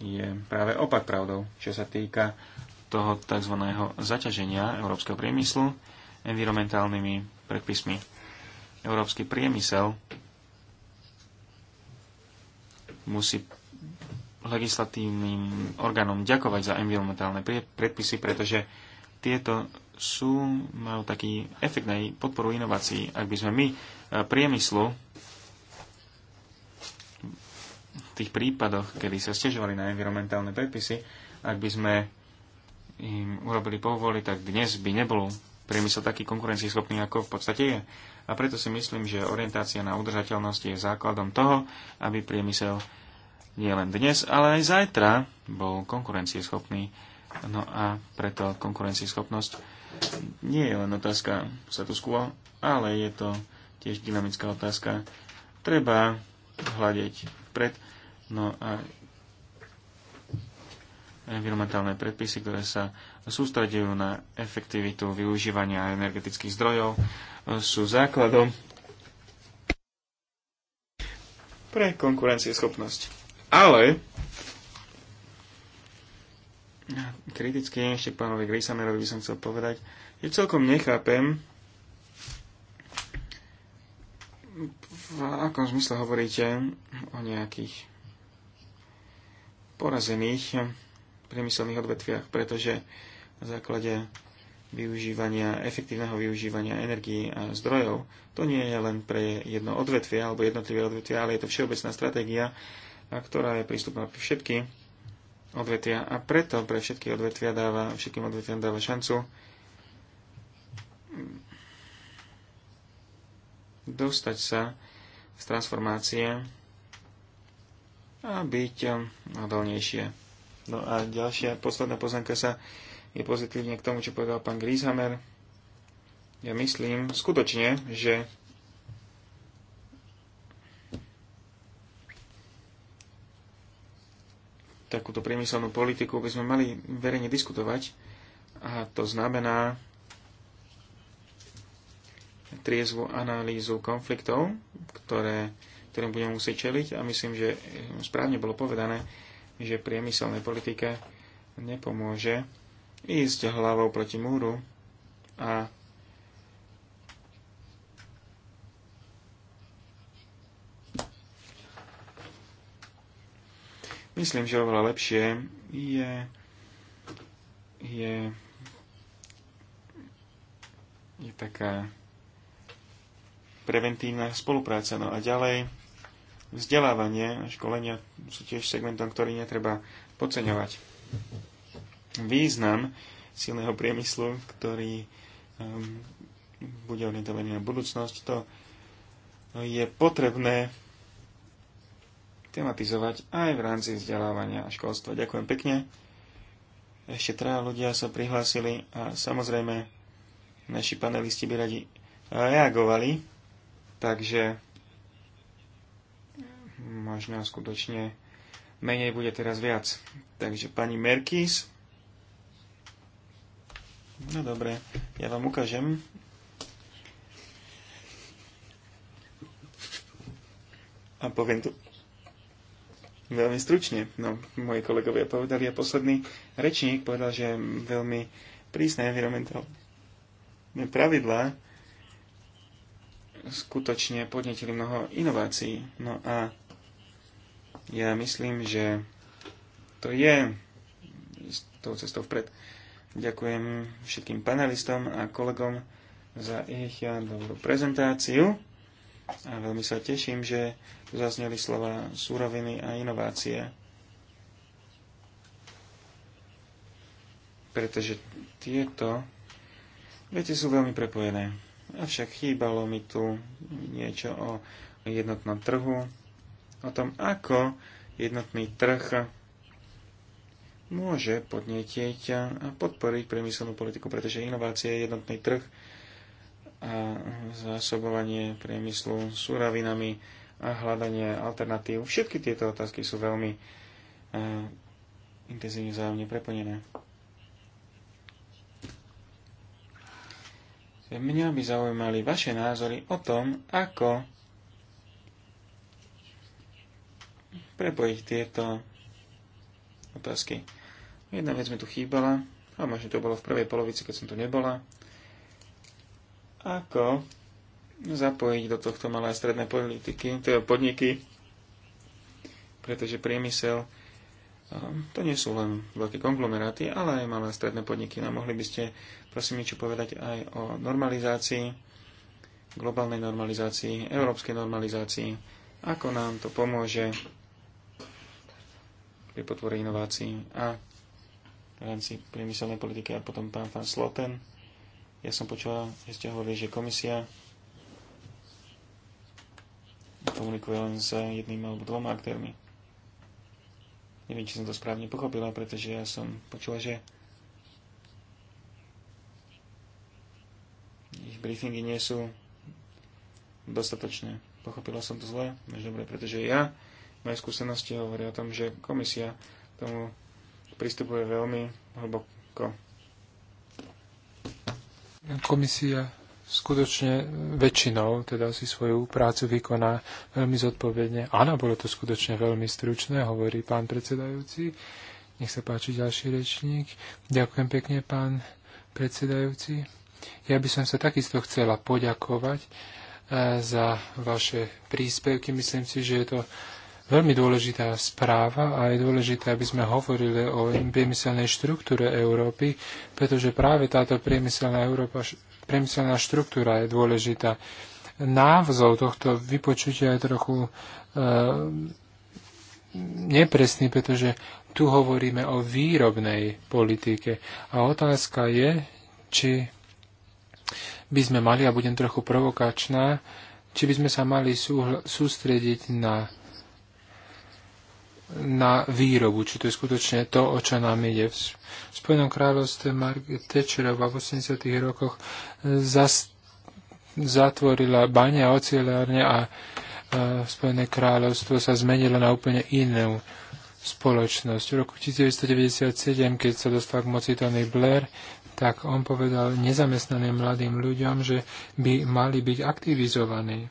je práve opak pravdou, čo sa týka toho tzv. zaťaženia európskeho priemyslu environmentálnymi predpismi. Európsky priemysel musí legislatívnym orgánom ďakovať za environmentálne predpisy, pretože tieto sú, majú taký efekt na podporu inovácií. Ak by sme my e, priemyslu v tých prípadoch, kedy sa stiažovali na environmentálne predpisy, ak by sme im urobili povoli, tak dnes by nebolo priemysel taký konkurencieschopný, ako v podstate je. A preto si myslím, že orientácia na udržateľnosť je základom toho, aby priemysel nie len dnes, ale aj zajtra bol konkurencieschopný. No a preto konkurencieschopnosť nie je len otázka status quo, ale je to tiež dynamická otázka. Treba hľadiť pred. No a environmentálne predpisy, ktoré sa sústredujú na efektivitu využívania energetických zdrojov, e, sú základom pre konkurencieschopnosť. Ale kriticky ešte pánovi Grisamerovi by som chcel povedať, že celkom nechápem, v akom zmysle hovoríte o nejakých porazených priemyselných odvetviach, pretože na základe využívania, efektívneho využívania energii a zdrojov. To nie je len pre jedno odvetvie alebo jednotlivé odvetvia, ale je to všeobecná stratégia, ktorá je prístupná pre všetky odvetvia a preto pre všetky odvetvia dáva, všetkým odvetviam dáva šancu dostať sa z transformácie a byť um, odolnejšie. No a ďalšia posledná poznámka sa je pozitívne k tomu, čo povedal pán Grishammer. Ja myslím skutočne, že takúto priemyselnú politiku by sme mali verejne diskutovať. A to znamená triezvu analýzu konfliktov, ktoré, ktorým budeme musieť čeliť. A myslím, že správne bolo povedané, že priemyselnej politike nepomôže ísť hlavou proti múru a myslím, že oveľa lepšie je je je taká preventívna spolupráca. No a ďalej vzdelávanie a školenia sú tiež segmentom, ktorý netreba podceňovať význam silného priemyslu, ktorý ehm, bude orientovaný na budúcnosť, to je potrebné tematizovať aj v rámci vzdelávania a školstva. Ďakujem pekne. Ešte traja ľudia sa prihlásili a samozrejme naši panelisti by radi reagovali, takže možno skutočne menej bude teraz viac. Takže pani Merkis. No dobre, ja vám ukážem. A poviem to veľmi stručne. No, moji kolegovia povedali a posledný rečník povedal, že veľmi prísne environmentálne pravidlá skutočne podnetili mnoho inovácií. No a ja myslím, že to je s tou cestou vpred. Ďakujem všetkým panelistom a kolegom za ich dobrú prezentáciu a veľmi sa teším, že zazneli slova súroviny a inovácie. Pretože tieto viete sú veľmi prepojené. Avšak chýbalo mi tu niečo o jednotnom trhu, o tom, ako jednotný trh môže podnietiť a podporiť priemyselnú politiku, pretože inovácie, jednotný trh a zásobovanie priemyslu súravinami a hľadanie alternatív, všetky tieto otázky sú veľmi uh, intenzívne vzájomne preplnené. Mňa by zaujímali vaše názory o tom, ako prepojiť tieto otázky. Jedna vec mi tu chýbala, a možno to bolo v prvej polovici, keď som tu nebola. Ako zapojiť do tohto malé a stredné politiky, teda podniky, pretože priemysel ehm, to nie sú len veľké konglomeráty, ale aj malé a stredné podniky. No mohli by ste, prosím, niečo povedať aj o normalizácii, globálnej normalizácii, európskej normalizácii, ako nám to pomôže pri potvore inovácií a v rámci priemyselnej politiky a potom pán pán Sloten. Ja som počula, že ste hovorili, že komisia komunikuje len s jedným alebo dvoma aktérmi. Neviem, či som to správne pochopila, pretože ja som počula, že ich briefingy nie sú dostatočné. Pochopila som to zle? Než no, dobre, pretože ja moje skúsenosti hovoria o tom, že komisia tomu pristupuje veľmi hlboko. Komisia skutočne väčšinou teda si svoju prácu vykoná veľmi zodpovedne. Áno, bolo to skutočne veľmi stručné, hovorí pán predsedajúci. Nech sa páči ďalší rečník. Ďakujem pekne, pán predsedajúci. Ja by som sa takisto chcela poďakovať eh, za vaše príspevky. Myslím si, že je to veľmi dôležitá správa a je dôležité, aby sme hovorili o priemyselnej štruktúre Európy, pretože práve táto priemyselná, Európa, priemyselná štruktúra je dôležitá. Návzov tohto vypočutia je trochu e, nepresný, pretože tu hovoríme o výrobnej politike. A otázka je, či by sme mali, a budem trochu provokačná, či by sme sa mali sústrediť na na výrobu, či to je skutočne to, o čo nám ide. V Spojenom kráľovstve Mark Thatcherová v 80. rokoch zas, zatvorila bane a ocieľárne a, a Spojené kráľovstvo sa zmenilo na úplne inú spoločnosť. V roku 1997, keď sa dostal k moci Tony Blair, tak on povedal nezamestnaným mladým ľuďom, že by mali byť aktivizovaní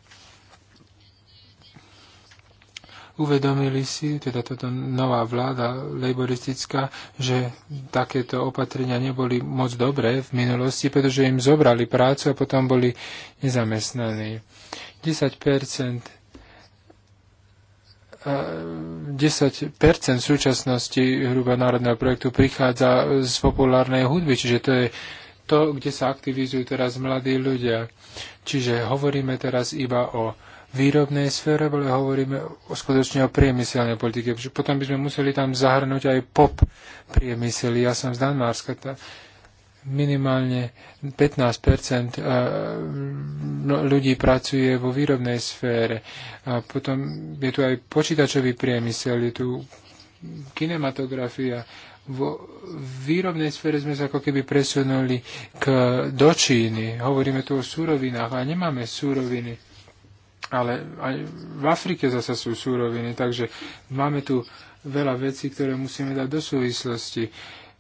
Uvedomili si, teda toto nová vláda laboristická, že takéto opatrenia neboli moc dobré v minulosti, pretože im zobrali prácu a potom boli nezamestnaní. 10 10 v súčasnosti hruba národného projektu prichádza z populárnej hudby, čiže to je to, kde sa aktivizujú teraz mladí ľudia. Čiže hovoríme teraz iba o výrobnej sfére, ale hovoríme o skutočne o priemyselnej politike. Potom by sme museli tam zahrnúť aj pop priemysel. Ja som z Danmárska, tá minimálne 15 eh, no, ľudí pracuje vo výrobnej sfére. A potom je tu aj počítačový priemysel, je tu kinematografia. Vo výrobnej sfére sme sa ako keby presunuli k, do Číny. Hovoríme tu o súrovinách a nemáme súroviny ale aj v Afrike zase sú súroviny, takže máme tu veľa vecí, ktoré musíme dať do súvislosti.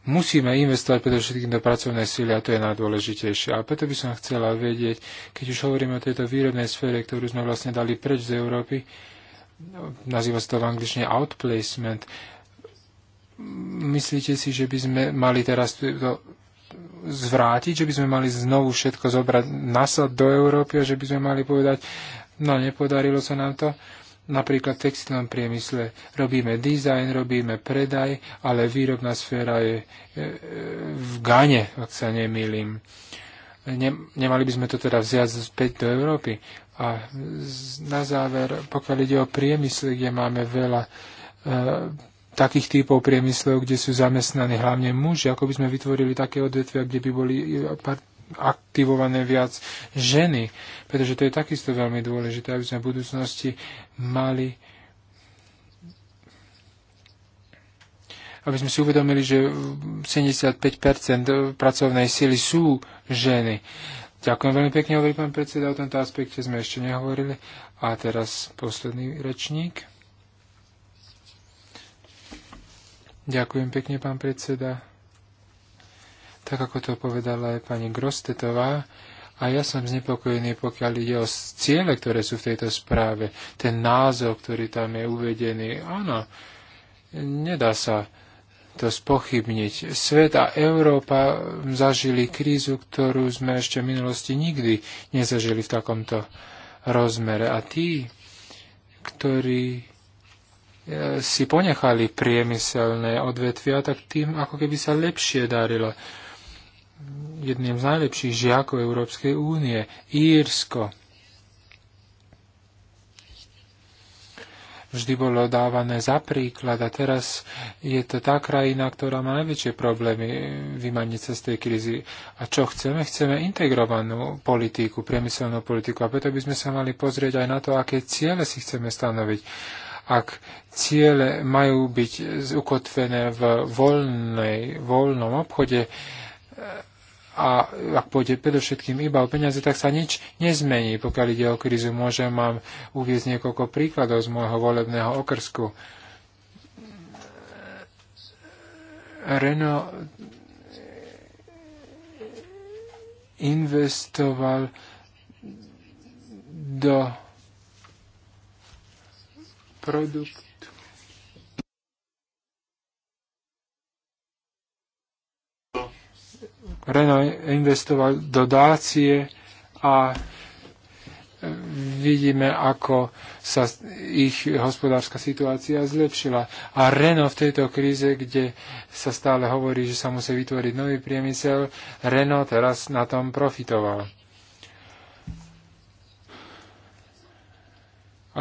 Musíme investovať predovšetkým do pracovnej síly a to je najdôležitejšie. A preto by som chcela vedieť, keď už hovoríme o tejto výrobnej sfére, ktorú sme vlastne dali preč z Európy, nazýva sa to v angličtine outplacement, myslíte si, že by sme mali teraz to zvrátiť, že by sme mali znovu všetko zobrať nasad do Európy a že by sme mali povedať, No, nepodarilo sa nám to. Napríklad v textilnom priemysle robíme dizajn, robíme predaj, ale výrobná sféra je e, e, v Gane, ak sa nemýlim. Nemali by sme to teda vziať späť do Európy. A na záver, pokiaľ ide o priemysle, kde máme veľa e, takých typov priemyslov, kde sú zamestnaní hlavne muži, ako by sme vytvorili také odvetvia, kde by boli aktivované viac ženy, pretože to je takisto veľmi dôležité, aby sme v budúcnosti mali aby sme si uvedomili, že 75% pracovnej sily sú ženy. Ďakujem veľmi pekne, hovorí pán predseda, o tomto aspekte sme ešte nehovorili. A teraz posledný rečník. Ďakujem pekne, pán predseda tak ako to povedala aj pani Grostetová, a ja som znepokojený, pokiaľ ide o ciele, ktoré sú v tejto správe. Ten názov, ktorý tam je uvedený, áno, nedá sa to spochybniť. Svet a Európa zažili krízu, ktorú sme ešte v minulosti nikdy nezažili v takomto rozmere. A tí, ktorí e, si ponechali priemyselné odvetvia, tak tým ako keby sa lepšie darilo jedným z najlepších žiakov Európskej únie, Írsko. Vždy bolo dávané za príklad a teraz je to tá krajina, ktorá má najväčšie problémy vymaniť sa z tej krízy. A čo chceme? Chceme integrovanú politiku, priemyselnú politiku. A preto by sme sa mali pozrieť aj na to, aké ciele si chceme stanoviť ak ciele majú byť ukotvené v voľnej, voľnom obchode, a ak pôjde predovšetkým iba o peniaze, tak sa nič nezmení. Pokiaľ ide o krízu, môžem vám uviezť niekoľko príkladov z môjho volebného okrsku. Renault investoval do produkt Rena investoval do Dácie a vidíme, ako sa ich hospodárska situácia zlepšila. A Renault v tejto kríze, kde sa stále hovorí, že sa musí vytvoriť nový priemysel, Renault teraz na tom profitoval. A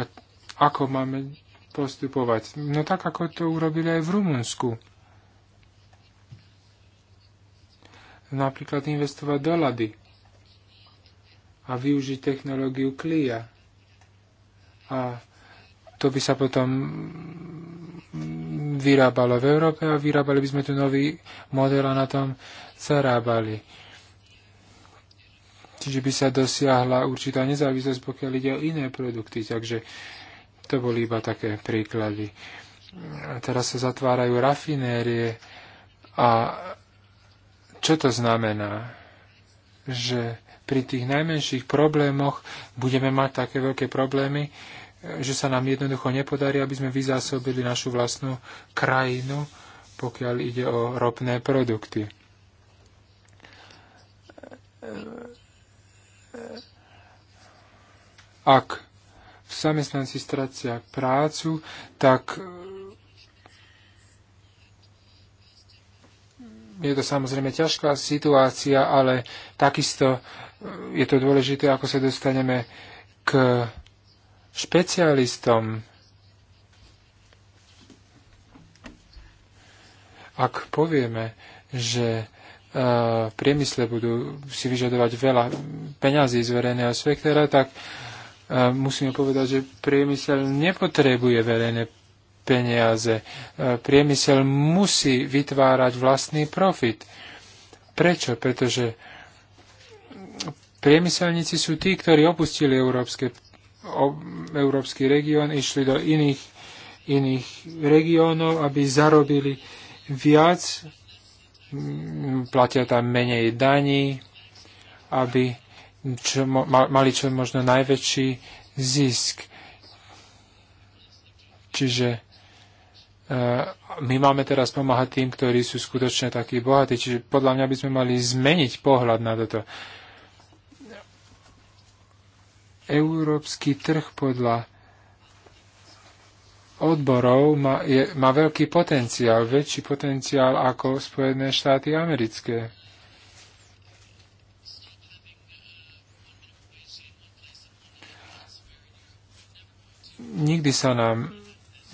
ako máme postupovať? No tak, ako to urobili aj v Rumunsku napríklad investovať do lady a využiť technológiu KLIA. A to by sa potom vyrábalo v Európe a vyrábali by sme tu nový model a na tom zarábali. Čiže by sa dosiahla určitá nezávislosť, pokiaľ ide o iné produkty. Takže to boli iba také príklady. A teraz sa zatvárajú rafinérie a čo to znamená? Že pri tých najmenších problémoch budeme mať také veľké problémy, že sa nám jednoducho nepodarí, aby sme vyzásobili našu vlastnú krajinu, pokiaľ ide o ropné produkty. Ak v zamestnanci stracia prácu, tak je to samozrejme ťažká situácia, ale takisto e, je to dôležité, ako sa dostaneme k špecialistom. Ak povieme, že v e, priemysle budú si vyžadovať veľa peňazí z verejného sektora, tak e, musíme povedať, že priemysel nepotrebuje verejné peniaze. E, priemysel musí vytvárať vlastný profit. Prečo? Pretože priemyselníci sú tí, ktorí opustili európske, o, európsky región, išli do iných, iných regiónov, aby zarobili viac, platia tam menej daní, aby čo, mali čo možno najväčší zisk. Čiže Eh, my máme teraz pomáhať tým, ktorí sú skutočne takí bohatí. Čiže podľa mňa by sme mali zmeniť pohľad na toto. Európsky trh podľa odborov má, je, má veľký potenciál, väčší potenciál ako Spojené štáty americké. Nikdy sa nám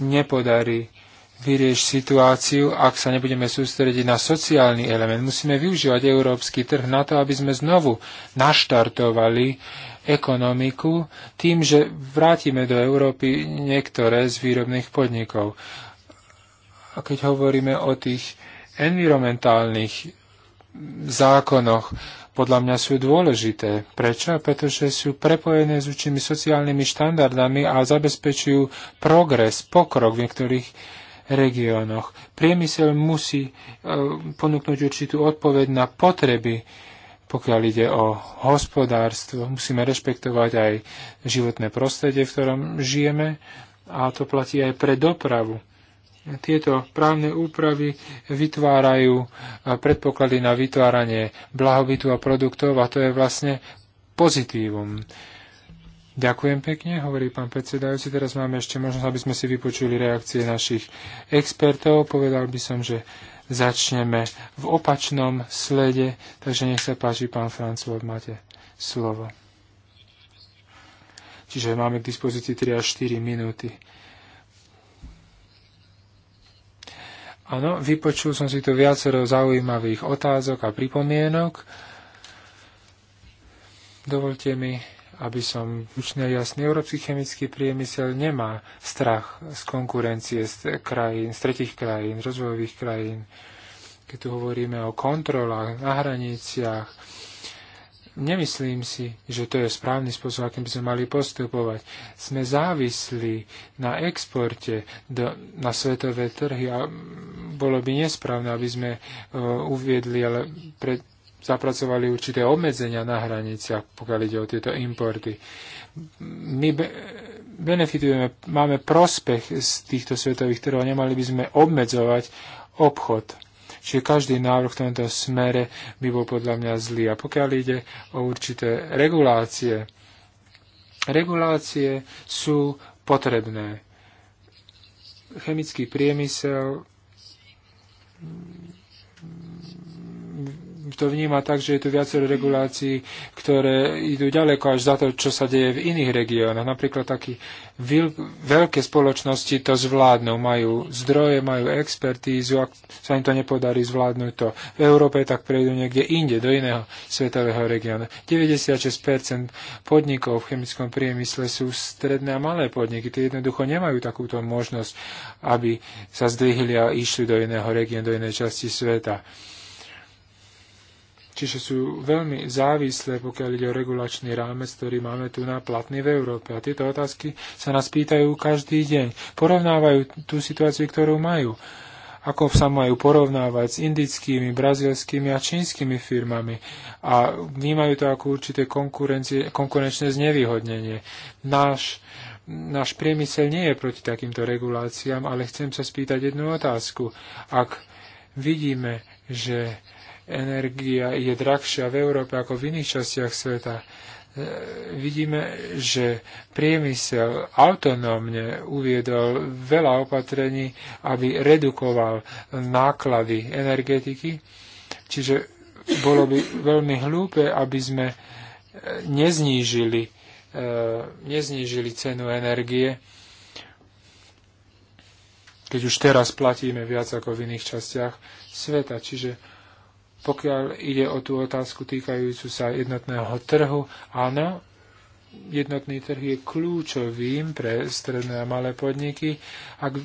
nepodarí vyrieš situáciu, ak sa nebudeme sústrediť na sociálny element. Musíme využívať európsky trh na to, aby sme znovu naštartovali ekonomiku tým, že vrátime do Európy niektoré z výrobných podnikov. A keď hovoríme o tých environmentálnych zákonoch, podľa mňa sú dôležité. Prečo? Pretože sú prepojené s určitými sociálnymi štandardami a zabezpečujú progres, pokrok v niektorých regiónoch. Priemysel musí e, ponúknuť určitú odpoveď na potreby, pokiaľ ide o hospodárstvo. Musíme rešpektovať aj životné prostredie, v ktorom žijeme a to platí aj pre dopravu. Tieto právne úpravy vytvárajú e, predpoklady na vytváranie blahobytu a produktov a to je vlastne pozitívum. Ďakujem pekne, hovorí pán predsedajúci. Teraz máme ešte možnosť, aby sme si vypočuli reakcie našich expertov. Povedal by som, že začneme v opačnom slede, takže nech sa páči, pán Francov, máte slovo. Čiže máme k dispozícii 3 až 4 minúty. Áno, vypočul som si tu viacero zaujímavých otázok a pripomienok. Dovolte mi aby som učne jasný, európsky chemický priemysel nemá strach z konkurencie z krajín, z tretich krajín, rozvojových krajín. Keď tu hovoríme o kontrolách na hraniciach, nemyslím si, že to je správny spôsob, akým by sme mali postupovať. Sme závislí na exporte do, na svetové trhy a bolo by nesprávne, aby sme uh, uviedli ale pred zapracovali určité obmedzenia na hraniciach, pokiaľ ide o tieto importy. My benefitujeme, máme prospech z týchto svetových trhov, nemali by sme obmedzovať obchod. Čiže každý návrh v tomto smere by bol podľa mňa zlý. A pokiaľ ide o určité regulácie, regulácie sú potrebné. Chemický priemysel to vníma tak, že je tu viacero regulácií, ktoré idú ďaleko až za to, čo sa deje v iných regiónoch. Napríklad také veľké spoločnosti to zvládnu, majú zdroje, majú expertízu, ak sa im to nepodarí zvládnuť to v Európe, tak prejdú niekde inde, do iného svetového regiónu. 96% podnikov v chemickom priemysle sú stredné a malé podniky. Tie jednoducho nemajú takúto možnosť, aby sa zdvihli a išli do iného regiónu, do inej časti sveta čiže sú veľmi závislé, pokiaľ ide o regulačný rámec, ktorý máme tu na platný v Európe. A tieto otázky sa nás pýtajú každý deň. Porovnávajú tú situáciu, ktorú majú. Ako sa majú porovnávať s indickými, brazilskými a čínskymi firmami. A vnímajú to ako určité konkurenčné znevýhodnenie. Náš náš priemysel nie je proti takýmto reguláciám, ale chcem sa spýtať jednu otázku. Ak vidíme, že energia je drahšia v Európe ako v iných častiach sveta, e, vidíme, že priemysel autonómne uviedol veľa opatrení, aby redukoval náklady energetiky. Čiže bolo by veľmi hlúpe, aby sme e, neznížili, e, neznížili cenu energie, keď už teraz platíme viac ako v iných častiach sveta. Čiže pokiaľ ide o tú otázku týkajúcu sa jednotného trhu, áno, jednotný trh je kľúčovým pre stredné a malé podniky. Ak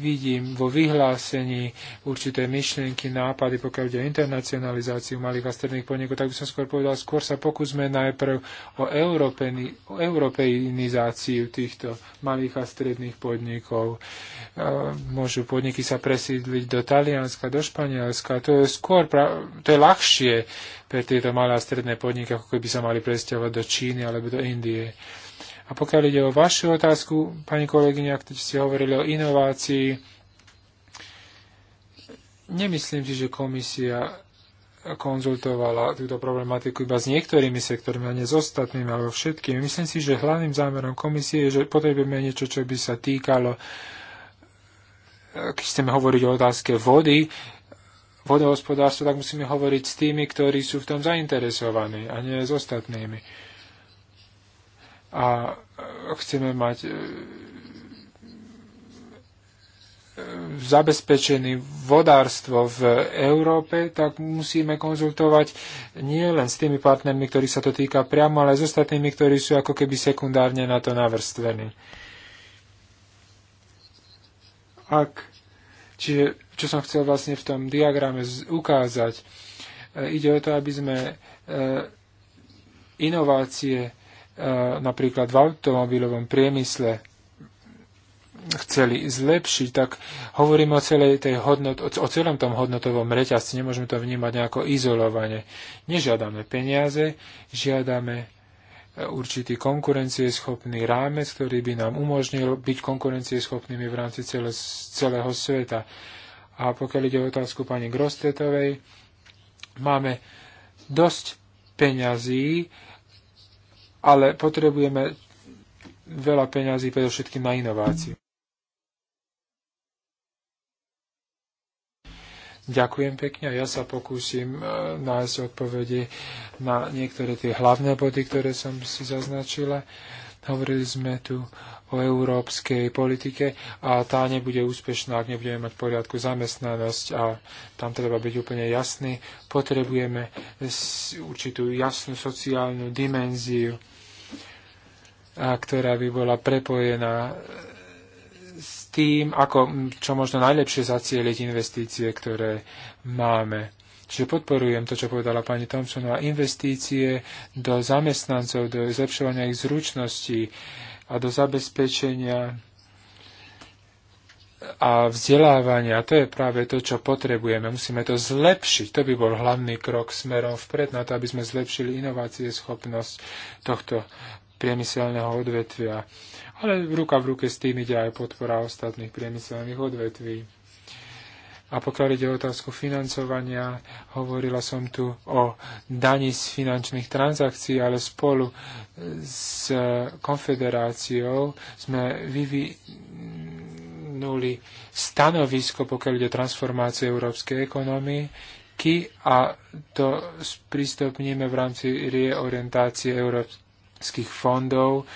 vidím vo vyhlásení určité myšlienky, nápady, pokiaľ ide o internacionalizáciu malých a stredných podnikov, tak by som skôr povedal, skôr sa pokúsme najprv o, európeni, o europeinizáciu týchto malých a stredných podnikov. E, môžu podniky sa presídliť do Talianska, do Španielska. To je skôr, to je ľahšie pre tieto malé a stredné podniky, ako keby sa mali presťahovať do Číny alebo do Indie. A pokiaľ ide o vašu otázku, pani kolegyňa, keď ste hovorili o inovácii, nemyslím si, že komisia konzultovala túto problematiku iba s niektorými sektormi a nie s ostatnými alebo všetkými. Myslím si, že hlavným zámerom komisie je, že potrebujeme niečo, čo by sa týkalo, keď chceme hovoriť o otázke vody, vodohospodárstvo, tak musíme hovoriť s tými, ktorí sú v tom zainteresovaní a nie s ostatnými. A e, chceme mať e, e, zabezpečený vodárstvo v Európe, tak musíme konzultovať nie len s tými partnermi, ktorí sa to týka priamo, ale aj s ostatnými, ktorí sú ako keby sekundárne na to navrstvení. Ak, čiže čo som chcel vlastne v tom diagrame ukázať. E, ide o to, aby sme e, inovácie e, napríklad v automobilovom priemysle chceli zlepšiť, tak hovoríme o, celej tej hodnot, o celom tom hodnotovom reťazci. Nemôžeme to vnímať nejako izolovane. Nežiadame peniaze, žiadame určitý konkurencieschopný rámec, ktorý by nám umožnil byť konkurencieschopnými v rámci celé, celého sveta. A pokiaľ ide o otázku pani Grostetovej, máme dosť peňazí, ale potrebujeme veľa peňazí predovšetkým na inováciu. Ďakujem pekne a ja sa pokúsim e, nájsť odpovede na niektoré tie hlavné body, ktoré som si zaznačila. Hovorili sme tu o európskej politike a tá nebude úspešná, ak nebudeme mať poriadku zamestnanosť a tam treba byť úplne jasný. Potrebujeme určitú jasnú sociálnu dimenziu, a ktorá by bola prepojená s tým, ako čo možno najlepšie zacieliť investície, ktoré máme. Čiže podporujem to, čo povedala pani Thompsonová. Investície do zamestnancov, do zlepšovania ich zručností, a do zabezpečenia a vzdelávania. To je práve to, čo potrebujeme. Musíme to zlepšiť. To by bol hlavný krok smerom vpred na to, aby sme zlepšili inovácie, schopnosť tohto priemyselného odvetvia. Ale ruka v ruke s tým ide aj podpora ostatných priemyselných odvetví. A pokiaľ ide o otázku financovania, hovorila som tu o daní z finančných transakcií, ale spolu s konfederáciou sme vyvinuli stanovisko, pokiaľ ide o transformáciu európskej ekonomiky a to sprístupníme v rámci reorientácie európskych fondov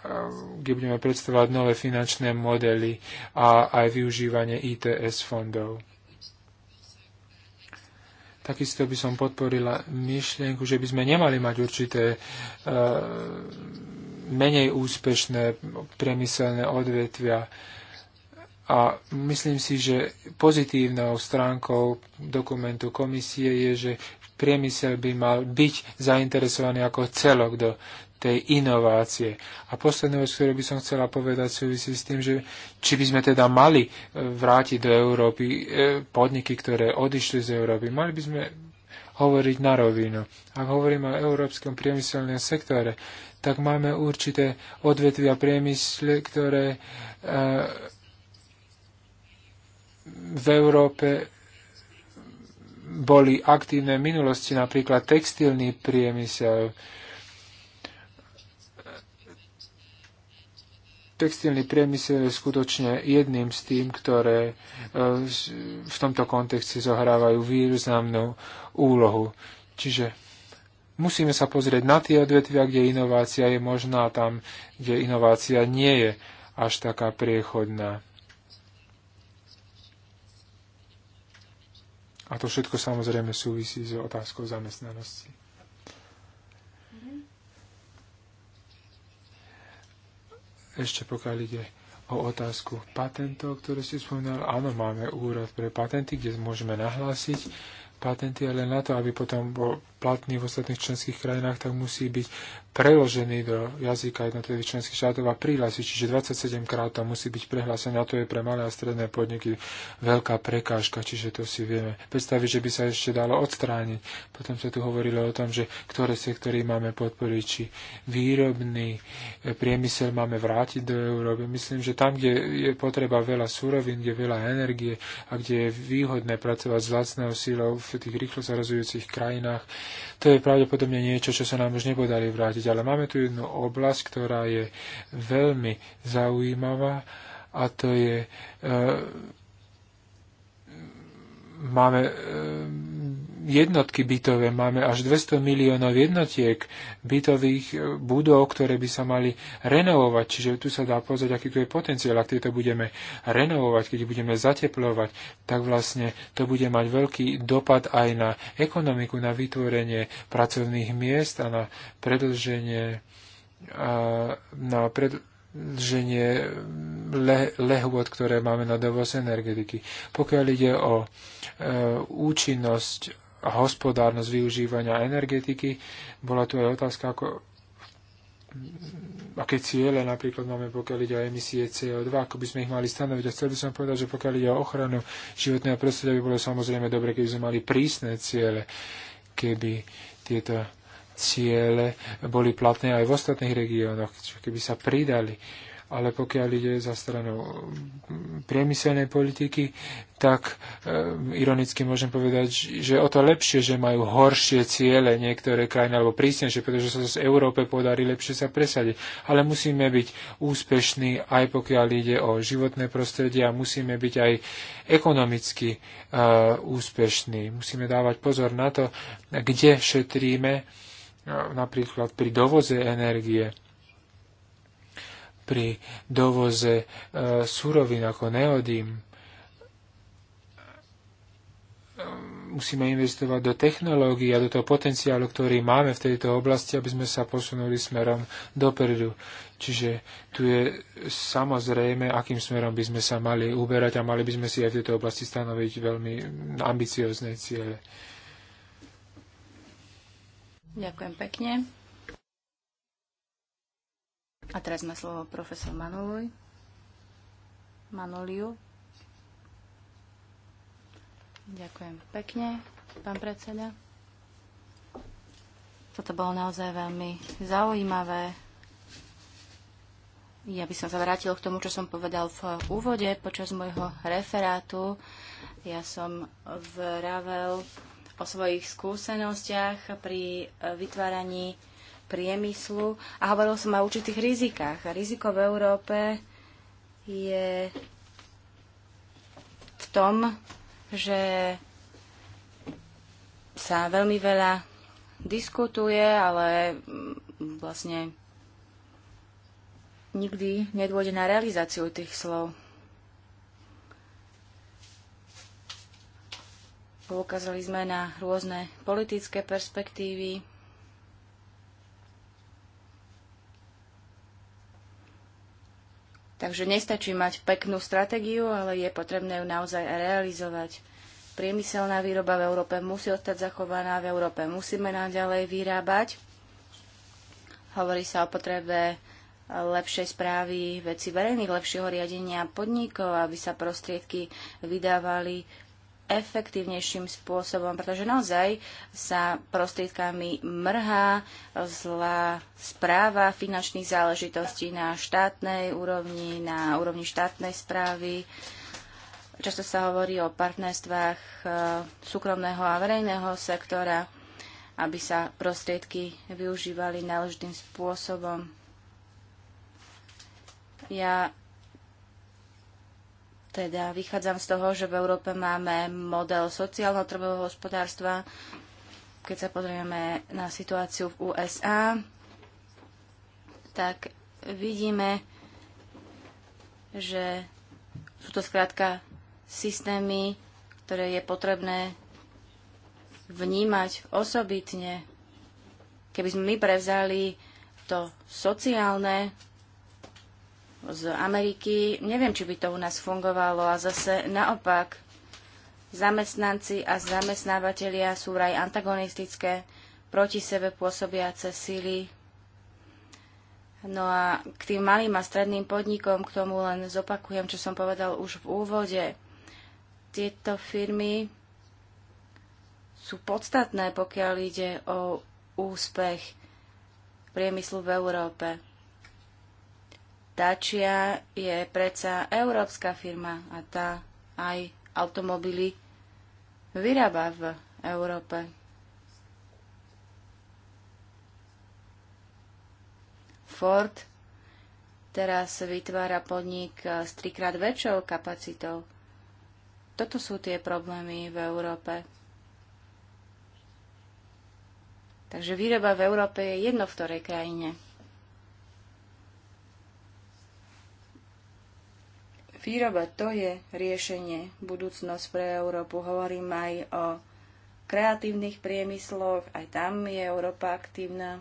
Um, kde budeme predstavovať nové finančné modely a aj využívanie ITS fondov. Takisto by som podporila myšlienku, že by sme nemali mať určité e, menej úspešné priemyselné odvetvia. A myslím si, že pozitívnou stránkou dokumentu komisie je, že priemysel by mal byť zainteresovaný ako celok do tej inovácie. A poslednú vec, ktorú by som chcela povedať, súvisí s tým, že či by sme teda mali e, vrátiť do Európy e, podniky, ktoré odišli z Európy. Mali by sme hovoriť na rovinu. Ak hovoríme o európskom priemyselnom sektore, tak máme určité odvetvia priemysle, ktoré e, v Európe boli aktívne v minulosti, napríklad textilný priemysel, textilný priemysel je skutočne jedným z tým, ktoré e, v tomto kontexte zohrávajú významnú úlohu. Čiže musíme sa pozrieť na tie odvetvia, kde inovácia je možná, tam, kde inovácia nie je až taká priechodná. A to všetko samozrejme súvisí s otázkou zamestnanosti. Ešte pokiaľ ide o otázku patentov, ktoré si spomínal, áno, máme úrad pre patenty, kde môžeme nahlásiť patenty, ale na to, aby potom bol platný v ostatných členských krajinách, tak musí byť preložený do jazyka jednotlivých členských štátov a prihlásiť, čiže 27 krát to musí byť prehlásené a to je pre malé a stredné podniky veľká prekážka, čiže to si vieme predstaviť, že by sa ešte dalo odstrániť. Potom sa tu hovorilo o tom, že ktoré sektory máme podporiť, či výrobný e, priemysel máme vrátiť do Európy. Myslím, že tam, kde je potreba veľa súrovín, kde je veľa energie a kde je výhodné pracovať s vlastnou síľou v tých rýchlo zarazujúcich krajinách, to je pravdepodobne niečo, čo sa nám už nepodarí vrátiť. Ale máme tu jednu oblasť, ktorá je veľmi zaujímavá a to je e, máme e, jednotky bytové, máme až 200 miliónov jednotiek bytových eh, budov, ktoré by sa mali renovovať. Čiže tu sa dá pozrieť, aký tu je potenciál. Ak tieto budeme renovovať, keď budeme zateplovať, tak vlastne to bude mať veľký dopad aj na ekonomiku, na vytvorenie pracovných miest a na predlženie na pred, nie le, lehôd, ktoré máme na dovoz energetiky. Pokiaľ ide o e, účinnosť a hospodárnosť využívania energetiky. Bola tu aj otázka, ako, aké ciele napríklad máme, pokiaľ ide o emisie CO2, ako by sme ich mali stanoviť. A chcel by som povedať, že pokiaľ ide o ochranu životného prostredia, by bolo samozrejme dobre, keby sme mali prísne ciele, keby tieto ciele boli platné aj v ostatných regiónoch, keby sa pridali ale pokiaľ ide za stranou um, priemyselnej politiky, tak e, ironicky môžem povedať, že o to lepšie, že majú horšie ciele niektoré krajiny, alebo prísnejšie, pretože sa z Európe podarí lepšie sa presadiť. Ale musíme byť úspešní aj pokiaľ ide o životné prostredie a musíme byť aj ekonomicky e, úspešní. Musíme dávať pozor na to, kde šetríme, uh, napríklad pri dovoze energie pri dovoze e, ako neodím. E, musíme investovať do technológií a do toho potenciálu, ktorý máme v tejto oblasti, aby sme sa posunuli smerom dopredu. Čiže tu je samozrejme, akým smerom by sme sa mali uberať a mali by sme si aj v tejto oblasti stanoviť veľmi ambiciozne ciele. Ďakujem pekne. A teraz má slovo profesor Manoluj. Manoliu. Ďakujem pekne, pán predseda. Toto bolo naozaj veľmi zaujímavé. Ja by som sa vrátil k tomu, čo som povedal v úvode počas môjho referátu. Ja som vravel o svojich skúsenostiach pri vytváraní priemyslu a hovoril som aj o určitých rizikách. A riziko v Európe je v tom, že sa veľmi veľa diskutuje, ale mm, vlastne nikdy nedôjde na realizáciu tých slov. Poukázali sme na rôzne politické perspektívy, Takže nestačí mať peknú stratégiu, ale je potrebné ju naozaj realizovať. Priemyselná výroba v Európe musí ostať zachovaná, v Európe musíme naďalej vyrábať. Hovorí sa o potrebe lepšej správy veci verejných, lepšieho riadenia podnikov, aby sa prostriedky vydávali efektívnejším spôsobom, pretože naozaj sa prostriedkami mrhá zlá správa finančných záležitostí na štátnej úrovni, na úrovni štátnej správy. Často sa hovorí o partnerstvách eh, súkromného a verejného sektora, aby sa prostriedky využívali náležitým spôsobom. Ja teda vychádzam z toho, že v Európe máme model sociálno-trvého hospodárstva. Keď sa pozrieme na situáciu v USA, tak vidíme, že sú to skrátka systémy, ktoré je potrebné vnímať osobitne. Keby sme my prevzali to sociálne z Ameriky. Neviem, či by to u nás fungovalo a zase naopak. Zamestnanci a zamestnávateľia sú vraj antagonistické, proti sebe pôsobiace síly. No a k tým malým a stredným podnikom, k tomu len zopakujem, čo som povedal už v úvode. Tieto firmy sú podstatné, pokiaľ ide o úspech priemyslu v Európe. Dacia je predsa európska firma a tá aj automobily vyrába v Európe. Ford teraz vytvára podnik s trikrát väčšou kapacitou. Toto sú tie problémy v Európe. Takže výroba v Európe je jedno v ktorej krajine. Výroba to je riešenie, budúcnosť pre Európu. Hovorím aj o kreatívnych priemysloch, aj tam je Európa aktívna.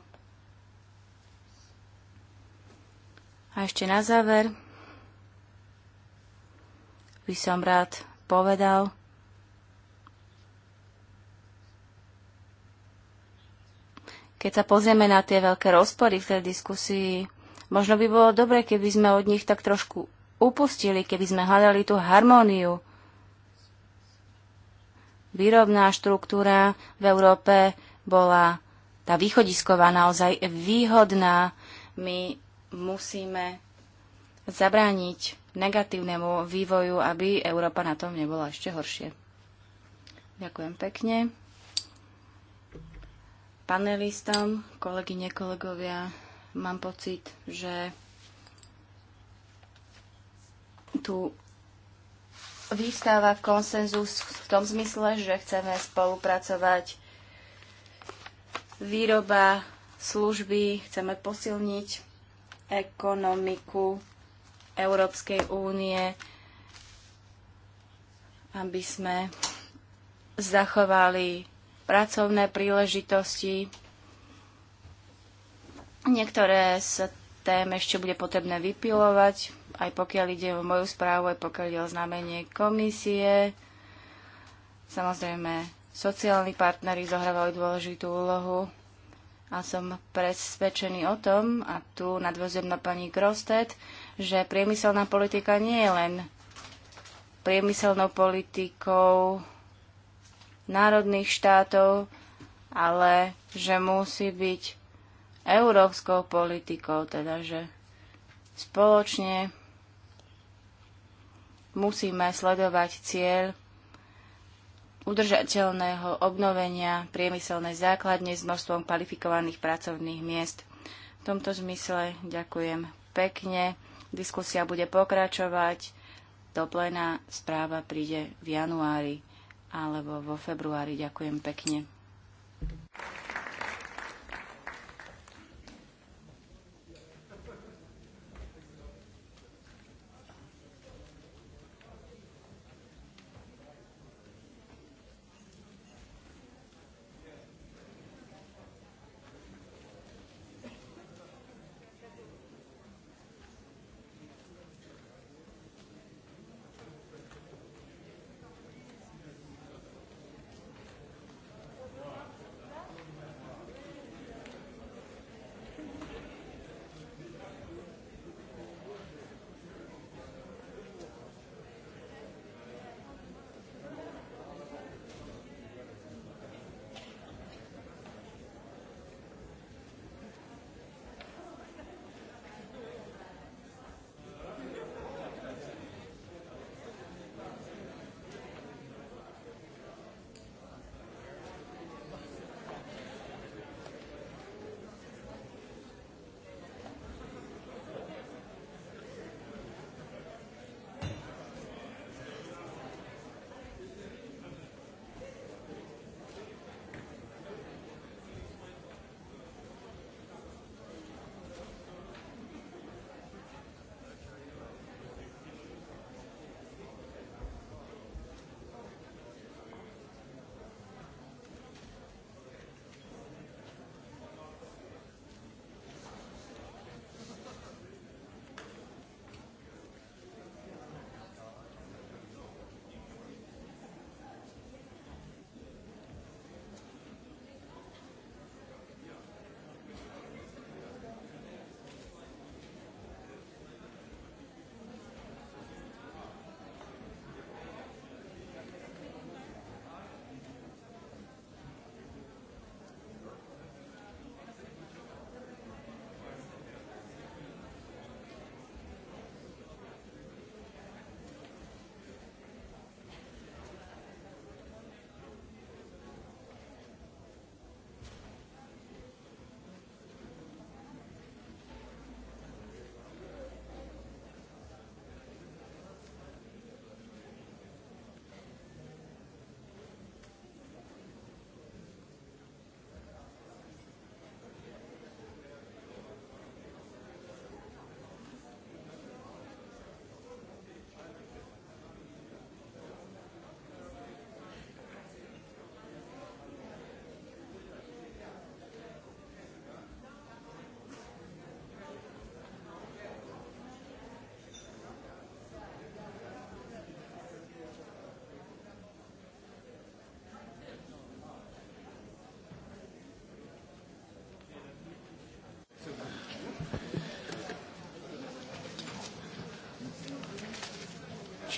A ešte na záver by som rád povedal, keď sa pozrieme na tie veľké rozpory v tej diskusii, možno by bolo dobre, keby sme od nich tak trošku upustili, keby sme hľadali tú harmóniu. Výrobná štruktúra v Európe bola tá východisková naozaj výhodná. My musíme zabrániť negatívnemu vývoju, aby Európa na tom nebola ešte horšie. Ďakujem pekne. Panelistom, kolegyne, kolegovia, mám pocit, že tu vystáva konsenzus v tom zmysle, že chceme spolupracovať výroba, služby, chceme posilniť ekonomiku Európskej únie, aby sme zachovali pracovné príležitosti. Niektoré z tém ešte bude potrebné vypilovať, aj pokiaľ ide o moju správu, aj pokiaľ ide o znamenie komisie. Samozrejme, sociálni partnery zohrávali dôležitú úlohu a som presvedčený o tom, a tu nadvozujem na pani Grostet, že priemyselná politika nie je len priemyselnou politikou národných štátov, ale že musí byť európskou politikou, teda že spoločne musíme sledovať cieľ udržateľného obnovenia priemyselnej základne s množstvom kvalifikovaných pracovných miest. V tomto zmysle ďakujem pekne. Diskusia bude pokračovať. Do plena správa príde v januári alebo vo februári. Ďakujem pekne.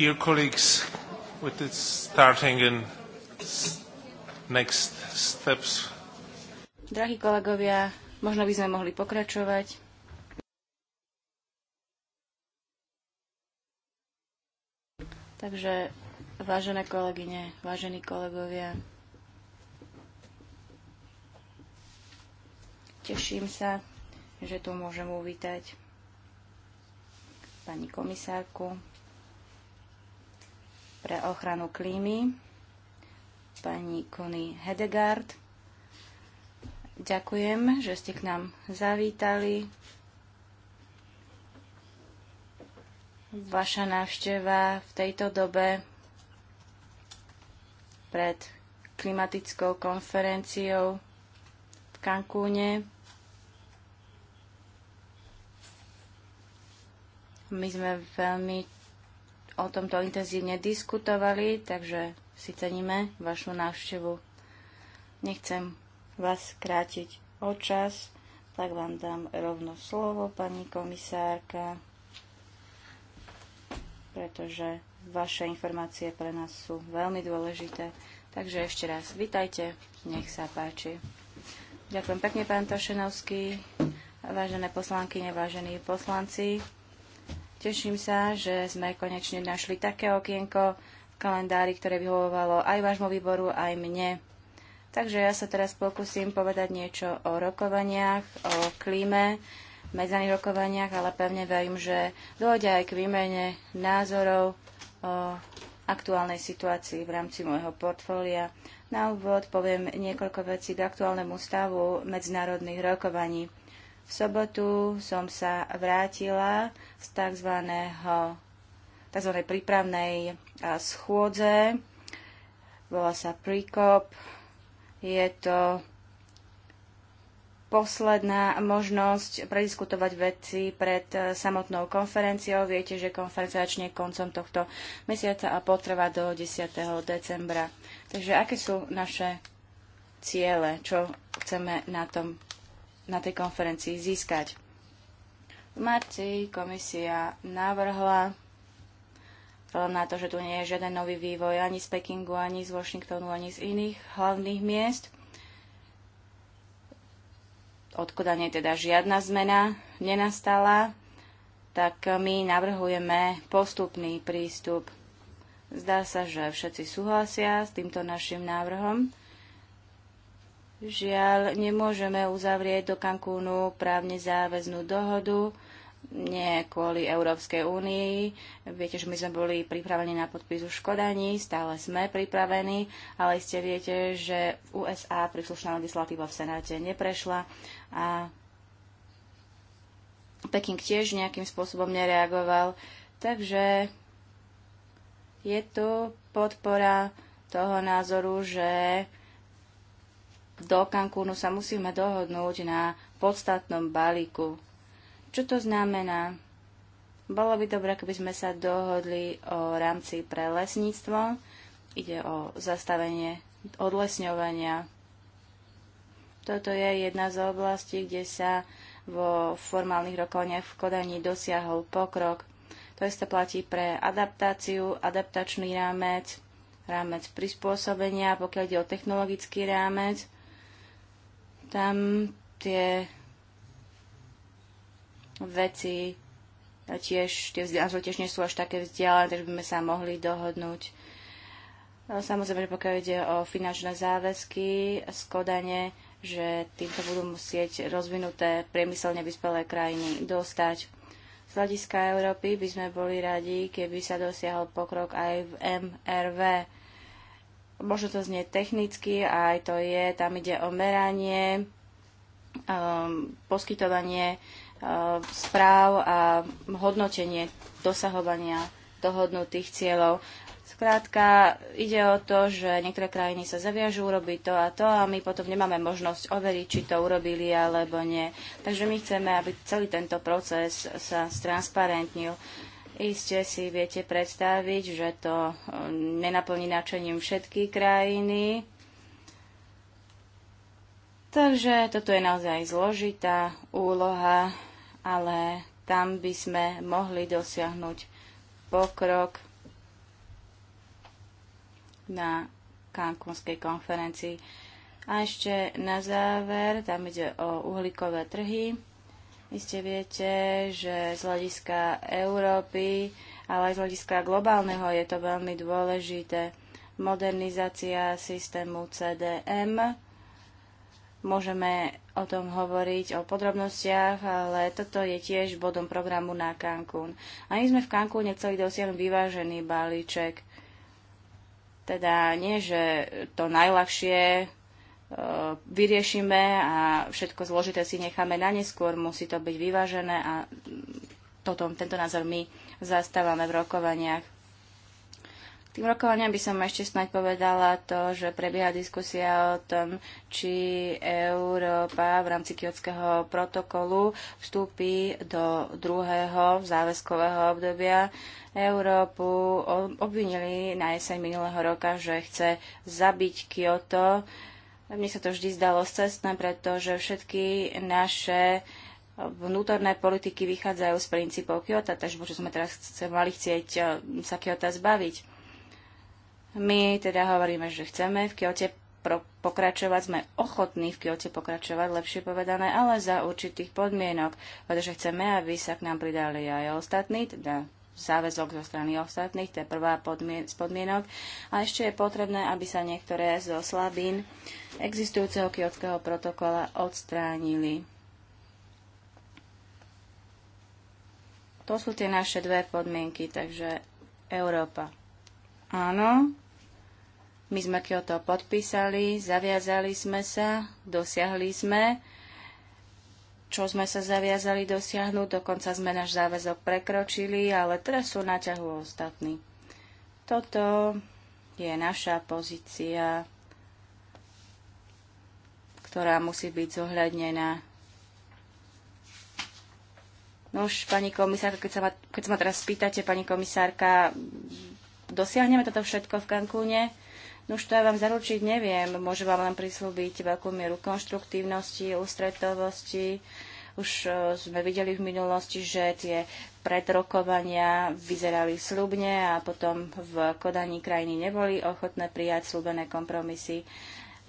Dear colleagues, with its starting in next steps. Drahí kolegovia, možno by sme mohli pokračovať. Takže, vážené kolegyne, vážení kolegovia, teším sa, že tu môžem uvítať pani komisárku pre ochranu klímy, pani Connie Hedegaard. Ďakujem, že ste k nám zavítali. Vaša návšteva v tejto dobe pred klimatickou konferenciou v Cancúne My sme veľmi o tomto intenzívne diskutovali, takže si ceníme vašu návštevu. Nechcem vás krátiť o čas, tak vám dám rovno slovo, pani komisárka, pretože vaše informácie pre nás sú veľmi dôležité. Takže ešte raz vitajte, nech sa páči. Ďakujem pekne, pán Tošenovský, vážené poslankyne, vážení poslanci. Teším sa, že sme konečne našli také okienko v kalendári, ktoré vyhovovalo aj vášmu výboru, aj mne. Takže ja sa teraz pokúsim povedať niečo o rokovaniach, o klíme, medzaných rokovaniach, ale pevne verím, že dôjde aj k výmene názorov o aktuálnej situácii v rámci môjho portfólia. Na úvod poviem niekoľko vecí k aktuálnemu stavu medzinárodných rokovaní. V sobotu som sa vrátila z tzv. tzv. prípravnej schôdze. Volá sa Prekop. Je to posledná možnosť prediskutovať veci pred e, samotnou konferenciou. Viete, že konferencia začne koncom tohto mesiaca a potrvá do 10. decembra. Takže aké sú naše ciele, čo chceme na tom na tej konferencii získať. V marci komisia navrhla vzhľadom na to, že tu nie je žiaden nový vývoj ani z Pekingu, ani z Washingtonu, ani z iných hlavných miest. Odkudanie teda žiadna zmena nenastala, tak my navrhujeme postupný prístup. Zdá sa, že všetci súhlasia s týmto našim návrhom. Žiaľ, nemôžeme uzavrieť do Cancúnu právne záväznú dohodu, nie kvôli Európskej únii. Viete, že my sme boli pripravení na podpis už škodaní, stále sme pripravení, ale iste viete, že v USA príslušná legislatíva v Senáte neprešla a Peking tiež nejakým spôsobom nereagoval. Takže je tu podpora toho názoru, že do Cancúnu sa musíme dohodnúť na podstatnom balíku. Čo to znamená? Bolo by dobré, keby sme sa dohodli o rámci pre lesníctvo. Ide o zastavenie odlesňovania. Toto je jedna z oblastí, kde sa vo formálnych rokoniach v Kodani dosiahol pokrok. To isté platí pre adaptáciu, adaptačný rámec, rámec prispôsobenia, pokiaľ ide o technologický rámec. Tam tie veci tiež, tie vzdialenosti tiež nie sú až také vzdialené, takže by sme sa mohli dohodnúť. Samozrejme, že pokiaľ ide o finančné záväzky, skodanie, že týmto budú musieť rozvinuté priemyselne vyspelé krajiny dostať. Z hľadiska Európy by sme boli radi, keby sa dosiahol pokrok aj v MRV. Možno to znie technicky, aj to je, tam ide o meranie, um, poskytovanie um, správ a hodnotenie dosahovania dohodnutých cieľov. Skrátka, ide o to, že niektoré krajiny sa zaviažú urobiť to a to a my potom nemáme možnosť overiť, či to urobili alebo nie. Takže my chceme, aby celý tento proces sa stransparentnil. Iste si viete predstaviť, že to um, nenaplní nadšením všetky krajiny. Takže toto je naozaj zložitá úloha, ale tam by sme mohli dosiahnuť pokrok na Cancúnskej konferencii. A ešte na záver, tam ide o uhlíkové trhy. Iste viete, že z hľadiska Európy, ale aj z hľadiska globálneho je to veľmi dôležité. Modernizácia systému CDM. Môžeme o tom hovoriť o podrobnostiach, ale toto je tiež bodom programu na Cancún. A my sme v Cancúne chceli dosiahnuť vyvážený balíček. Teda nie, že to najľahšie E, vyriešime a všetko zložité si necháme na neskôr. Musí to byť vyvážené a toto, tento názor my zastávame v rokovaniach. K tým rokovaniam by som ešte snáď povedala to, že prebieha diskusia o tom, či Európa v rámci kiotského protokolu vstúpi do druhého záväzkového obdobia. Európu obvinili na jeseň minulého roka, že chce zabiť Kyoto. Mne sa to vždy zdalo cestné, pretože všetky naše vnútorné politiky vychádzajú z princípov Kyoto, takže možno sme teraz mali chcieť eh, sa Kyoto zbaviť. My teda hovoríme, že chceme v Kyote pokračovať, sme ochotní v Kyoto pokračovať, lepšie povedané, ale za určitých podmienok, pretože chceme, aby sa k nám pridali aj ostatní, teda záväzok zo strany ostatných, to je prvá podmien- z podmienok. A ešte je potrebné, aby sa niektoré zo slabín existujúceho kiotského protokola odstránili. To sú tie naše dve podmienky, takže Európa. Áno, my sme Kyoto podpísali, zaviazali sme sa, dosiahli sme čo sme sa zaviazali dosiahnuť, dokonca sme náš záväzok prekročili, ale teraz sú na ťahu ostatní. Toto je naša pozícia, ktorá musí byť zohľadnená už, pani komisárka, keď sa, ma, keď sa ma teraz spýtate, pani komisárka, dosiahneme toto všetko v Cancúne? No už to ja vám zaručiť neviem, môžem vám len prislúbiť veľkú mieru konštruktívnosti, ústretovosti. Už e, sme videli v minulosti, že tie predrokovania vyzerali slubne a potom v kodaní krajiny neboli ochotné prijať slúbené kompromisy.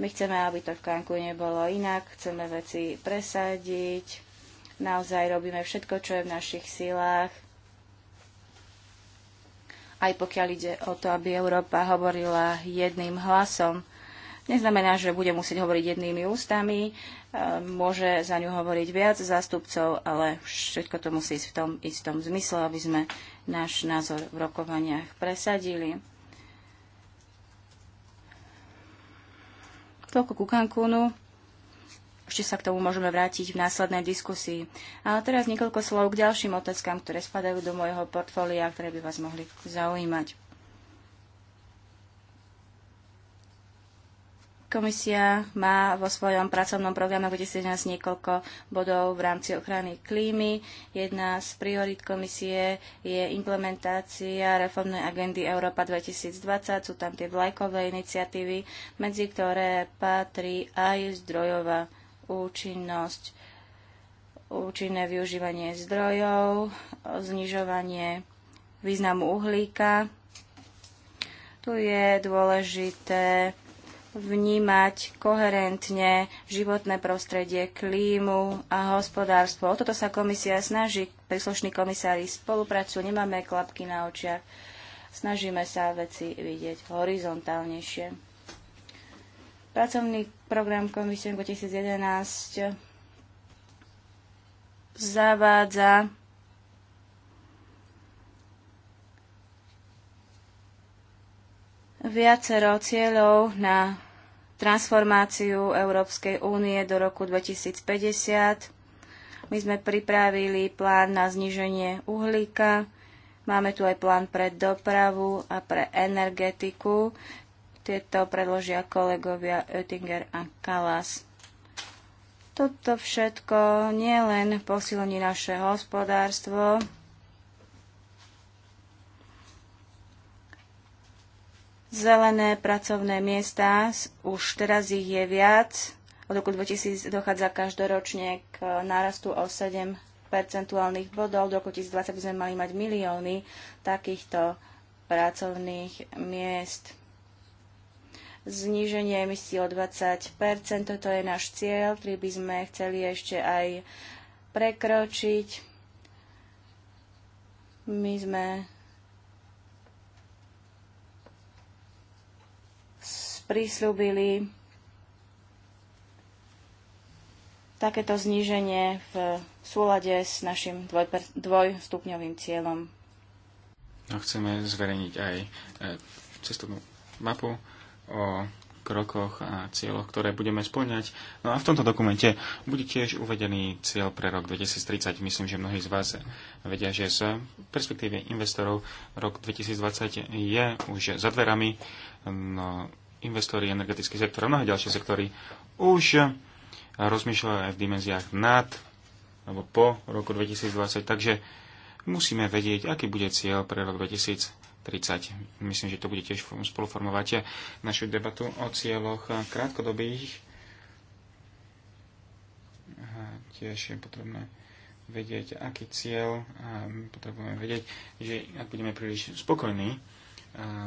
My chceme, aby to v Kanku nebolo inak, chceme veci presadiť, naozaj robíme všetko, čo je v našich silách, aj pokiaľ ide o to, aby Európa hovorila jedným hlasom. Neznamená, že bude musieť hovoriť jednými ústami, e, môže za ňu hovoriť viac zástupcov, ale všetko to musí ísť v tom istom zmysle, aby sme náš názor v rokovaniach presadili. Toľko ku Cancúnu ešte sa k tomu môžeme vrátiť v následnej diskusii. Ale teraz niekoľko slov k ďalším otázkam, ktoré spadajú do môjho portfólia, ktoré by vás mohli zaujímať. Komisia má vo svojom pracovnom programe 2011 niekoľko bodov v rámci ochrany klímy. Jedna z priorít komisie je implementácia reformnej agendy Európa 2020. Sú tam tie vlajkové iniciatívy, medzi ktoré patrí aj zdrojová účinnosť, účinné využívanie zdrojov, znižovanie významu uhlíka. Tu je dôležité vnímať koherentne životné prostredie, klímu a hospodárstvo. O toto sa komisia snaží, príslušní komisári spolupracujú, nemáme klapky na očiach, snažíme sa veci vidieť horizontálnejšie. Pracovný program komisie 2011 zavádza viacero cieľov na transformáciu Európskej únie do roku 2050. My sme pripravili plán na zniženie uhlíka, máme tu aj plán pre dopravu a pre energetiku. Tieto predložia kolegovia Oettinger a Kalas. Toto všetko nielen posilní naše hospodárstvo, Zelené pracovné miesta, už teraz ich je viac. Od roku 2000 dochádza každoročne k nárastu o 7 percentuálnych bodov. Do roku 2020 by sme mali mať milióny takýchto pracovných miest zníženie emisí o 20 Toto je náš cieľ, ktorý by sme chceli ešte aj prekročiť. My sme prísľubili takéto zníženie v súlade s našim dvojstupňovým cieľom. No, chceme zverejniť aj e, cestovnú mapu o krokoch a cieľoch, ktoré budeme splňať. No a v tomto dokumente bude tiež uvedený cieľ pre rok 2030. Myslím, že mnohí z vás vedia, že z perspektívy investorov rok 2020 je už za dverami. No, investori, energetický sektor a mnohé ďalšie sektory už rozmýšľajú aj v dimenziách nad alebo po roku 2020. Takže musíme vedieť, aký bude cieľ pre rok 2030. 30. Myslím, že to bude tiež spoluformovať našu debatu o cieľoch krátkodobých. A tiež je potrebné vedieť, aký cieľ a my potrebujeme vedieť, že ak budeme príliš spokojní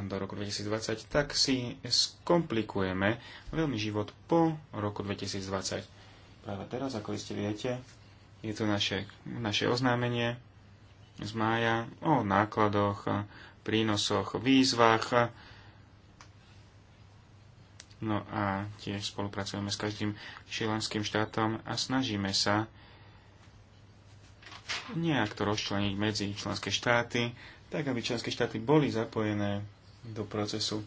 do roku 2020, tak si skomplikujeme veľmi život po roku 2020. Práve teraz, ako iste viete, je to naše, naše oznámenie z mája o nákladoch prínosoch, výzvach. No a tiež spolupracujeme s každým šilenským štátom a snažíme sa nejak to rozčleniť medzi členské štáty, tak aby členské štáty boli zapojené do procesu.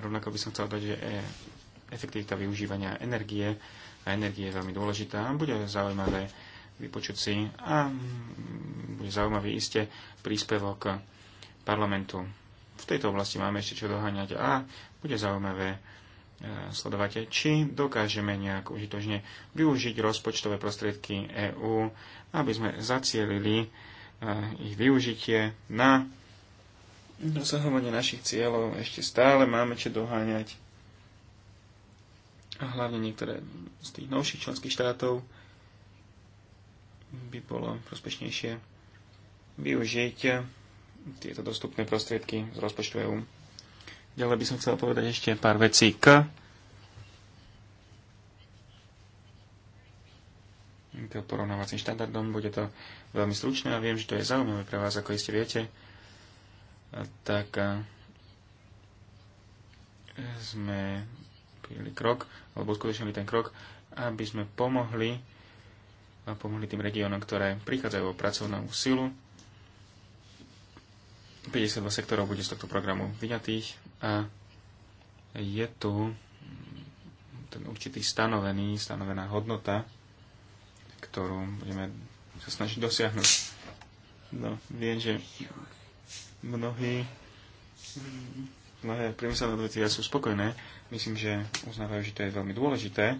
Rovnako by som chcel dať, že e, efektivita využívania energie a energie je veľmi dôležitá. Bude zaujímavé vypočuť si a bude zaujímavý iste príspevok parlamentu. V tejto oblasti máme ešte čo doháňať a bude zaujímavé e, sledovať, či dokážeme nejak užitočne využiť rozpočtové prostriedky EÚ, aby sme zacielili e, ich využitie na dosahovanie našich cieľov. Ešte stále máme čo doháňať. A hlavne niektoré z tých novších členských štátov by bolo prospešnejšie využiť tieto dostupné prostriedky z rozpočtu EU. Ďalej by som chcel povedať ešte pár vecí k k porovnávacím štandardom. Bude to veľmi stručné a viem, že to je zaujímavé pre vás, ako iste viete. A tak a sme pili krok, alebo uskutočnili ten krok, aby sme pomohli a pomohli tým regiónom, ktoré prichádzajú o pracovnú silu 52 sektorov bude z tohto programu vyňatých a je tu ten určitý stanovený, stanovená hodnota, ktorú budeme sa snažiť dosiahnuť. No, viem, že mnohí mnohé priemyselné odvetvia sú spokojné. Myslím, že uznávajú, že to je veľmi dôležité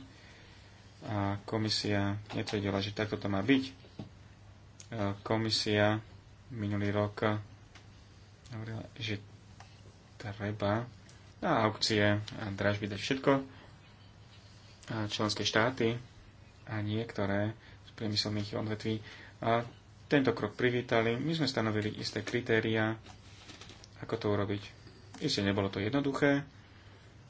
a komisia netvrdila, že takto to má byť. E, komisia minulý rok hovorila, že treba na aukcie a dražby dať všetko. A členské štáty a niektoré z priemyselných odvetví a tento krok privítali. My sme stanovili isté kritéria, ako to urobiť. Isté nebolo to jednoduché,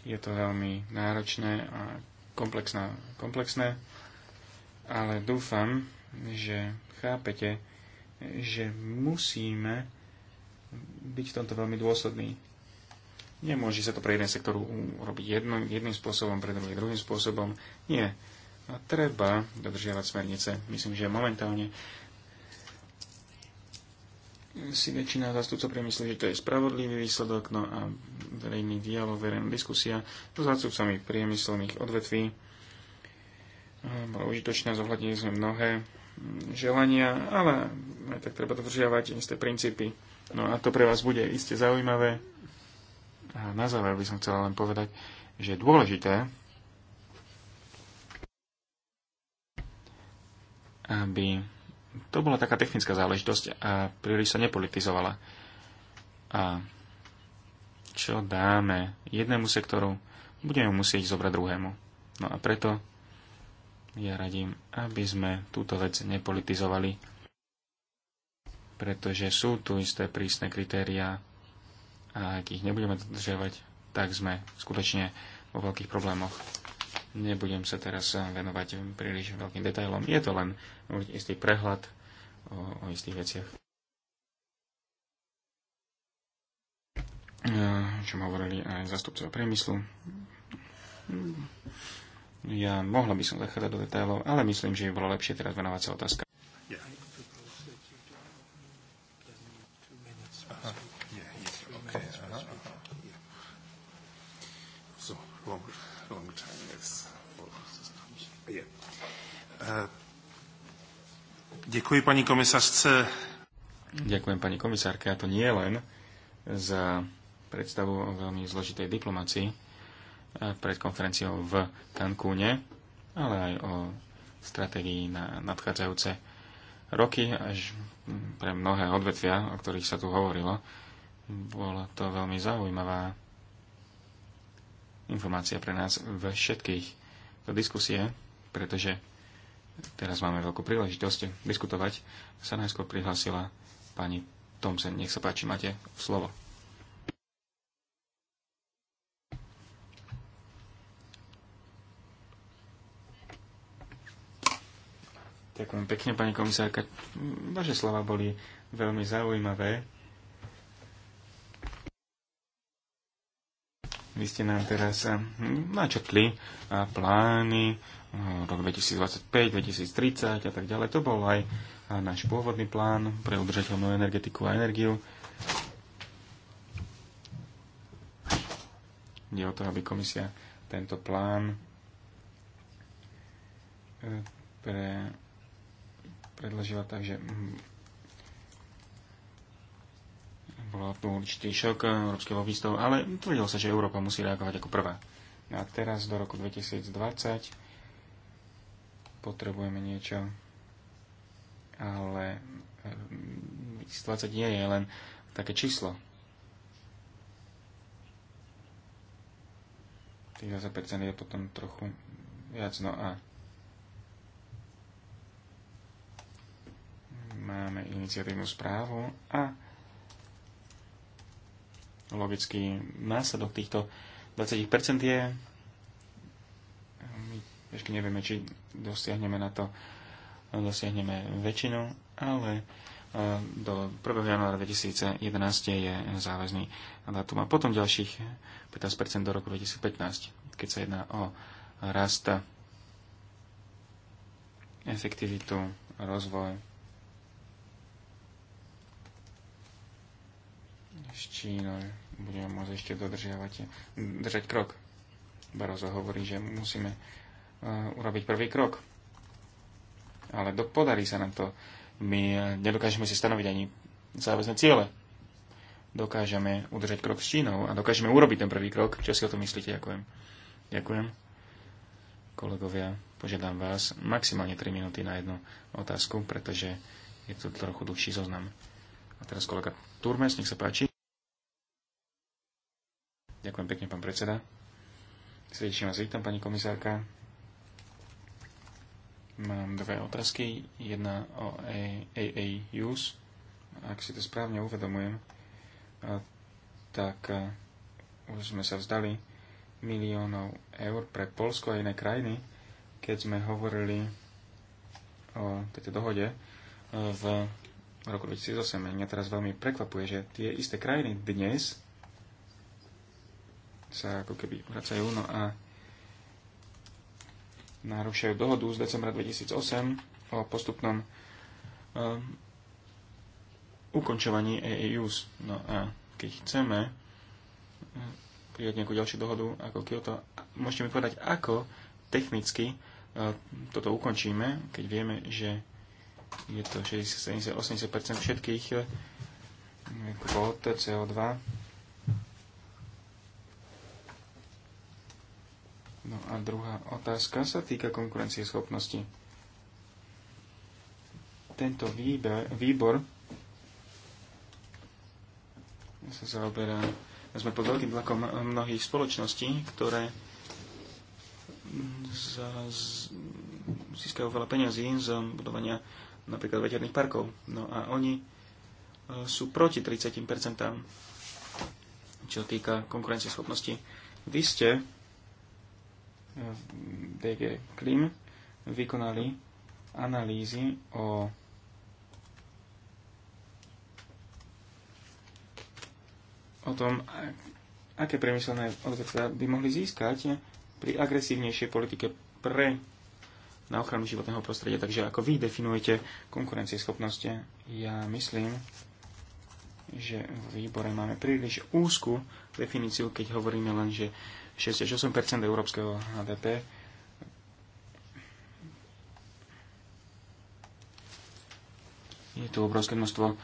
je to veľmi náročné a komplexná, komplexné, ale dúfam, že chápete, že musíme byť v tomto veľmi dôsledný. Nemôže sa to pre jeden sektor urobiť jedno, jedným spôsobom, pre druhý druhým spôsobom. Nie. A treba dodržiavať smernice. Myslím, že momentálne si väčšina zástupcov premyslí, že to je spravodlivý výsledok, no a verejný dialog, verejná diskusia so zástupcami priemyselných odvetví bolo užitočné, zohľadili sme mnohé želania, ale aj tak treba dodržiavať isté princípy. No a to pre vás bude iste zaujímavé. A na záver by som chcela len povedať, že je dôležité, aby to bola taká technická záležitosť a príliš sa nepolitizovala. A čo dáme jednému sektoru, budeme musieť zobrať druhému. No a preto ja radím, aby sme túto vec nepolitizovali, pretože sú tu isté prísne kritériá a ak ich nebudeme dodržiavať, tak sme skutočne vo veľkých problémoch. Nebudem sa teraz venovať príliš veľkým detailom. Je to len istý prehľad o, o istých veciach. E, čo hovorili aj zastupcov priemyslu. Ja mohla by som zachádzať do detailov, ale myslím, že by bolo lepšie teraz venovať sa otázka. Yeah. Aha. Ďakujem pani komisařce. Ďakujem pani komisárke, a to nie len za predstavu o veľmi zložitej diplomácii, pred konferenciou v Cancúne, ale aj o stratégii na nadchádzajúce roky, až pre mnohé odvetvia, o ktorých sa tu hovorilo. Bola to veľmi zaujímavá informácia pre nás v všetkých do diskusie, pretože teraz máme veľkú príležitosť diskutovať. Sa najskôr prihlasila pani Tomsen. Nech sa páči, máte slovo. Ďakujem pekne, pani komisárka. Vaše slova boli veľmi zaujímavé. Vy ste nám teraz eh, načrtli eh, plány eh, rok 2025, 2030 a tak ďalej. To bol aj náš pôvodný plán pre udržateľnú energetiku a energiu. Je o to, aby komisia tento plán pre predložila, takže mhm. bola to určitý šok eh, európskych lobbystov, ale tvrdilo sa, že Európa musí reagovať ako prvá. No a teraz do roku 2020 potrebujeme niečo, ale 2020 eh, nie je len také číslo. Tých 20% je potom trochu viac, no a máme iniciatívnu správu a logický následok týchto 20% je my ešte nevieme, či dosiahneme na to dosiahneme väčšinu, ale e, do 1. januára 2011 je záväzný dátum a potom ďalších 15% do roku 2015, keď sa jedná o rast, efektivitu, rozvoj s Čínou budeme môcť ešte dodržiavať, držať krok. Barozo hovorí, že musíme e, urobiť prvý krok. Ale do, podarí sa nám to. My e, nedokážeme si stanoviť ani záväzne ciele. Dokážeme udržať krok s Čínou a dokážeme urobiť ten prvý krok. Čo si o to myslíte? Ďakujem. Ďakujem. Kolegovia, požiadam vás maximálne 3 minúty na jednu otázku, pretože je to trochu dlhší zoznam. A teraz kolega Turmes, nech sa páči. Ďakujem pekne, pán predseda. Srdečne vás vítam, pani komisárka. Mám dve otázky. Jedna o AAUs. Ak si to správne uvedomujem, tak už sme sa vzdali miliónov eur pre Polsko a iné krajiny, keď sme hovorili o tejto dohode e, v roku 2008. Mňa teraz veľmi prekvapuje, že tie isté krajiny dnes sa ako keby vracajú no a narušajú dohodu z decembra 2008 o postupnom um, ukončovaní EEUs. No a keď chceme eh, prijať nejakú ďalšiu dohodu ako Kyoto, môžete mi povedať, ako technicky uh, toto ukončíme, keď vieme, že je to 60, 70, 80% všetkých eh, kvót CO2 No a druhá otázka sa týka konkurencie schopnosti. Tento výber, výbor sa zaoberá, sme pod veľkým tlakom mnohých spoločností, ktoré za, z, získajú veľa peňazí z budovania napríklad veterných parkov. No a oni e, sú proti 30%, čo týka konkurencieschopnosti. Vy ste DG Klim vykonali analýzy o o tom, aké priemyselné odvetvia by mohli získať pri agresívnejšej politike pre na ochranu životného prostredia. Takže ako vy definujete konkurencieschopnosť, ja myslím, že v výbore máme príliš úzku definíciu, keď hovoríme len, že 68% európskeho HDP je tu obrovské množstvo e,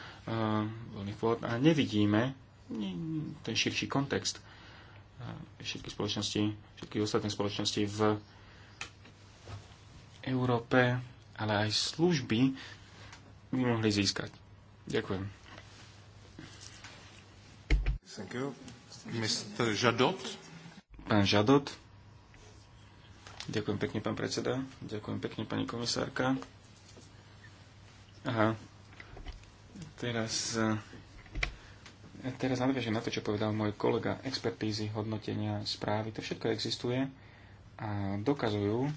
voľných pôd a nevidíme ten širší kontext e, všetky spoločnosti, všetky ostatné spoločnosti v Európe, ale aj služby by mohli získať. Ďakujem. Thank you. Mr. Žadot. Pán Žadot. Ďakujem pekne, pán predseda. Ďakujem pekne, pani komisárka. Aha. Teraz, eh, teraz nadviažem na to, čo povedal môj kolega. Expertízy, hodnotenia, správy, to všetko existuje a dokazujú,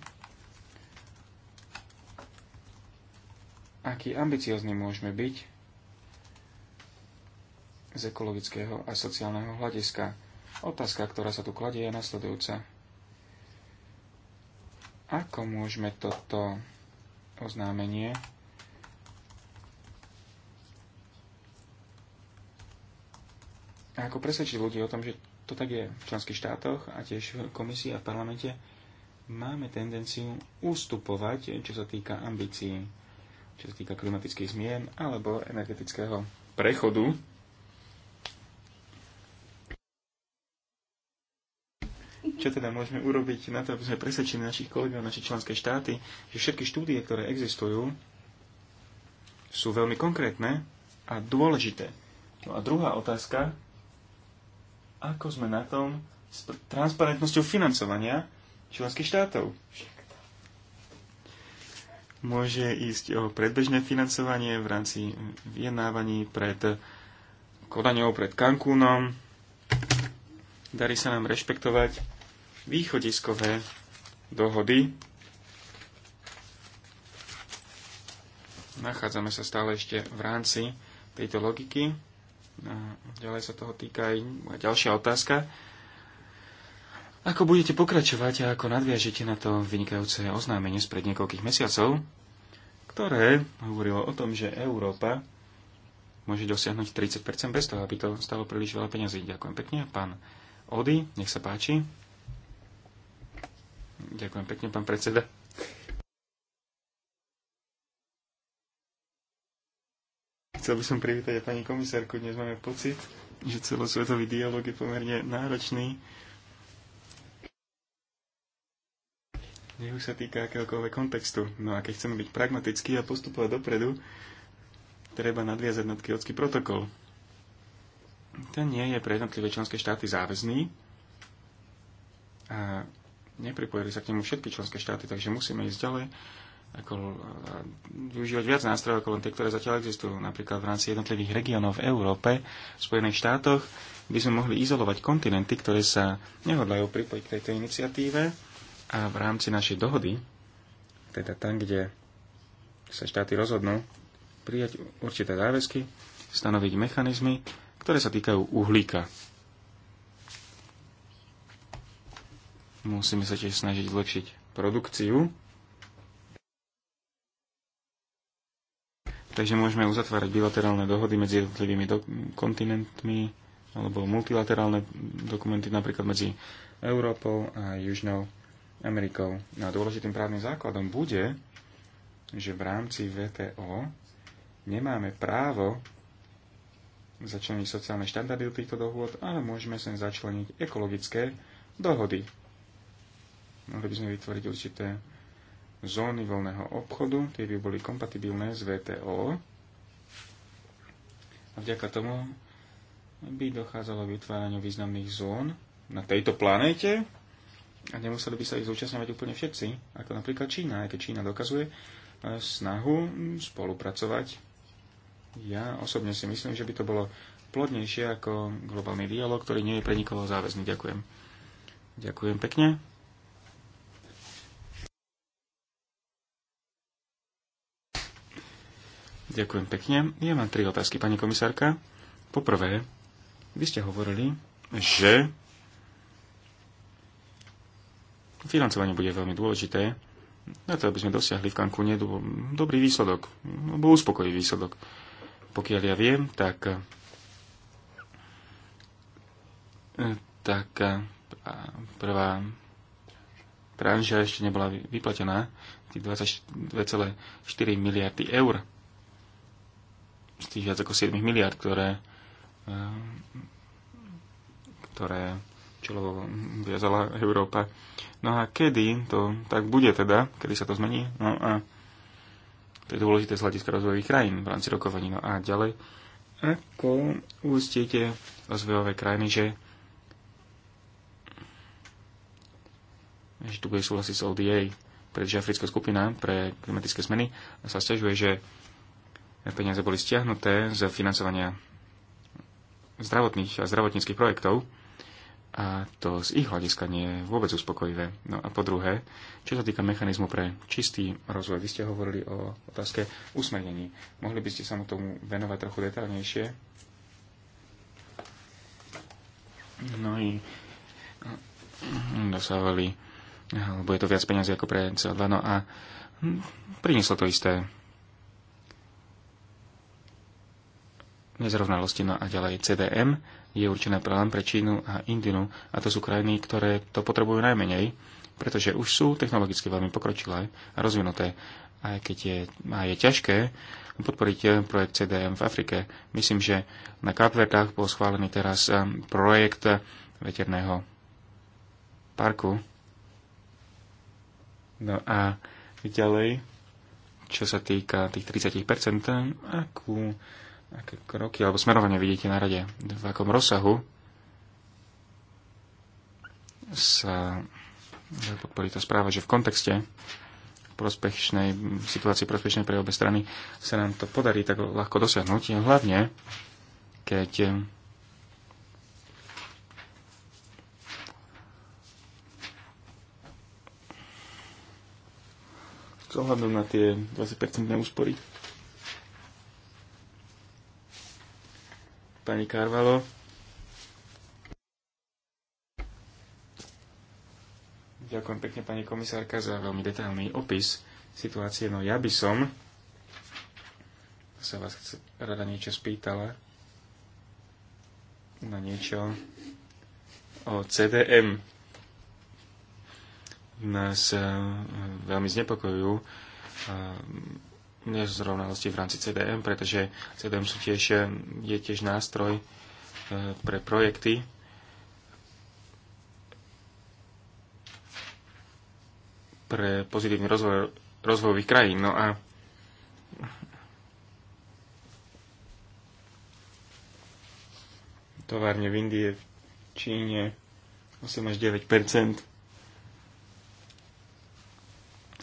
aký ambiciozný môžeme byť z ekologického a sociálneho hľadiska. Otázka, ktorá sa tu kladie, je nasledujúca. Ako môžeme toto oznámenie a ako presvedčiť ľudí o tom, že to tak je v členských štátoch a tiež v komisii a v parlamente, máme tendenciu ústupovať, čo sa týka ambícií, čo sa týka klimatických zmien alebo energetického prechodu Čo teda môžeme urobiť na to, aby sme presvedčili našich kolegov, naše členské štáty, že všetky štúdie, ktoré existujú, sú veľmi konkrétne a dôležité. No a druhá otázka, ako sme na tom s transparentnosťou financovania členských štátov? Môže ísť o predbežné financovanie v rámci vyjednávaní pred Kodaňou, pred Cancúnom. Darí sa nám rešpektovať východiskové dohody. Nachádzame sa stále ešte v rámci tejto logiky. A ďalej sa toho týka aj moja ďalšia otázka. Ako budete pokračovať a ako nadviažete na to vynikajúce oznámenie spred niekoľkých mesiacov, ktoré hovorilo o tom, že Európa môže dosiahnuť 30% bez toho, aby to stalo príliš veľa peňazí. Ďakujem pekne. Pán Ody, nech sa páči. Ďakujem pekne, pán predseda. Chcel by som privítať aj pani komisárku. Dnes máme pocit, že celosvetový dialog je pomerne náročný. Nech už sa týka akéhokoľvek kontextu. No a keď chceme byť pragmatickí a postupovať dopredu, treba nadviazať na kyotský protokol. Ten nie je pre jednotlivé členské štáty záväzný a nepripojili sa k nemu všetky členské štáty, takže musíme ísť ďalej ako, e, využívať viac nástrojov ako len tie, ktoré zatiaľ existujú. Napríklad v rámci jednotlivých regiónov v Európe, v Spojených štátoch, by sme mohli izolovať kontinenty, ktoré sa nehodlajú pripojiť k tejto iniciatíve a v rámci našej dohody, teda tam, kde sa štáty rozhodnú prijať určité záväzky, stanoviť mechanizmy, ktoré sa týkajú uhlíka Musíme sa tiež snažiť zlepšiť produkciu. Takže môžeme uzatvárať bilaterálne dohody medzi jednotlivými do- kontinentmi alebo multilaterálne dokumenty napríklad medzi Európou a Južnou Amerikou. No a dôležitým právnym základom bude, že v rámci VTO nemáme právo začleniť sociálne štandardy do týchto dohôd, ale môžeme sem začleniť ekologické dohody. Mohli by sme vytvoriť určité zóny voľného obchodu, tie by boli kompatibilné s VTO a vďaka tomu by dochádzalo k vytváraniu významných zón na tejto planéte a nemuseli by sa ich zúčastňovať úplne všetci, ako napríklad Čína, aj keď Čína dokazuje e, snahu spolupracovať. Ja osobne si myslím, že by to bolo plodnejšie ako globálny dialog, ktorý nie je pre nikoho záväzný. Ďakujem. Ďakujem pekne. Ďakujem pekne. Ja mám tri otázky, pani komisárka. Poprvé, vy ste hovorili, že financovanie bude veľmi dôležité na to, aby sme dosiahli v Cancúne dobrý výsledok, alebo uspokojivý výsledok. Pokiaľ ja viem, tak e, tak e, prvá tranža ešte nebola vyplatená, tých 22,4 miliardy eur z tých viac ako 7 miliard, ktoré, eh, ktoré čelovo viazala Európa. No a kedy to tak bude teda, kedy sa to zmení? No a to je dôležité z hľadiska rozvojových krajín v rámci rokovaní. No a ďalej, ako uistíte rozvojové krajiny, že, že tu bude súhlasiť s ODA, pretože africká skupina pre klimatické zmeny sa stiažuje, že peniaze boli stiahnuté z financovania zdravotných a zdravotníckých projektov a to z ich hľadiska nie je vôbec uspokojivé. No a po druhé, čo sa týka mechanizmu pre čistý rozvoj, vy ste hovorili o otázke usmernení. Mohli by ste sa mu tomu venovať trochu detaľnejšie? No i no, dosávali, lebo je to viac peniazy ako pre CO2, no a hm, prinieslo to isté nezrovnalosti. No a ďalej CDM je určená pre len pre Čínu a Indinu a to sú krajiny, ktoré to potrebujú najmenej, pretože už sú technologicky veľmi pokročilé a rozvinuté. Aj keď je, a je ťažké podporiť projekt CDM v Afrike, myslím, že na Kapverdách bol schválený teraz um, projekt veterného parku. No a ďalej, čo sa týka tých 30%, akú aké kroky alebo smerovania vidíte na rade, v akom rozsahu sa podporí tá správa, že v kontexte prospešnej situácii, prospešnej pre obe strany sa nám to podarí tak ľahko dosiahnuť. Hlavne, keď s ohľadom na tie 20% úspory pani Karvalo. Ďakujem pekne, pani komisárka, za veľmi detailný opis situácie. No ja by som sa vás rada niečo spýtala na niečo o CDM. Nás eh, veľmi znepokojujú eh, nezrovnalosti v rámci CDM, pretože CDM sú tiež, je tiež nástroj e, pre projekty. pre pozitívny rozvoj rozvojových krajín. No a továrne v Indie, v Číne 8 až 9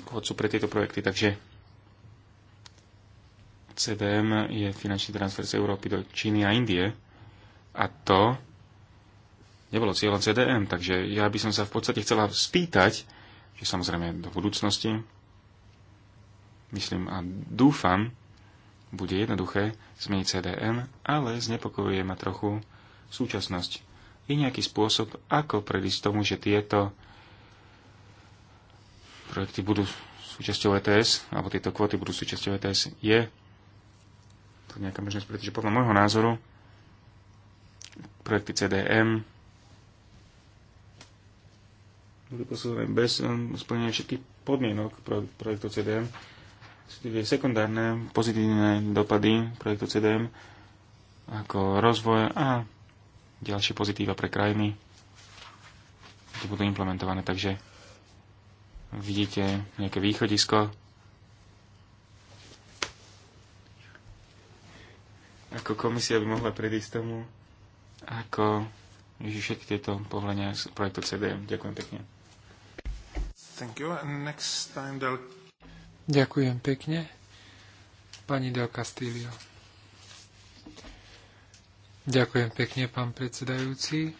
kvót sú pre tieto projekty, takže CDM je finančný transfer z Európy do Číny a Indie a to nebolo cieľom CDM, takže ja by som sa v podstate chcela spýtať, že samozrejme do budúcnosti, myslím a dúfam, bude jednoduché zmeniť CDM, ale znepokojuje ma trochu súčasnosť. Je nejaký spôsob, ako predísť tomu, že tieto projekty budú súčasťou ETS, alebo tieto kvoty budú súčasťou ETS, je to nejaká možnosť, pretože podľa môjho názoru projekty CDM boli posúdené bez um, splnenia všetkých podmienok projektu CDM. Sú tie sekundárne pozitívne dopady projektu CDM ako rozvoj a ďalšie pozitíva pre krajiny, ktoré budú implementované. Takže vidíte nejaké východisko, ako komisia by mohla predísť tomu, ako rieši všetky tieto povolenia z projektu CDM. Ďakujem pekne. Thank you. Next time del... Ďakujem pekne. Pani Del Castillo. Ďakujem pekne, pán predsedajúci.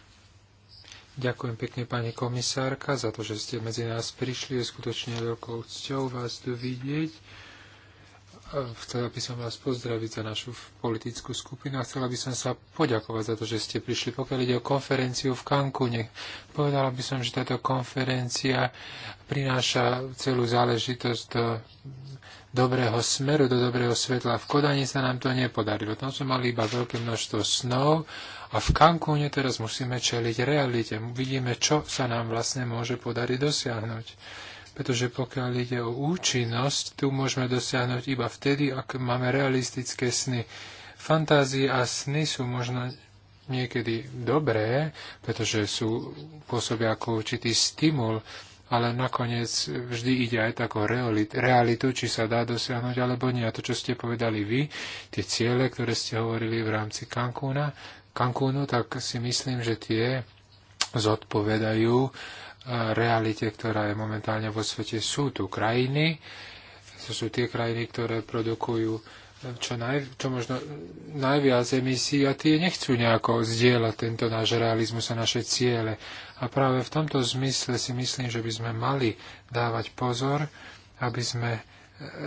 Ďakujem pekne, pani komisárka, za to, že ste medzi nás prišli. Je skutočne veľkou cťou vás tu vidieť chcela by som vás pozdraviť za našu politickú skupinu a chcela by som sa poďakovať za to, že ste prišli. Pokiaľ ide o konferenciu v Kankune, povedala by som, že táto konferencia prináša celú záležitosť do dobrého smeru, do dobrého svetla. V Kodani sa nám to nepodarilo. Tam sme mali iba veľké množstvo snov a v Kankúne teraz musíme čeliť realite. Vidíme, čo sa nám vlastne môže podariť dosiahnuť pretože pokiaľ ide o účinnosť, tu môžeme dosiahnuť iba vtedy, ak máme realistické sny. Fantázie a sny sú možno niekedy dobré, pretože sú, pôsobia ako určitý stimul, ale nakoniec vždy ide aj o realitu, či sa dá dosiahnuť alebo nie. A to, čo ste povedali vy, tie ciele, ktoré ste hovorili v rámci Cancúna, Cancúnu, tak si myslím, že tie zodpovedajú realite, ktorá je momentálne vo svete. Sú tu krajiny, to sú tie krajiny, ktoré produkujú eh, čo, naj, čo možno eh, najviac emisí a tie nechcú nejako zdieľať tento náš realizmus a naše ciele. A práve v tomto zmysle si myslím, že by sme mali dávať pozor, aby sme eh,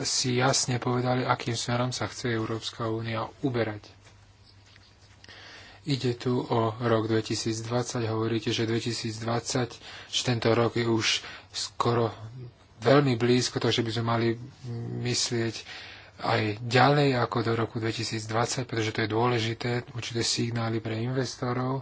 si jasne povedali, akým smerom sa chce Európska únia uberať. Ide tu o rok 2020, hovoríte, že 2020, že tento rok je už skoro veľmi blízko, takže by sme mali myslieť aj ďalej ako do roku 2020, pretože to je dôležité, určité signály pre investorov.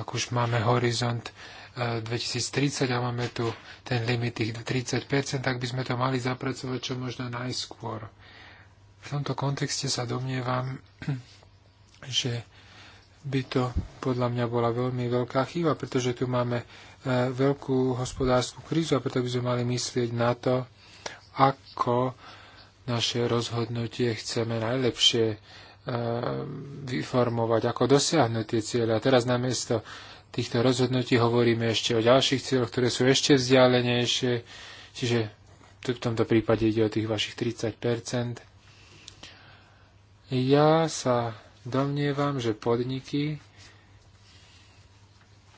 Ak už máme horizont 2030 e, a máme tu ten limit tých 30%, tak by sme to mali zapracovať čo možno najskôr. V tomto kontexte sa domnievam, [CLEARS THROAT] že by to podľa mňa bola veľmi veľká chyba, pretože tu máme e, veľkú hospodárskú krízu a preto by sme mali myslieť na to, ako naše rozhodnutie chceme najlepšie e, vyformovať, ako dosiahnuť tie cieľe. A teraz namiesto týchto rozhodnutí hovoríme ešte o ďalších cieľoch, ktoré sú ešte vzdialenejšie, čiže v tomto prípade ide o tých vašich 30 Ja sa Domnievam, že podniky,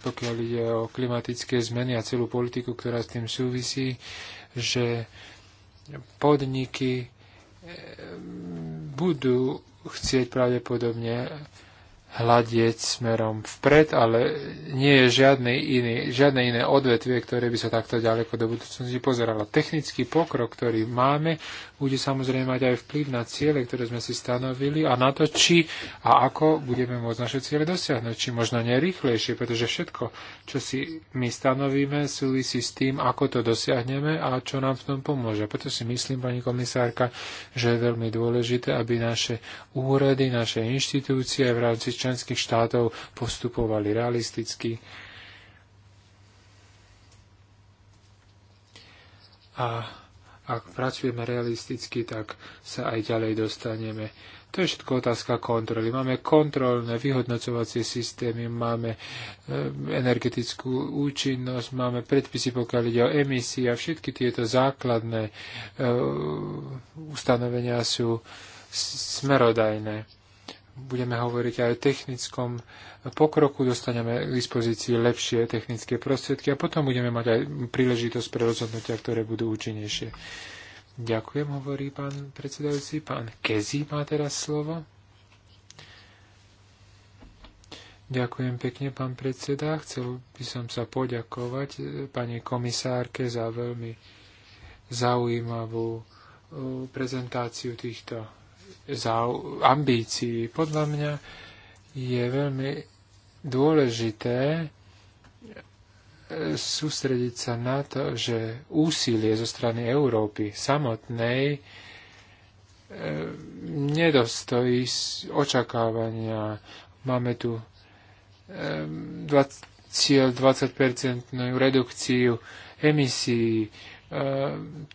pokiaľ ide o klimatické zmeny a celú politiku, ktorá s tým súvisí, že podniky e, budú chcieť pravdepodobne hľadieť smerom vpred, ale nie je žiadne, iné, žiadne iné odvetvie, ktoré by sa takto ďaleko do budúcnosti pozeralo. Technický pokrok, ktorý máme, bude samozrejme mať aj vplyv na ciele, ktoré sme si stanovili a na to, či a ako budeme môcť naše ciele dosiahnuť. Či možno nerýchlejšie, pretože všetko, čo si my stanovíme, súvisí s tým, ako to dosiahneme a čo nám v tom pomôže. Preto si myslím, pani komisárka, že je veľmi dôležité, aby naše úrady, naše inštitúcie v rámci členských štátov postupovali realisticky. A ak pracujeme realisticky, tak sa aj ďalej dostaneme. To je všetko otázka kontroly. Máme kontrolné vyhodnocovacie systémy, máme eh, energetickú účinnosť, máme predpisy, pokiaľ ide o emisie a všetky tieto základné eh, ustanovenia sú smerodajné budeme hovoriť aj o technickom pokroku, dostaneme k dispozícii lepšie technické prostriedky a potom budeme mať aj príležitosť pre rozhodnutia, ktoré budú účinnejšie. Ďakujem, hovorí pán predsedajúci. Pán Kezi má teraz slovo. Ďakujem pekne, pán predseda. Chcel by som sa poďakovať eh, pani komisárke za veľmi zaujímavú eh, prezentáciu týchto ambícií. Podľa mňa je veľmi dôležité e, sústrediť sa na to, že úsilie zo strany Európy samotnej e, nedostojí očakávania. Máme tu 20, e, cieľ 20-percentnú redukciu emisí, E,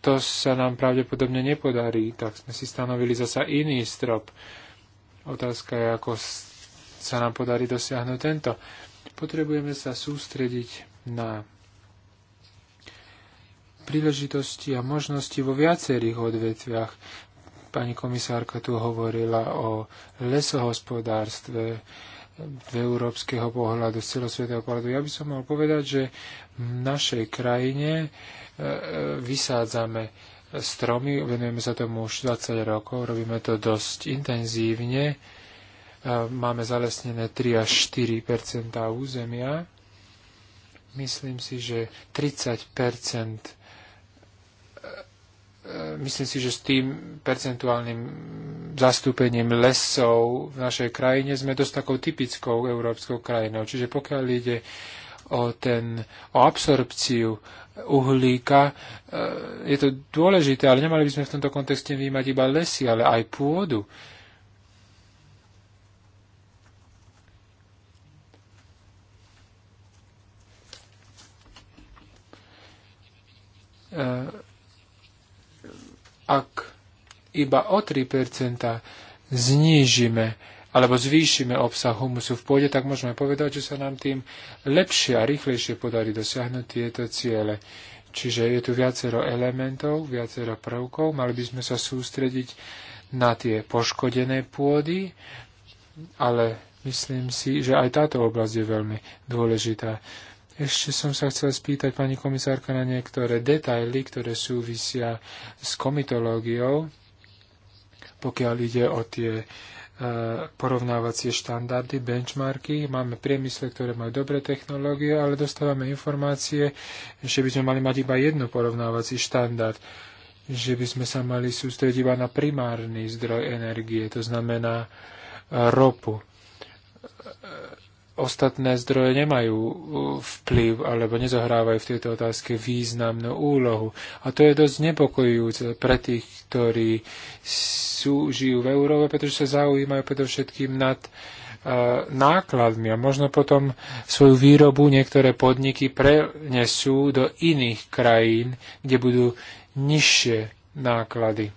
to sa nám pravdepodobne nepodarí, tak sme si stanovili zasa iný strop. Otázka je, ako sa nám podarí dosiahnuť tento. Potrebujeme sa sústrediť na príležitosti a možnosti vo viacerých odvetviach. Pani komisárka tu hovorila o lesohospodárstve, v európskeho pohľadu, z celosvetého pohľadu. Ja by som mal povedať, že v našej krajine e, e, vysádzame stromy, venujeme sa tomu už 20 rokov, robíme to dosť intenzívne. E, máme zalesnené 3 až 4 územia. Myslím si, že 30 E, myslím si, že s tým percentuálnym zastúpením lesov v našej krajine sme dosť takou typickou európskou krajinou. Čiže pokiaľ ide o, ten, o absorpciu uhlíka, e, je to dôležité, ale nemali by sme v tomto kontexte výjimať iba lesy, ale aj pôdu. Uh, ak iba o 3% znížime alebo zvýšime obsah humusu v pôde, tak môžeme povedať, že sa nám tým lepšie a rýchlejšie podarí dosiahnuť tieto ciele. Čiže je tu viacero elementov, viacero prvkov. Mali by sme sa sústrediť na tie poškodené pôdy, ale myslím si, že aj táto oblasť je veľmi dôležitá. Ešte som sa chcel spýtať pani komisárka na niektoré detaily, ktoré súvisia s komitológiou, pokiaľ ide o tie e, porovnávacie štandardy, benchmarky. Máme priemysle, ktoré majú dobré technológie, ale dostávame informácie, že by sme mali mať iba jednu porovnávací štandard že by sme sa mali sústrediť iba na primárny zdroj energie, to znamená e, ropu ostatné zdroje nemajú uh, vplyv alebo nezohrávajú v tejto otázke významnú úlohu. A to je dosť nepokojujúce pre tých, ktorí sú, žijú v Európe, pretože sa zaujímajú predovšetkým nad uh, nákladmi a možno potom svoju výrobu niektoré podniky prenesú do iných krajín, kde budú nižšie náklady.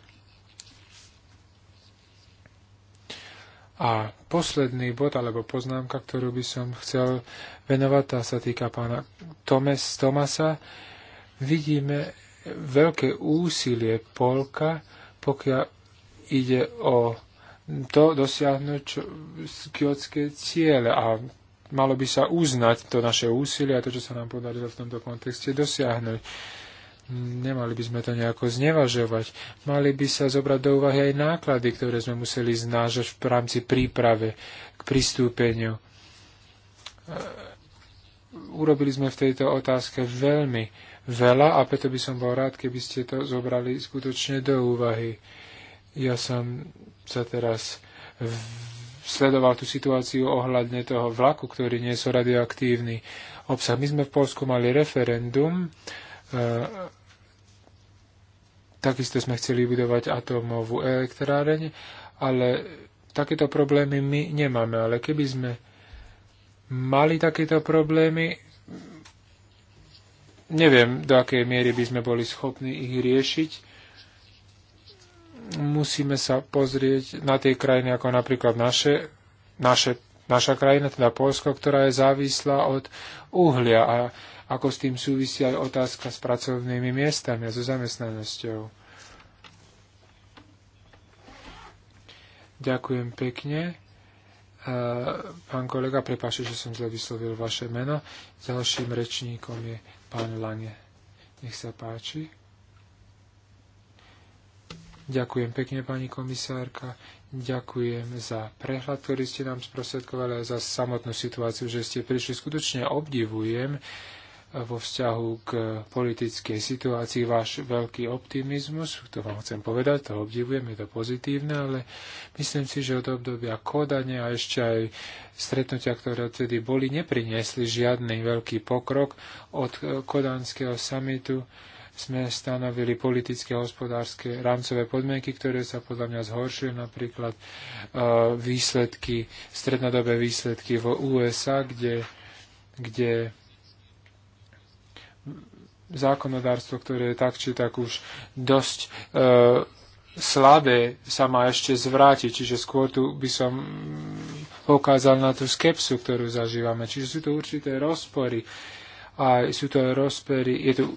A posledný bod alebo poznámka, ktorú by som chcel venovať, tá sa týka pána Tomes, Tomasa. Vidíme veľké úsilie Polka, pokiaľ ide o to dosiahnuť kiotské ciele a malo by sa uznať to naše úsilie a to, čo sa nám podarilo v tomto kontexte dosiahnuť. Nemali by sme to nejako znevažovať. Mali by sa zobrať do úvahy aj náklady, ktoré sme museli znážať v rámci príprave k pristúpeniu. Urobili sme v tejto otázke veľmi veľa a preto by som bol rád, keby ste to zobrali skutočne do úvahy. Ja som sa teraz sledoval tú situáciu ohľadne toho vlaku, ktorý nie sú radioaktívny obsah. My sme v Polsku mali referendum, e, Takisto sme chceli budovať atómovú elektráreň, ale takéto problémy my nemáme. Ale keby sme mali takéto problémy, neviem, do akej miery by sme boli schopní ich riešiť. Musíme sa pozrieť na tie krajiny ako napríklad naše, naše, naša krajina, teda Polsko, ktorá je závislá od uhlia. A ako s tým súvisí aj otázka s pracovnými miestami a so zamestnanosťou. Ďakujem pekne. Pán kolega, prepáčte, že som zle vyslovil vaše meno. Ďalším rečníkom je pán Lange. Nech sa páči. Ďakujem pekne, pani komisárka. Ďakujem za prehľad, ktorý ste nám sprostredkovali a za samotnú situáciu, že ste prišli. Skutočne obdivujem, vo vzťahu k politickej situácii váš veľký optimizmus, to vám chcem povedať, to obdivujem, je to pozitívne, ale myslím si, že od obdobia kodania a ešte aj stretnutia, ktoré vtedy boli, nepriniesli žiadny veľký pokrok od kodanského samitu sme stanovili politické a hospodárske rámcové podmienky, ktoré sa podľa mňa zhoršili, napríklad e, výsledky, strednodobé výsledky v USA, kde, kde zákonodárstvo, ktoré je tak či tak už dosť e, slabé, sa má ešte zvrátiť. Čiže skôr tu by som pokázal na tú skepsu, ktorú zažívame. Čiže sú to určité rozpory. A sú to rozpery, je tu e,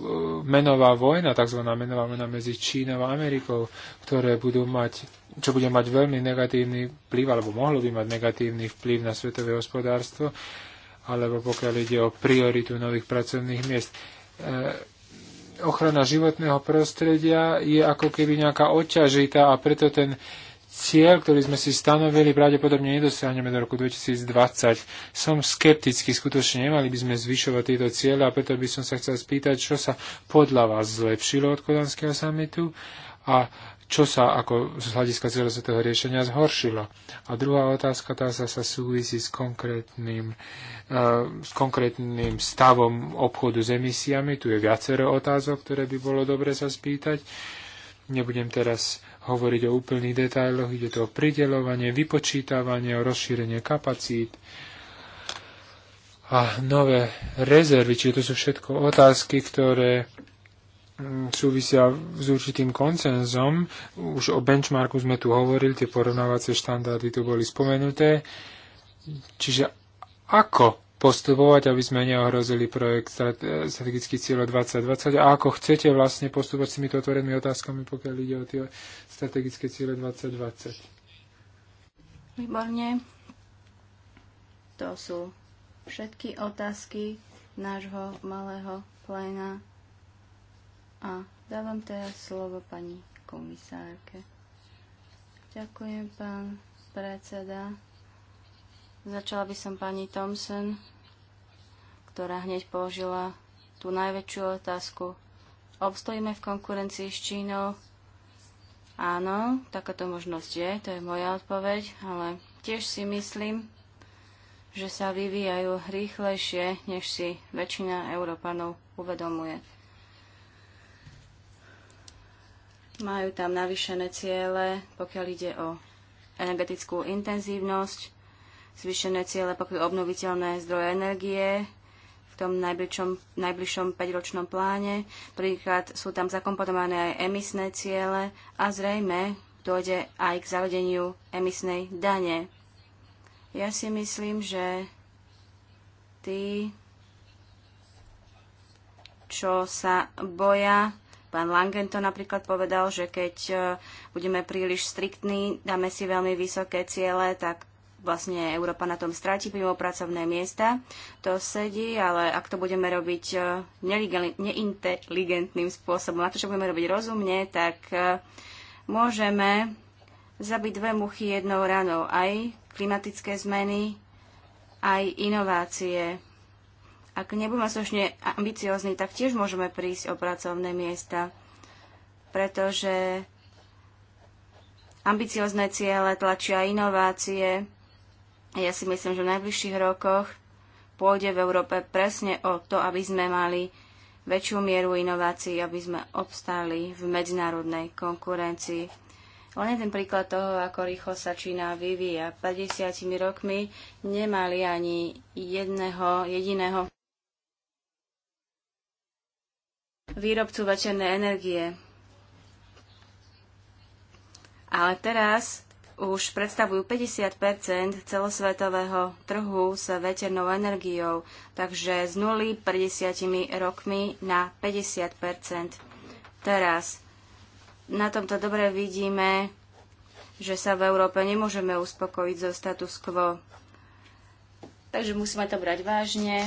menová vojna, tzv. menová vojna medzi Čínou a Amerikou, ktoré budú mať, čo bude mať veľmi negatívny vplyv, alebo mohlo by mať negatívny vplyv na svetové hospodárstvo, alebo pokiaľ ide o prioritu nových pracovných miest. Eh, ochrana životného prostredia je ako keby nejaká oťažitá a preto ten cieľ, ktorý sme si stanovili, pravdepodobne nedosiahneme do roku 2020. Som skeptický, skutočne nemali by sme zvyšovať tieto cieľe a preto by som sa chcel spýtať, čo sa podľa vás zlepšilo od Kodanského samitu a čo sa ako z hľadiska celosvetového riešenia zhoršilo. A druhá otázka tá sa, sa súvisí s konkrétnym, uh, s konkrétnym stavom obchodu s emisiami. Tu je viacero otázok, ktoré by bolo dobre sa spýtať. Nebudem teraz hovoriť o úplných detailoch, ide to o pridelovanie, vypočítavanie, o rozšírenie kapacít a nové rezervy, čiže to sú všetko otázky, ktoré Mm, súvisia s určitým koncenzom. Už o benchmarku sme tu hovorili, tie porovnávacie štandardy tu boli spomenuté. Čiže ako postupovať, aby sme neohrozili projekt strategických cieľov 2020 a ako chcete vlastne postupovať s týmito otvorenými otázkami, pokiaľ ide o tie strategické ciele 2020. Výborne. To sú všetky otázky nášho malého pléna. A dávam teraz slovo pani komisárke. Ďakujem, pán predseda. Začala by som pani Thompson, ktorá hneď položila tú najväčšiu otázku. Obstojíme v konkurencii s Čínou? Áno, takáto možnosť je, to je moja odpoveď, ale tiež si myslím, že sa vyvíjajú rýchlejšie, než si väčšina Európanov uvedomuje. Majú tam navýšené ciele, pokiaľ ide o energetickú intenzívnosť, zvýšené ciele pokiaľ obnoviteľné zdroje energie v tom najbližšom, najbližšom 5-ročnom pláne. Príklad sú tam zakomponované aj emisné ciele a zrejme dojde aj k zavedeniu emisnej dane. Ja si myslím, že tí, čo sa boja Pán Langen to napríklad povedal, že keď e, budeme príliš striktní, dáme si veľmi vysoké ciele, tak vlastne Európa na tom stráti mimo pracovné miesta. To sedí, ale ak to budeme robiť e, neinteligentným spôsobom, ak to, čo budeme robiť rozumne, tak e, môžeme zabiť dve muchy jednou ranou. Aj klimatické zmeny, aj inovácie ak nebudeme slušne ambiciozni, tak tiež môžeme prísť o pracovné miesta, pretože ambiciozne ciele tlačia inovácie. Ja si myslím, že v najbližších rokoch pôjde v Európe presne o to, aby sme mali väčšiu mieru inovácií, aby sme obstáli v medzinárodnej konkurencii. Len jeden príklad toho, ako rýchlo sa Čína vyvíja. 50 rokmi nemali ani jedného jediného výrobcu večernej energie. Ale teraz už predstavujú 50 celosvetového trhu s veternou energiou, takže z nuly 50 rokmi na 50 Teraz na tomto dobre vidíme, že sa v Európe nemôžeme uspokojiť zo status quo. Takže musíme to brať vážne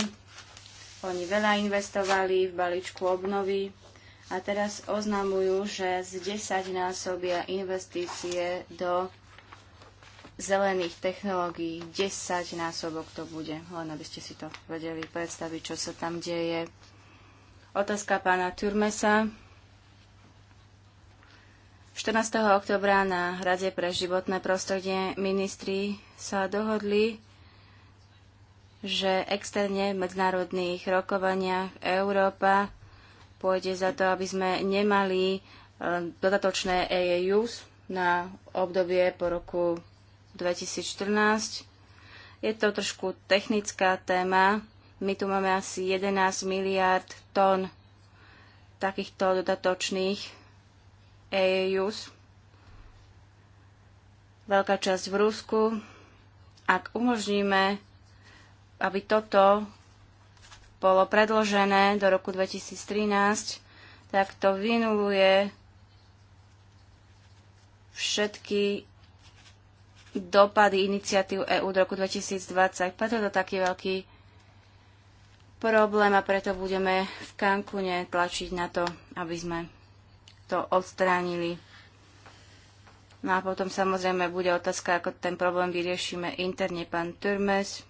oni veľa investovali v balíčku obnovy a teraz oznamujú, že z 10 násobia investície do zelených technológií. 10 násobok to bude, len aby ste si to vedeli predstaviť, čo sa tam deje. Otázka pána Turmesa. 14. oktobra na Rade pre životné prostredie ministri sa dohodli, že externe v medzinárodných rokovaniach Európa pôjde za to, aby sme nemali e, dodatočné EEUs na obdobie po roku 2014. Je to trošku technická téma. My tu máme asi 11 miliard tón takýchto dodatočných EUs. E Veľká časť v Rusku. Ak umožníme aby toto bolo predložené do roku 2013, tak to vynuluje všetky dopady iniciatív EÚ do roku 2020. Preto je to taký veľký problém a preto budeme v Kankune tlačiť na to, aby sme to odstránili. No a potom samozrejme bude otázka, ako ten problém vyriešime interne. Pán Turmes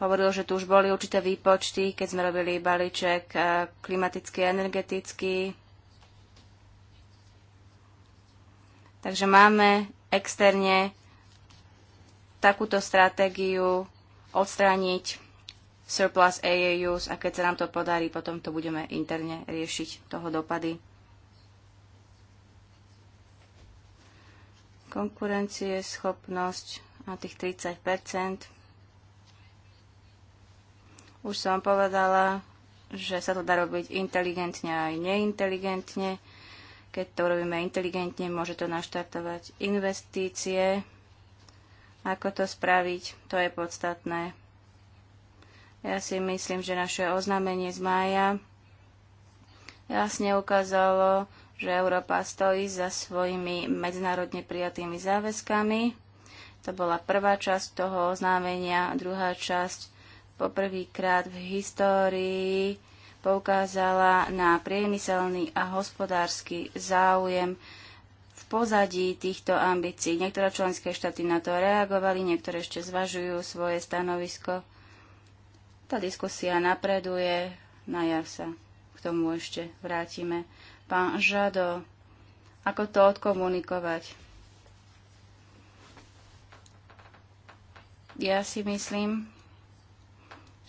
hovoril, že tu už boli určité výpočty, keď sme robili balíček e, klimatický a energetický. Takže máme externe takúto stratégiu odstrániť surplus AAUs a keď sa nám to podarí, potom to budeme interne riešiť toho dopady. Konkurencie, schopnosť na tých 30 už som povedala, že sa to dá robiť inteligentne aj neinteligentne. Keď to robíme inteligentne, môže to naštartovať investície. Ako to spraviť, to je podstatné. Ja si myslím, že naše oznámenie z mája jasne ukázalo, že Európa stojí za svojimi medzinárodne prijatými záväzkami. To bola prvá časť toho oznámenia. Druhá časť poprvýkrát v histórii poukázala na priemyselný a hospodársky záujem v pozadí týchto ambícií. Niektoré členské štáty na to reagovali, niektoré ešte zvažujú svoje stanovisko. Tá diskusia napreduje, na jar sa k tomu ešte vrátime. Pán Žado, ako to odkomunikovať? Ja si myslím,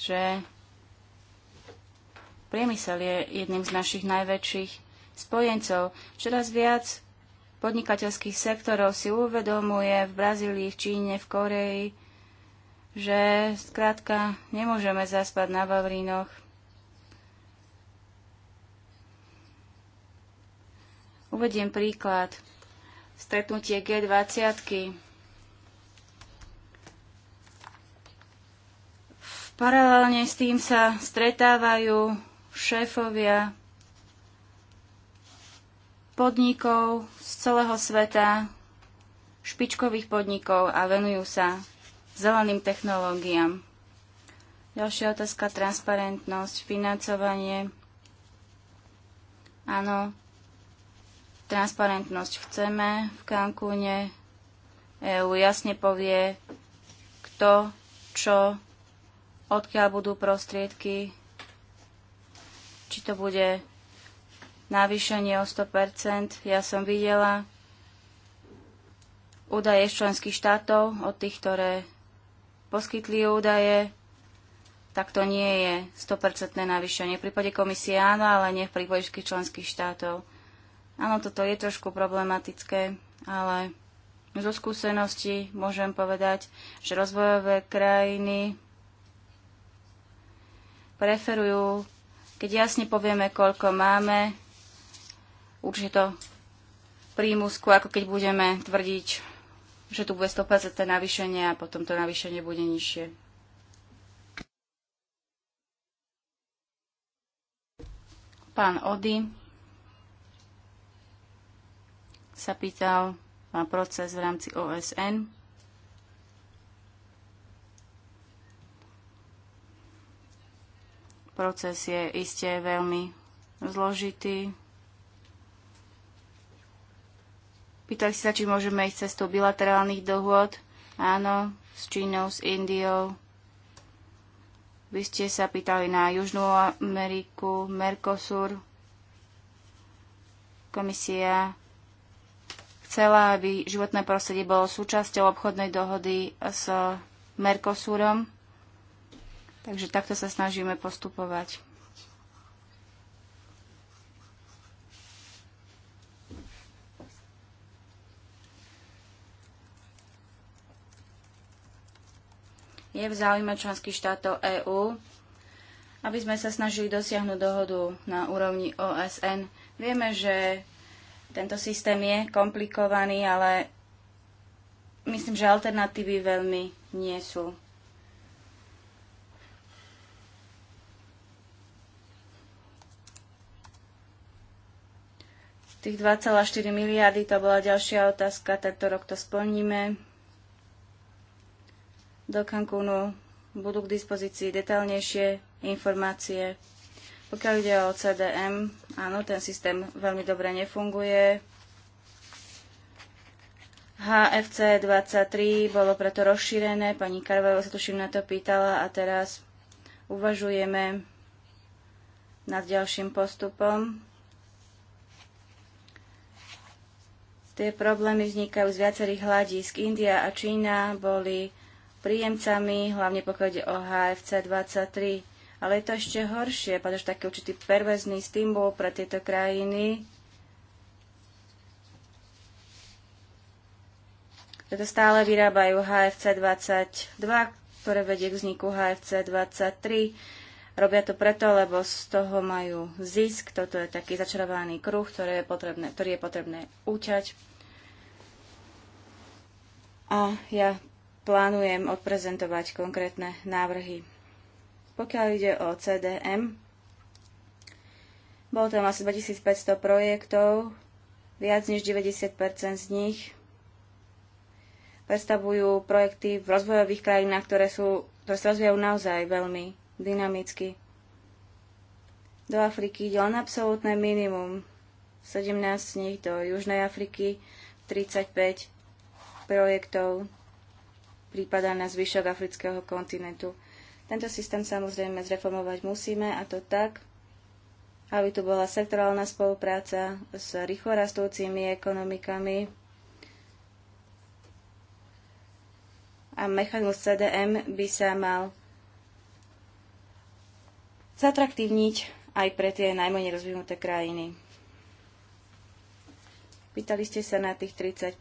že priemysel je jedným z našich najväčších spojencov. Čoraz viac podnikateľských sektorov si uvedomuje v Brazílii, v Číne, v Koreji, že skrátka nemôžeme zaspať na Vavrínoch. Uvediem príklad. Stretnutie G20. -ky Paralelne s tým sa stretávajú šéfovia podnikov z celého sveta, špičkových podnikov a venujú sa zeleným technológiám. Ďalšia otázka, transparentnosť, financovanie. Áno, transparentnosť chceme v Cancúne. EU jasne povie, kto čo odkiaľ budú prostriedky, či to bude navýšenie o 100%. Ja som videla údaje z členských štátov, od tých, ktoré poskytli údaje, tak to nie je 100% navýšenie. V prípade komisie áno, ale nie v prípade členských štátov. Áno, toto je trošku problematické, ale zo skúsenosti môžem povedať, že rozvojové krajiny preferujú, keď jasne povieme, koľko máme, určite to skôr, ako keď budeme tvrdiť, že tu bude 100% navýšenie a potom to navýšenie bude nižšie. Pán Ody sa pýtal na proces v rámci OSN. Proces je iste veľmi zložitý. Pýtali sa, či môžeme ísť cestou bilaterálnych dohôd. Áno, s Čínou, s Indiou. Vy ste sa pýtali na Južnú Ameriku, Mercosur. Komisia chcela, aby životné prostredie bolo súčasťou obchodnej dohody s Mercosurom. Takže takto sa snažíme postupovať. Je v záujme členských štátov EÚ, aby sme sa snažili dosiahnuť dohodu na úrovni OSN. Vieme, že tento systém je komplikovaný, ale myslím, že alternatívy veľmi nie sú. Tých 2,4 miliardy, to bola ďalšia otázka, tento rok to splníme. Do Cancúnu budú k dispozícii detaľnejšie informácie. Pokiaľ ide o CDM, áno, ten systém veľmi dobre nefunguje. HFC 23 bolo preto rozšírené, pani Karvajová sa tuším na to pýtala a teraz uvažujeme nad ďalším postupom. Tie problémy vznikajú z viacerých hľadisk. India a Čína boli príjemcami, hlavne pokiaľ ide o HFC 23. Ale je to ešte horšie, pretože taký určitý perverzný stimul pre tieto krajiny Preto stále vyrábajú HFC 22, ktoré vedie k vzniku HFC 23. Robia to preto, lebo z toho majú zisk. Toto je taký začarovaný kruh, ktorý je potrebné, ktorý je potrebné uťať a ja plánujem odprezentovať konkrétne návrhy. Pokiaľ ide o CDM, bolo tam asi 2500 projektov, viac než 90 z nich predstavujú projekty v rozvojových krajinách, ktoré, sú, ktoré sa rozvíjajú naozaj veľmi dynamicky. Do Afriky ide len absolútne minimum. 17 z nich do Južnej Afriky, 35 projektov prípada na zvyšok afrického kontinentu. Tento systém samozrejme zreformovať musíme a to tak, aby tu bola sektorálna spolupráca s rýchlo rastúcimi ekonomikami a mechanizmus CDM by sa mal zatraktívniť aj pre tie najmenej rozvinuté krajiny. Pýtali ste sa na tých 30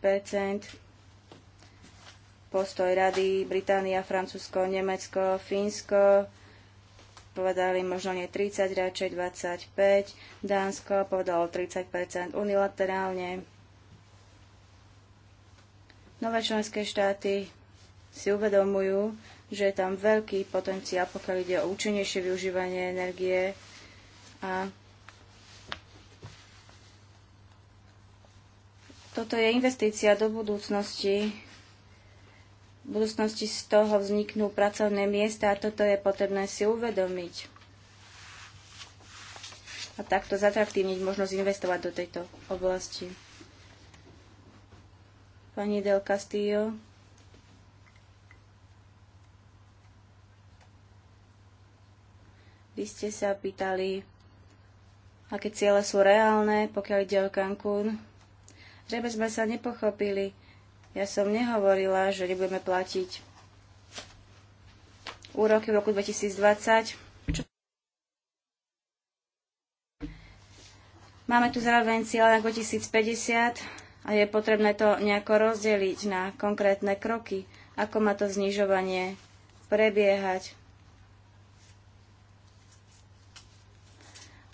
postoj rady Británia, Francúzsko, Nemecko, Fínsko, povedali možno nie 30, radšej 25, Dánsko povedalo 30 unilaterálne. Nové členské štáty si uvedomujú, že je tam veľký potenciál, pokiaľ ide o účinnejšie využívanie energie a toto je investícia do budúcnosti, v budúcnosti z toho vzniknú pracovné miesta a toto je potrebné si uvedomiť. A takto zatraktívniť možnosť investovať do tejto oblasti. Pani Del Castillo. Vy ste sa pýtali, aké ciele sú reálne, pokiaľ ide o Cancún. Že by sme sa nepochopili. Ja som nehovorila, že nebudeme platiť úroky v roku 2020. Čo? Máme tu zároveň cieľ na 2050 a je potrebné to nejako rozdeliť na konkrétne kroky, ako má to znižovanie prebiehať.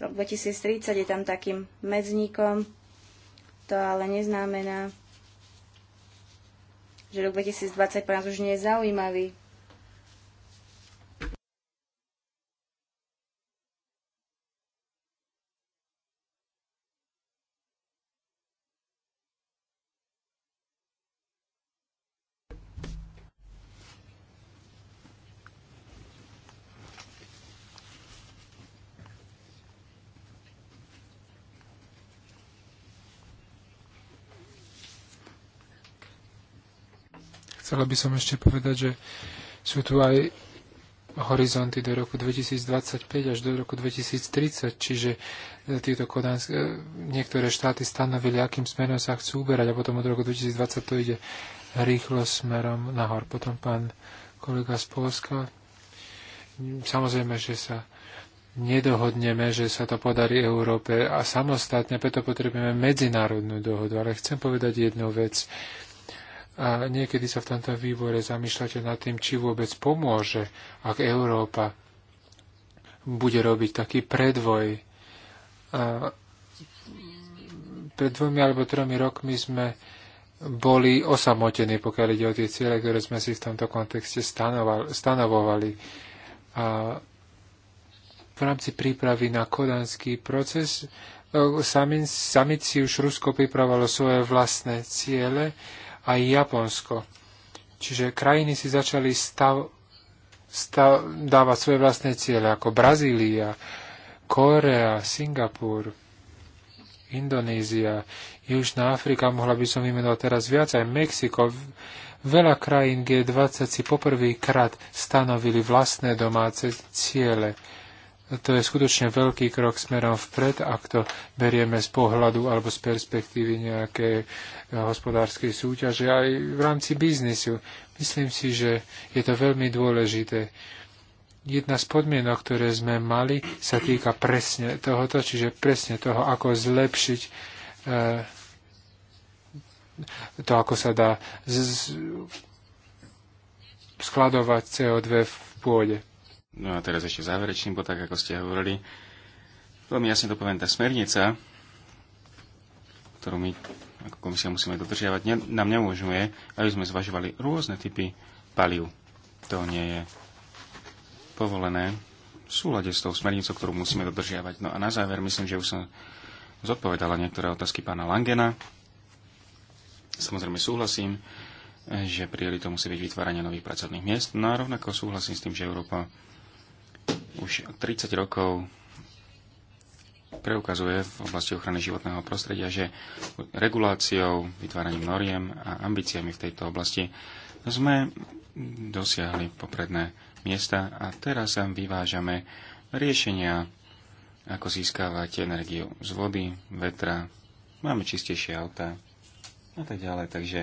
Rok 2030 je tam takým medzníkom, to ale neznamená, že rok 2020 pre nás už nie je zaujímavý. chcela by som ešte povedať, že sú tu aj horizonty do roku 2025 až do roku 2030, čiže e, tieto kodanské, e, niektoré štáty stanovili, akým smerom sa chcú uberať a potom od roku 2020 to ide rýchlo smerom nahor. Potom pán kolega z Polska, samozrejme, že sa nedohodneme, že sa to podarí Európe a samostatne, preto potrebujeme medzinárodnú dohodu. Ale chcem povedať jednu vec. A niekedy sa v tomto výbore zamýšľate nad tým, či vôbec pomôže, ak Európa bude robiť taký predvoj. A pred dvomi alebo tromi rokmi sme boli osamotení, pokiaľ ide o tie ciele, ktoré sme si v tomto kontexte stanovovali. A v rámci prípravy na kodanský proces e, sami, sami si už Rusko pripravovalo svoje vlastné ciele aj Japonsko. Čiže krajiny si začali stav, stav, dávať svoje vlastné ciele, ako Brazília, Korea, Singapur, Indonézia, Južná Afrika, mohla by som vymenovať teraz viac, aj Mexiko. Veľa krajín G20 si poprvýkrát stanovili vlastné domáce ciele to je skutočne veľký krok smerom vpred, ak to berieme z pohľadu alebo z perspektívy nejakej eh, hospodárskej súťaže aj v rámci biznisu. Myslím si, že je to veľmi dôležité. Jedna z podmienok, ktoré sme mali, sa týka presne tohoto, čiže presne toho, ako zlepšiť eh, to, ako sa dá skladovať CO2 v pôde. No a teraz ešte záverečný bod, tak ako ste hovorili. Veľmi jasne to poviem, tá smernica, ktorú my ako komisia musíme dodržiavať, ne, nám neumožňuje, aby sme zvažovali rôzne typy paliv. To nie je povolené v súlade s tou smernicou, ktorú musíme dodržiavať. No a na záver myslím, že už som zodpovedala niektoré otázky pána Langena. Samozrejme súhlasím, že prioritou musí byť vytváranie nových pracovných miest. No a rovnako súhlasím s tým, že Európa už 30 rokov preukazuje v oblasti ochrany životného prostredia, že reguláciou, vytváraním noriem a ambíciami v tejto oblasti sme dosiahli popredné miesta a teraz sa vyvážame riešenia, ako získavať energiu z vody, vetra, máme čistejšie auta a tak ďalej. Takže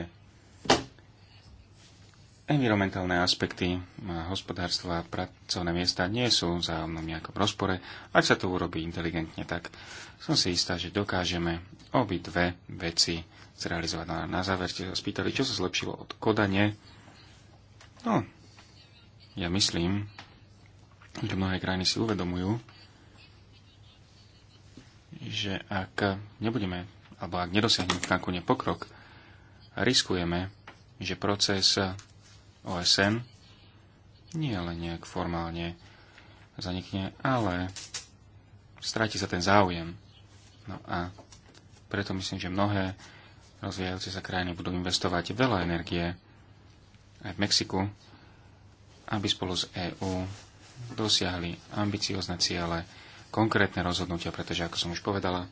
environmentálne aspekty e, hospodárstva a pracovné miesta nie sú zájomnom nejakom rozpore. Ak sa to urobí inteligentne, tak som si istá, že dokážeme obi dve veci zrealizovať. No a na záver ste sa spýtali, čo sa zlepšilo od kodanie. No, ja myslím, že mnohé krajiny si uvedomujú, že ak nebudeme, alebo ak nedosiahneme v Cancúne pokrok, riskujeme, že proces OSN nie len nejak formálne zanikne, ale stráti sa ten záujem. No a preto myslím, že mnohé rozvíjajúce sa krajiny budú investovať veľa energie aj v Mexiku, aby spolu s EÚ dosiahli ambiciozne ciele, konkrétne rozhodnutia, pretože, ako som už povedala,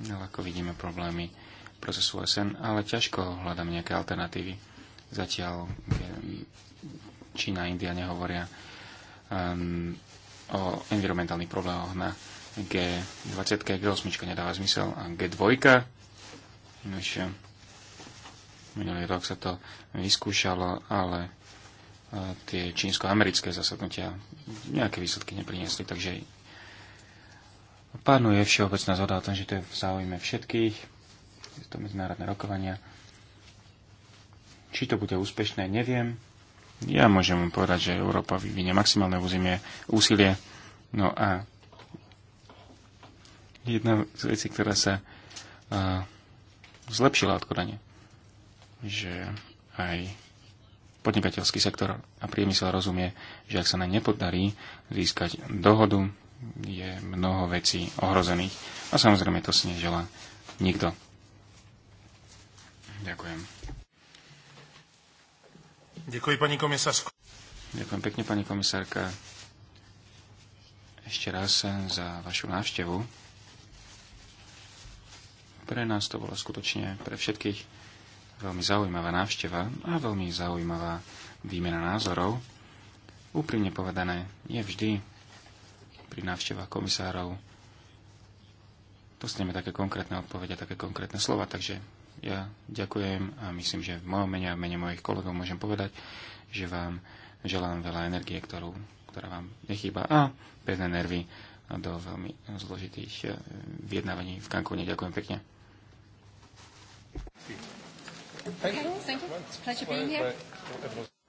ale no, ako vidíme problémy procesu SN, ale ťažko hľadám nejaké alternatívy. Zatiaľ Čína a India nehovoria um, o environmentálnych problémoch na G20, G8 nedáva zmysel a G2. minulý rok sa to vyskúšalo, ale e, tie čínsko-americké zasadnutia nejaké výsledky nepriniesli, takže panuje všeobecná zhoda o tom, že to je v záujme všetkých tieto medzinárodné rokovania. Či to bude úspešné, neviem. Ja môžem povedať, že Európa vyvinie maximálne územie úsilie. No a jedna z vecí, ktorá sa uh, zlepšila od že aj podnikateľský sektor a priemysel rozumie, že ak sa nám nepodarí získať dohodu, je mnoho vecí ohrozených a samozrejme to si neželá nikto. Ďakujem. Ďakujem pani komisárka. Ďakujem pekne, pani komisárka. Ešte raz za vašu návštevu. Pre nás to bolo skutočne pre všetkých veľmi zaujímavá návšteva a veľmi zaujímavá výmena názorov. Úprimne povedané, je vždy pri návštevách komisárov dostaneme také konkrétne odpovede, také konkrétne slova, takže ja ďakujem a myslím, že v mojom mene a v mene mojich kolegov môžem povedať, že vám želám veľa energie, ktorú, ktorá vám nechýba a pevné nervy do veľmi zložitých eh, vyjednávaní v Cancúne. Ďakujem pekne. Thank you. Thank you. It's a pleasure being here.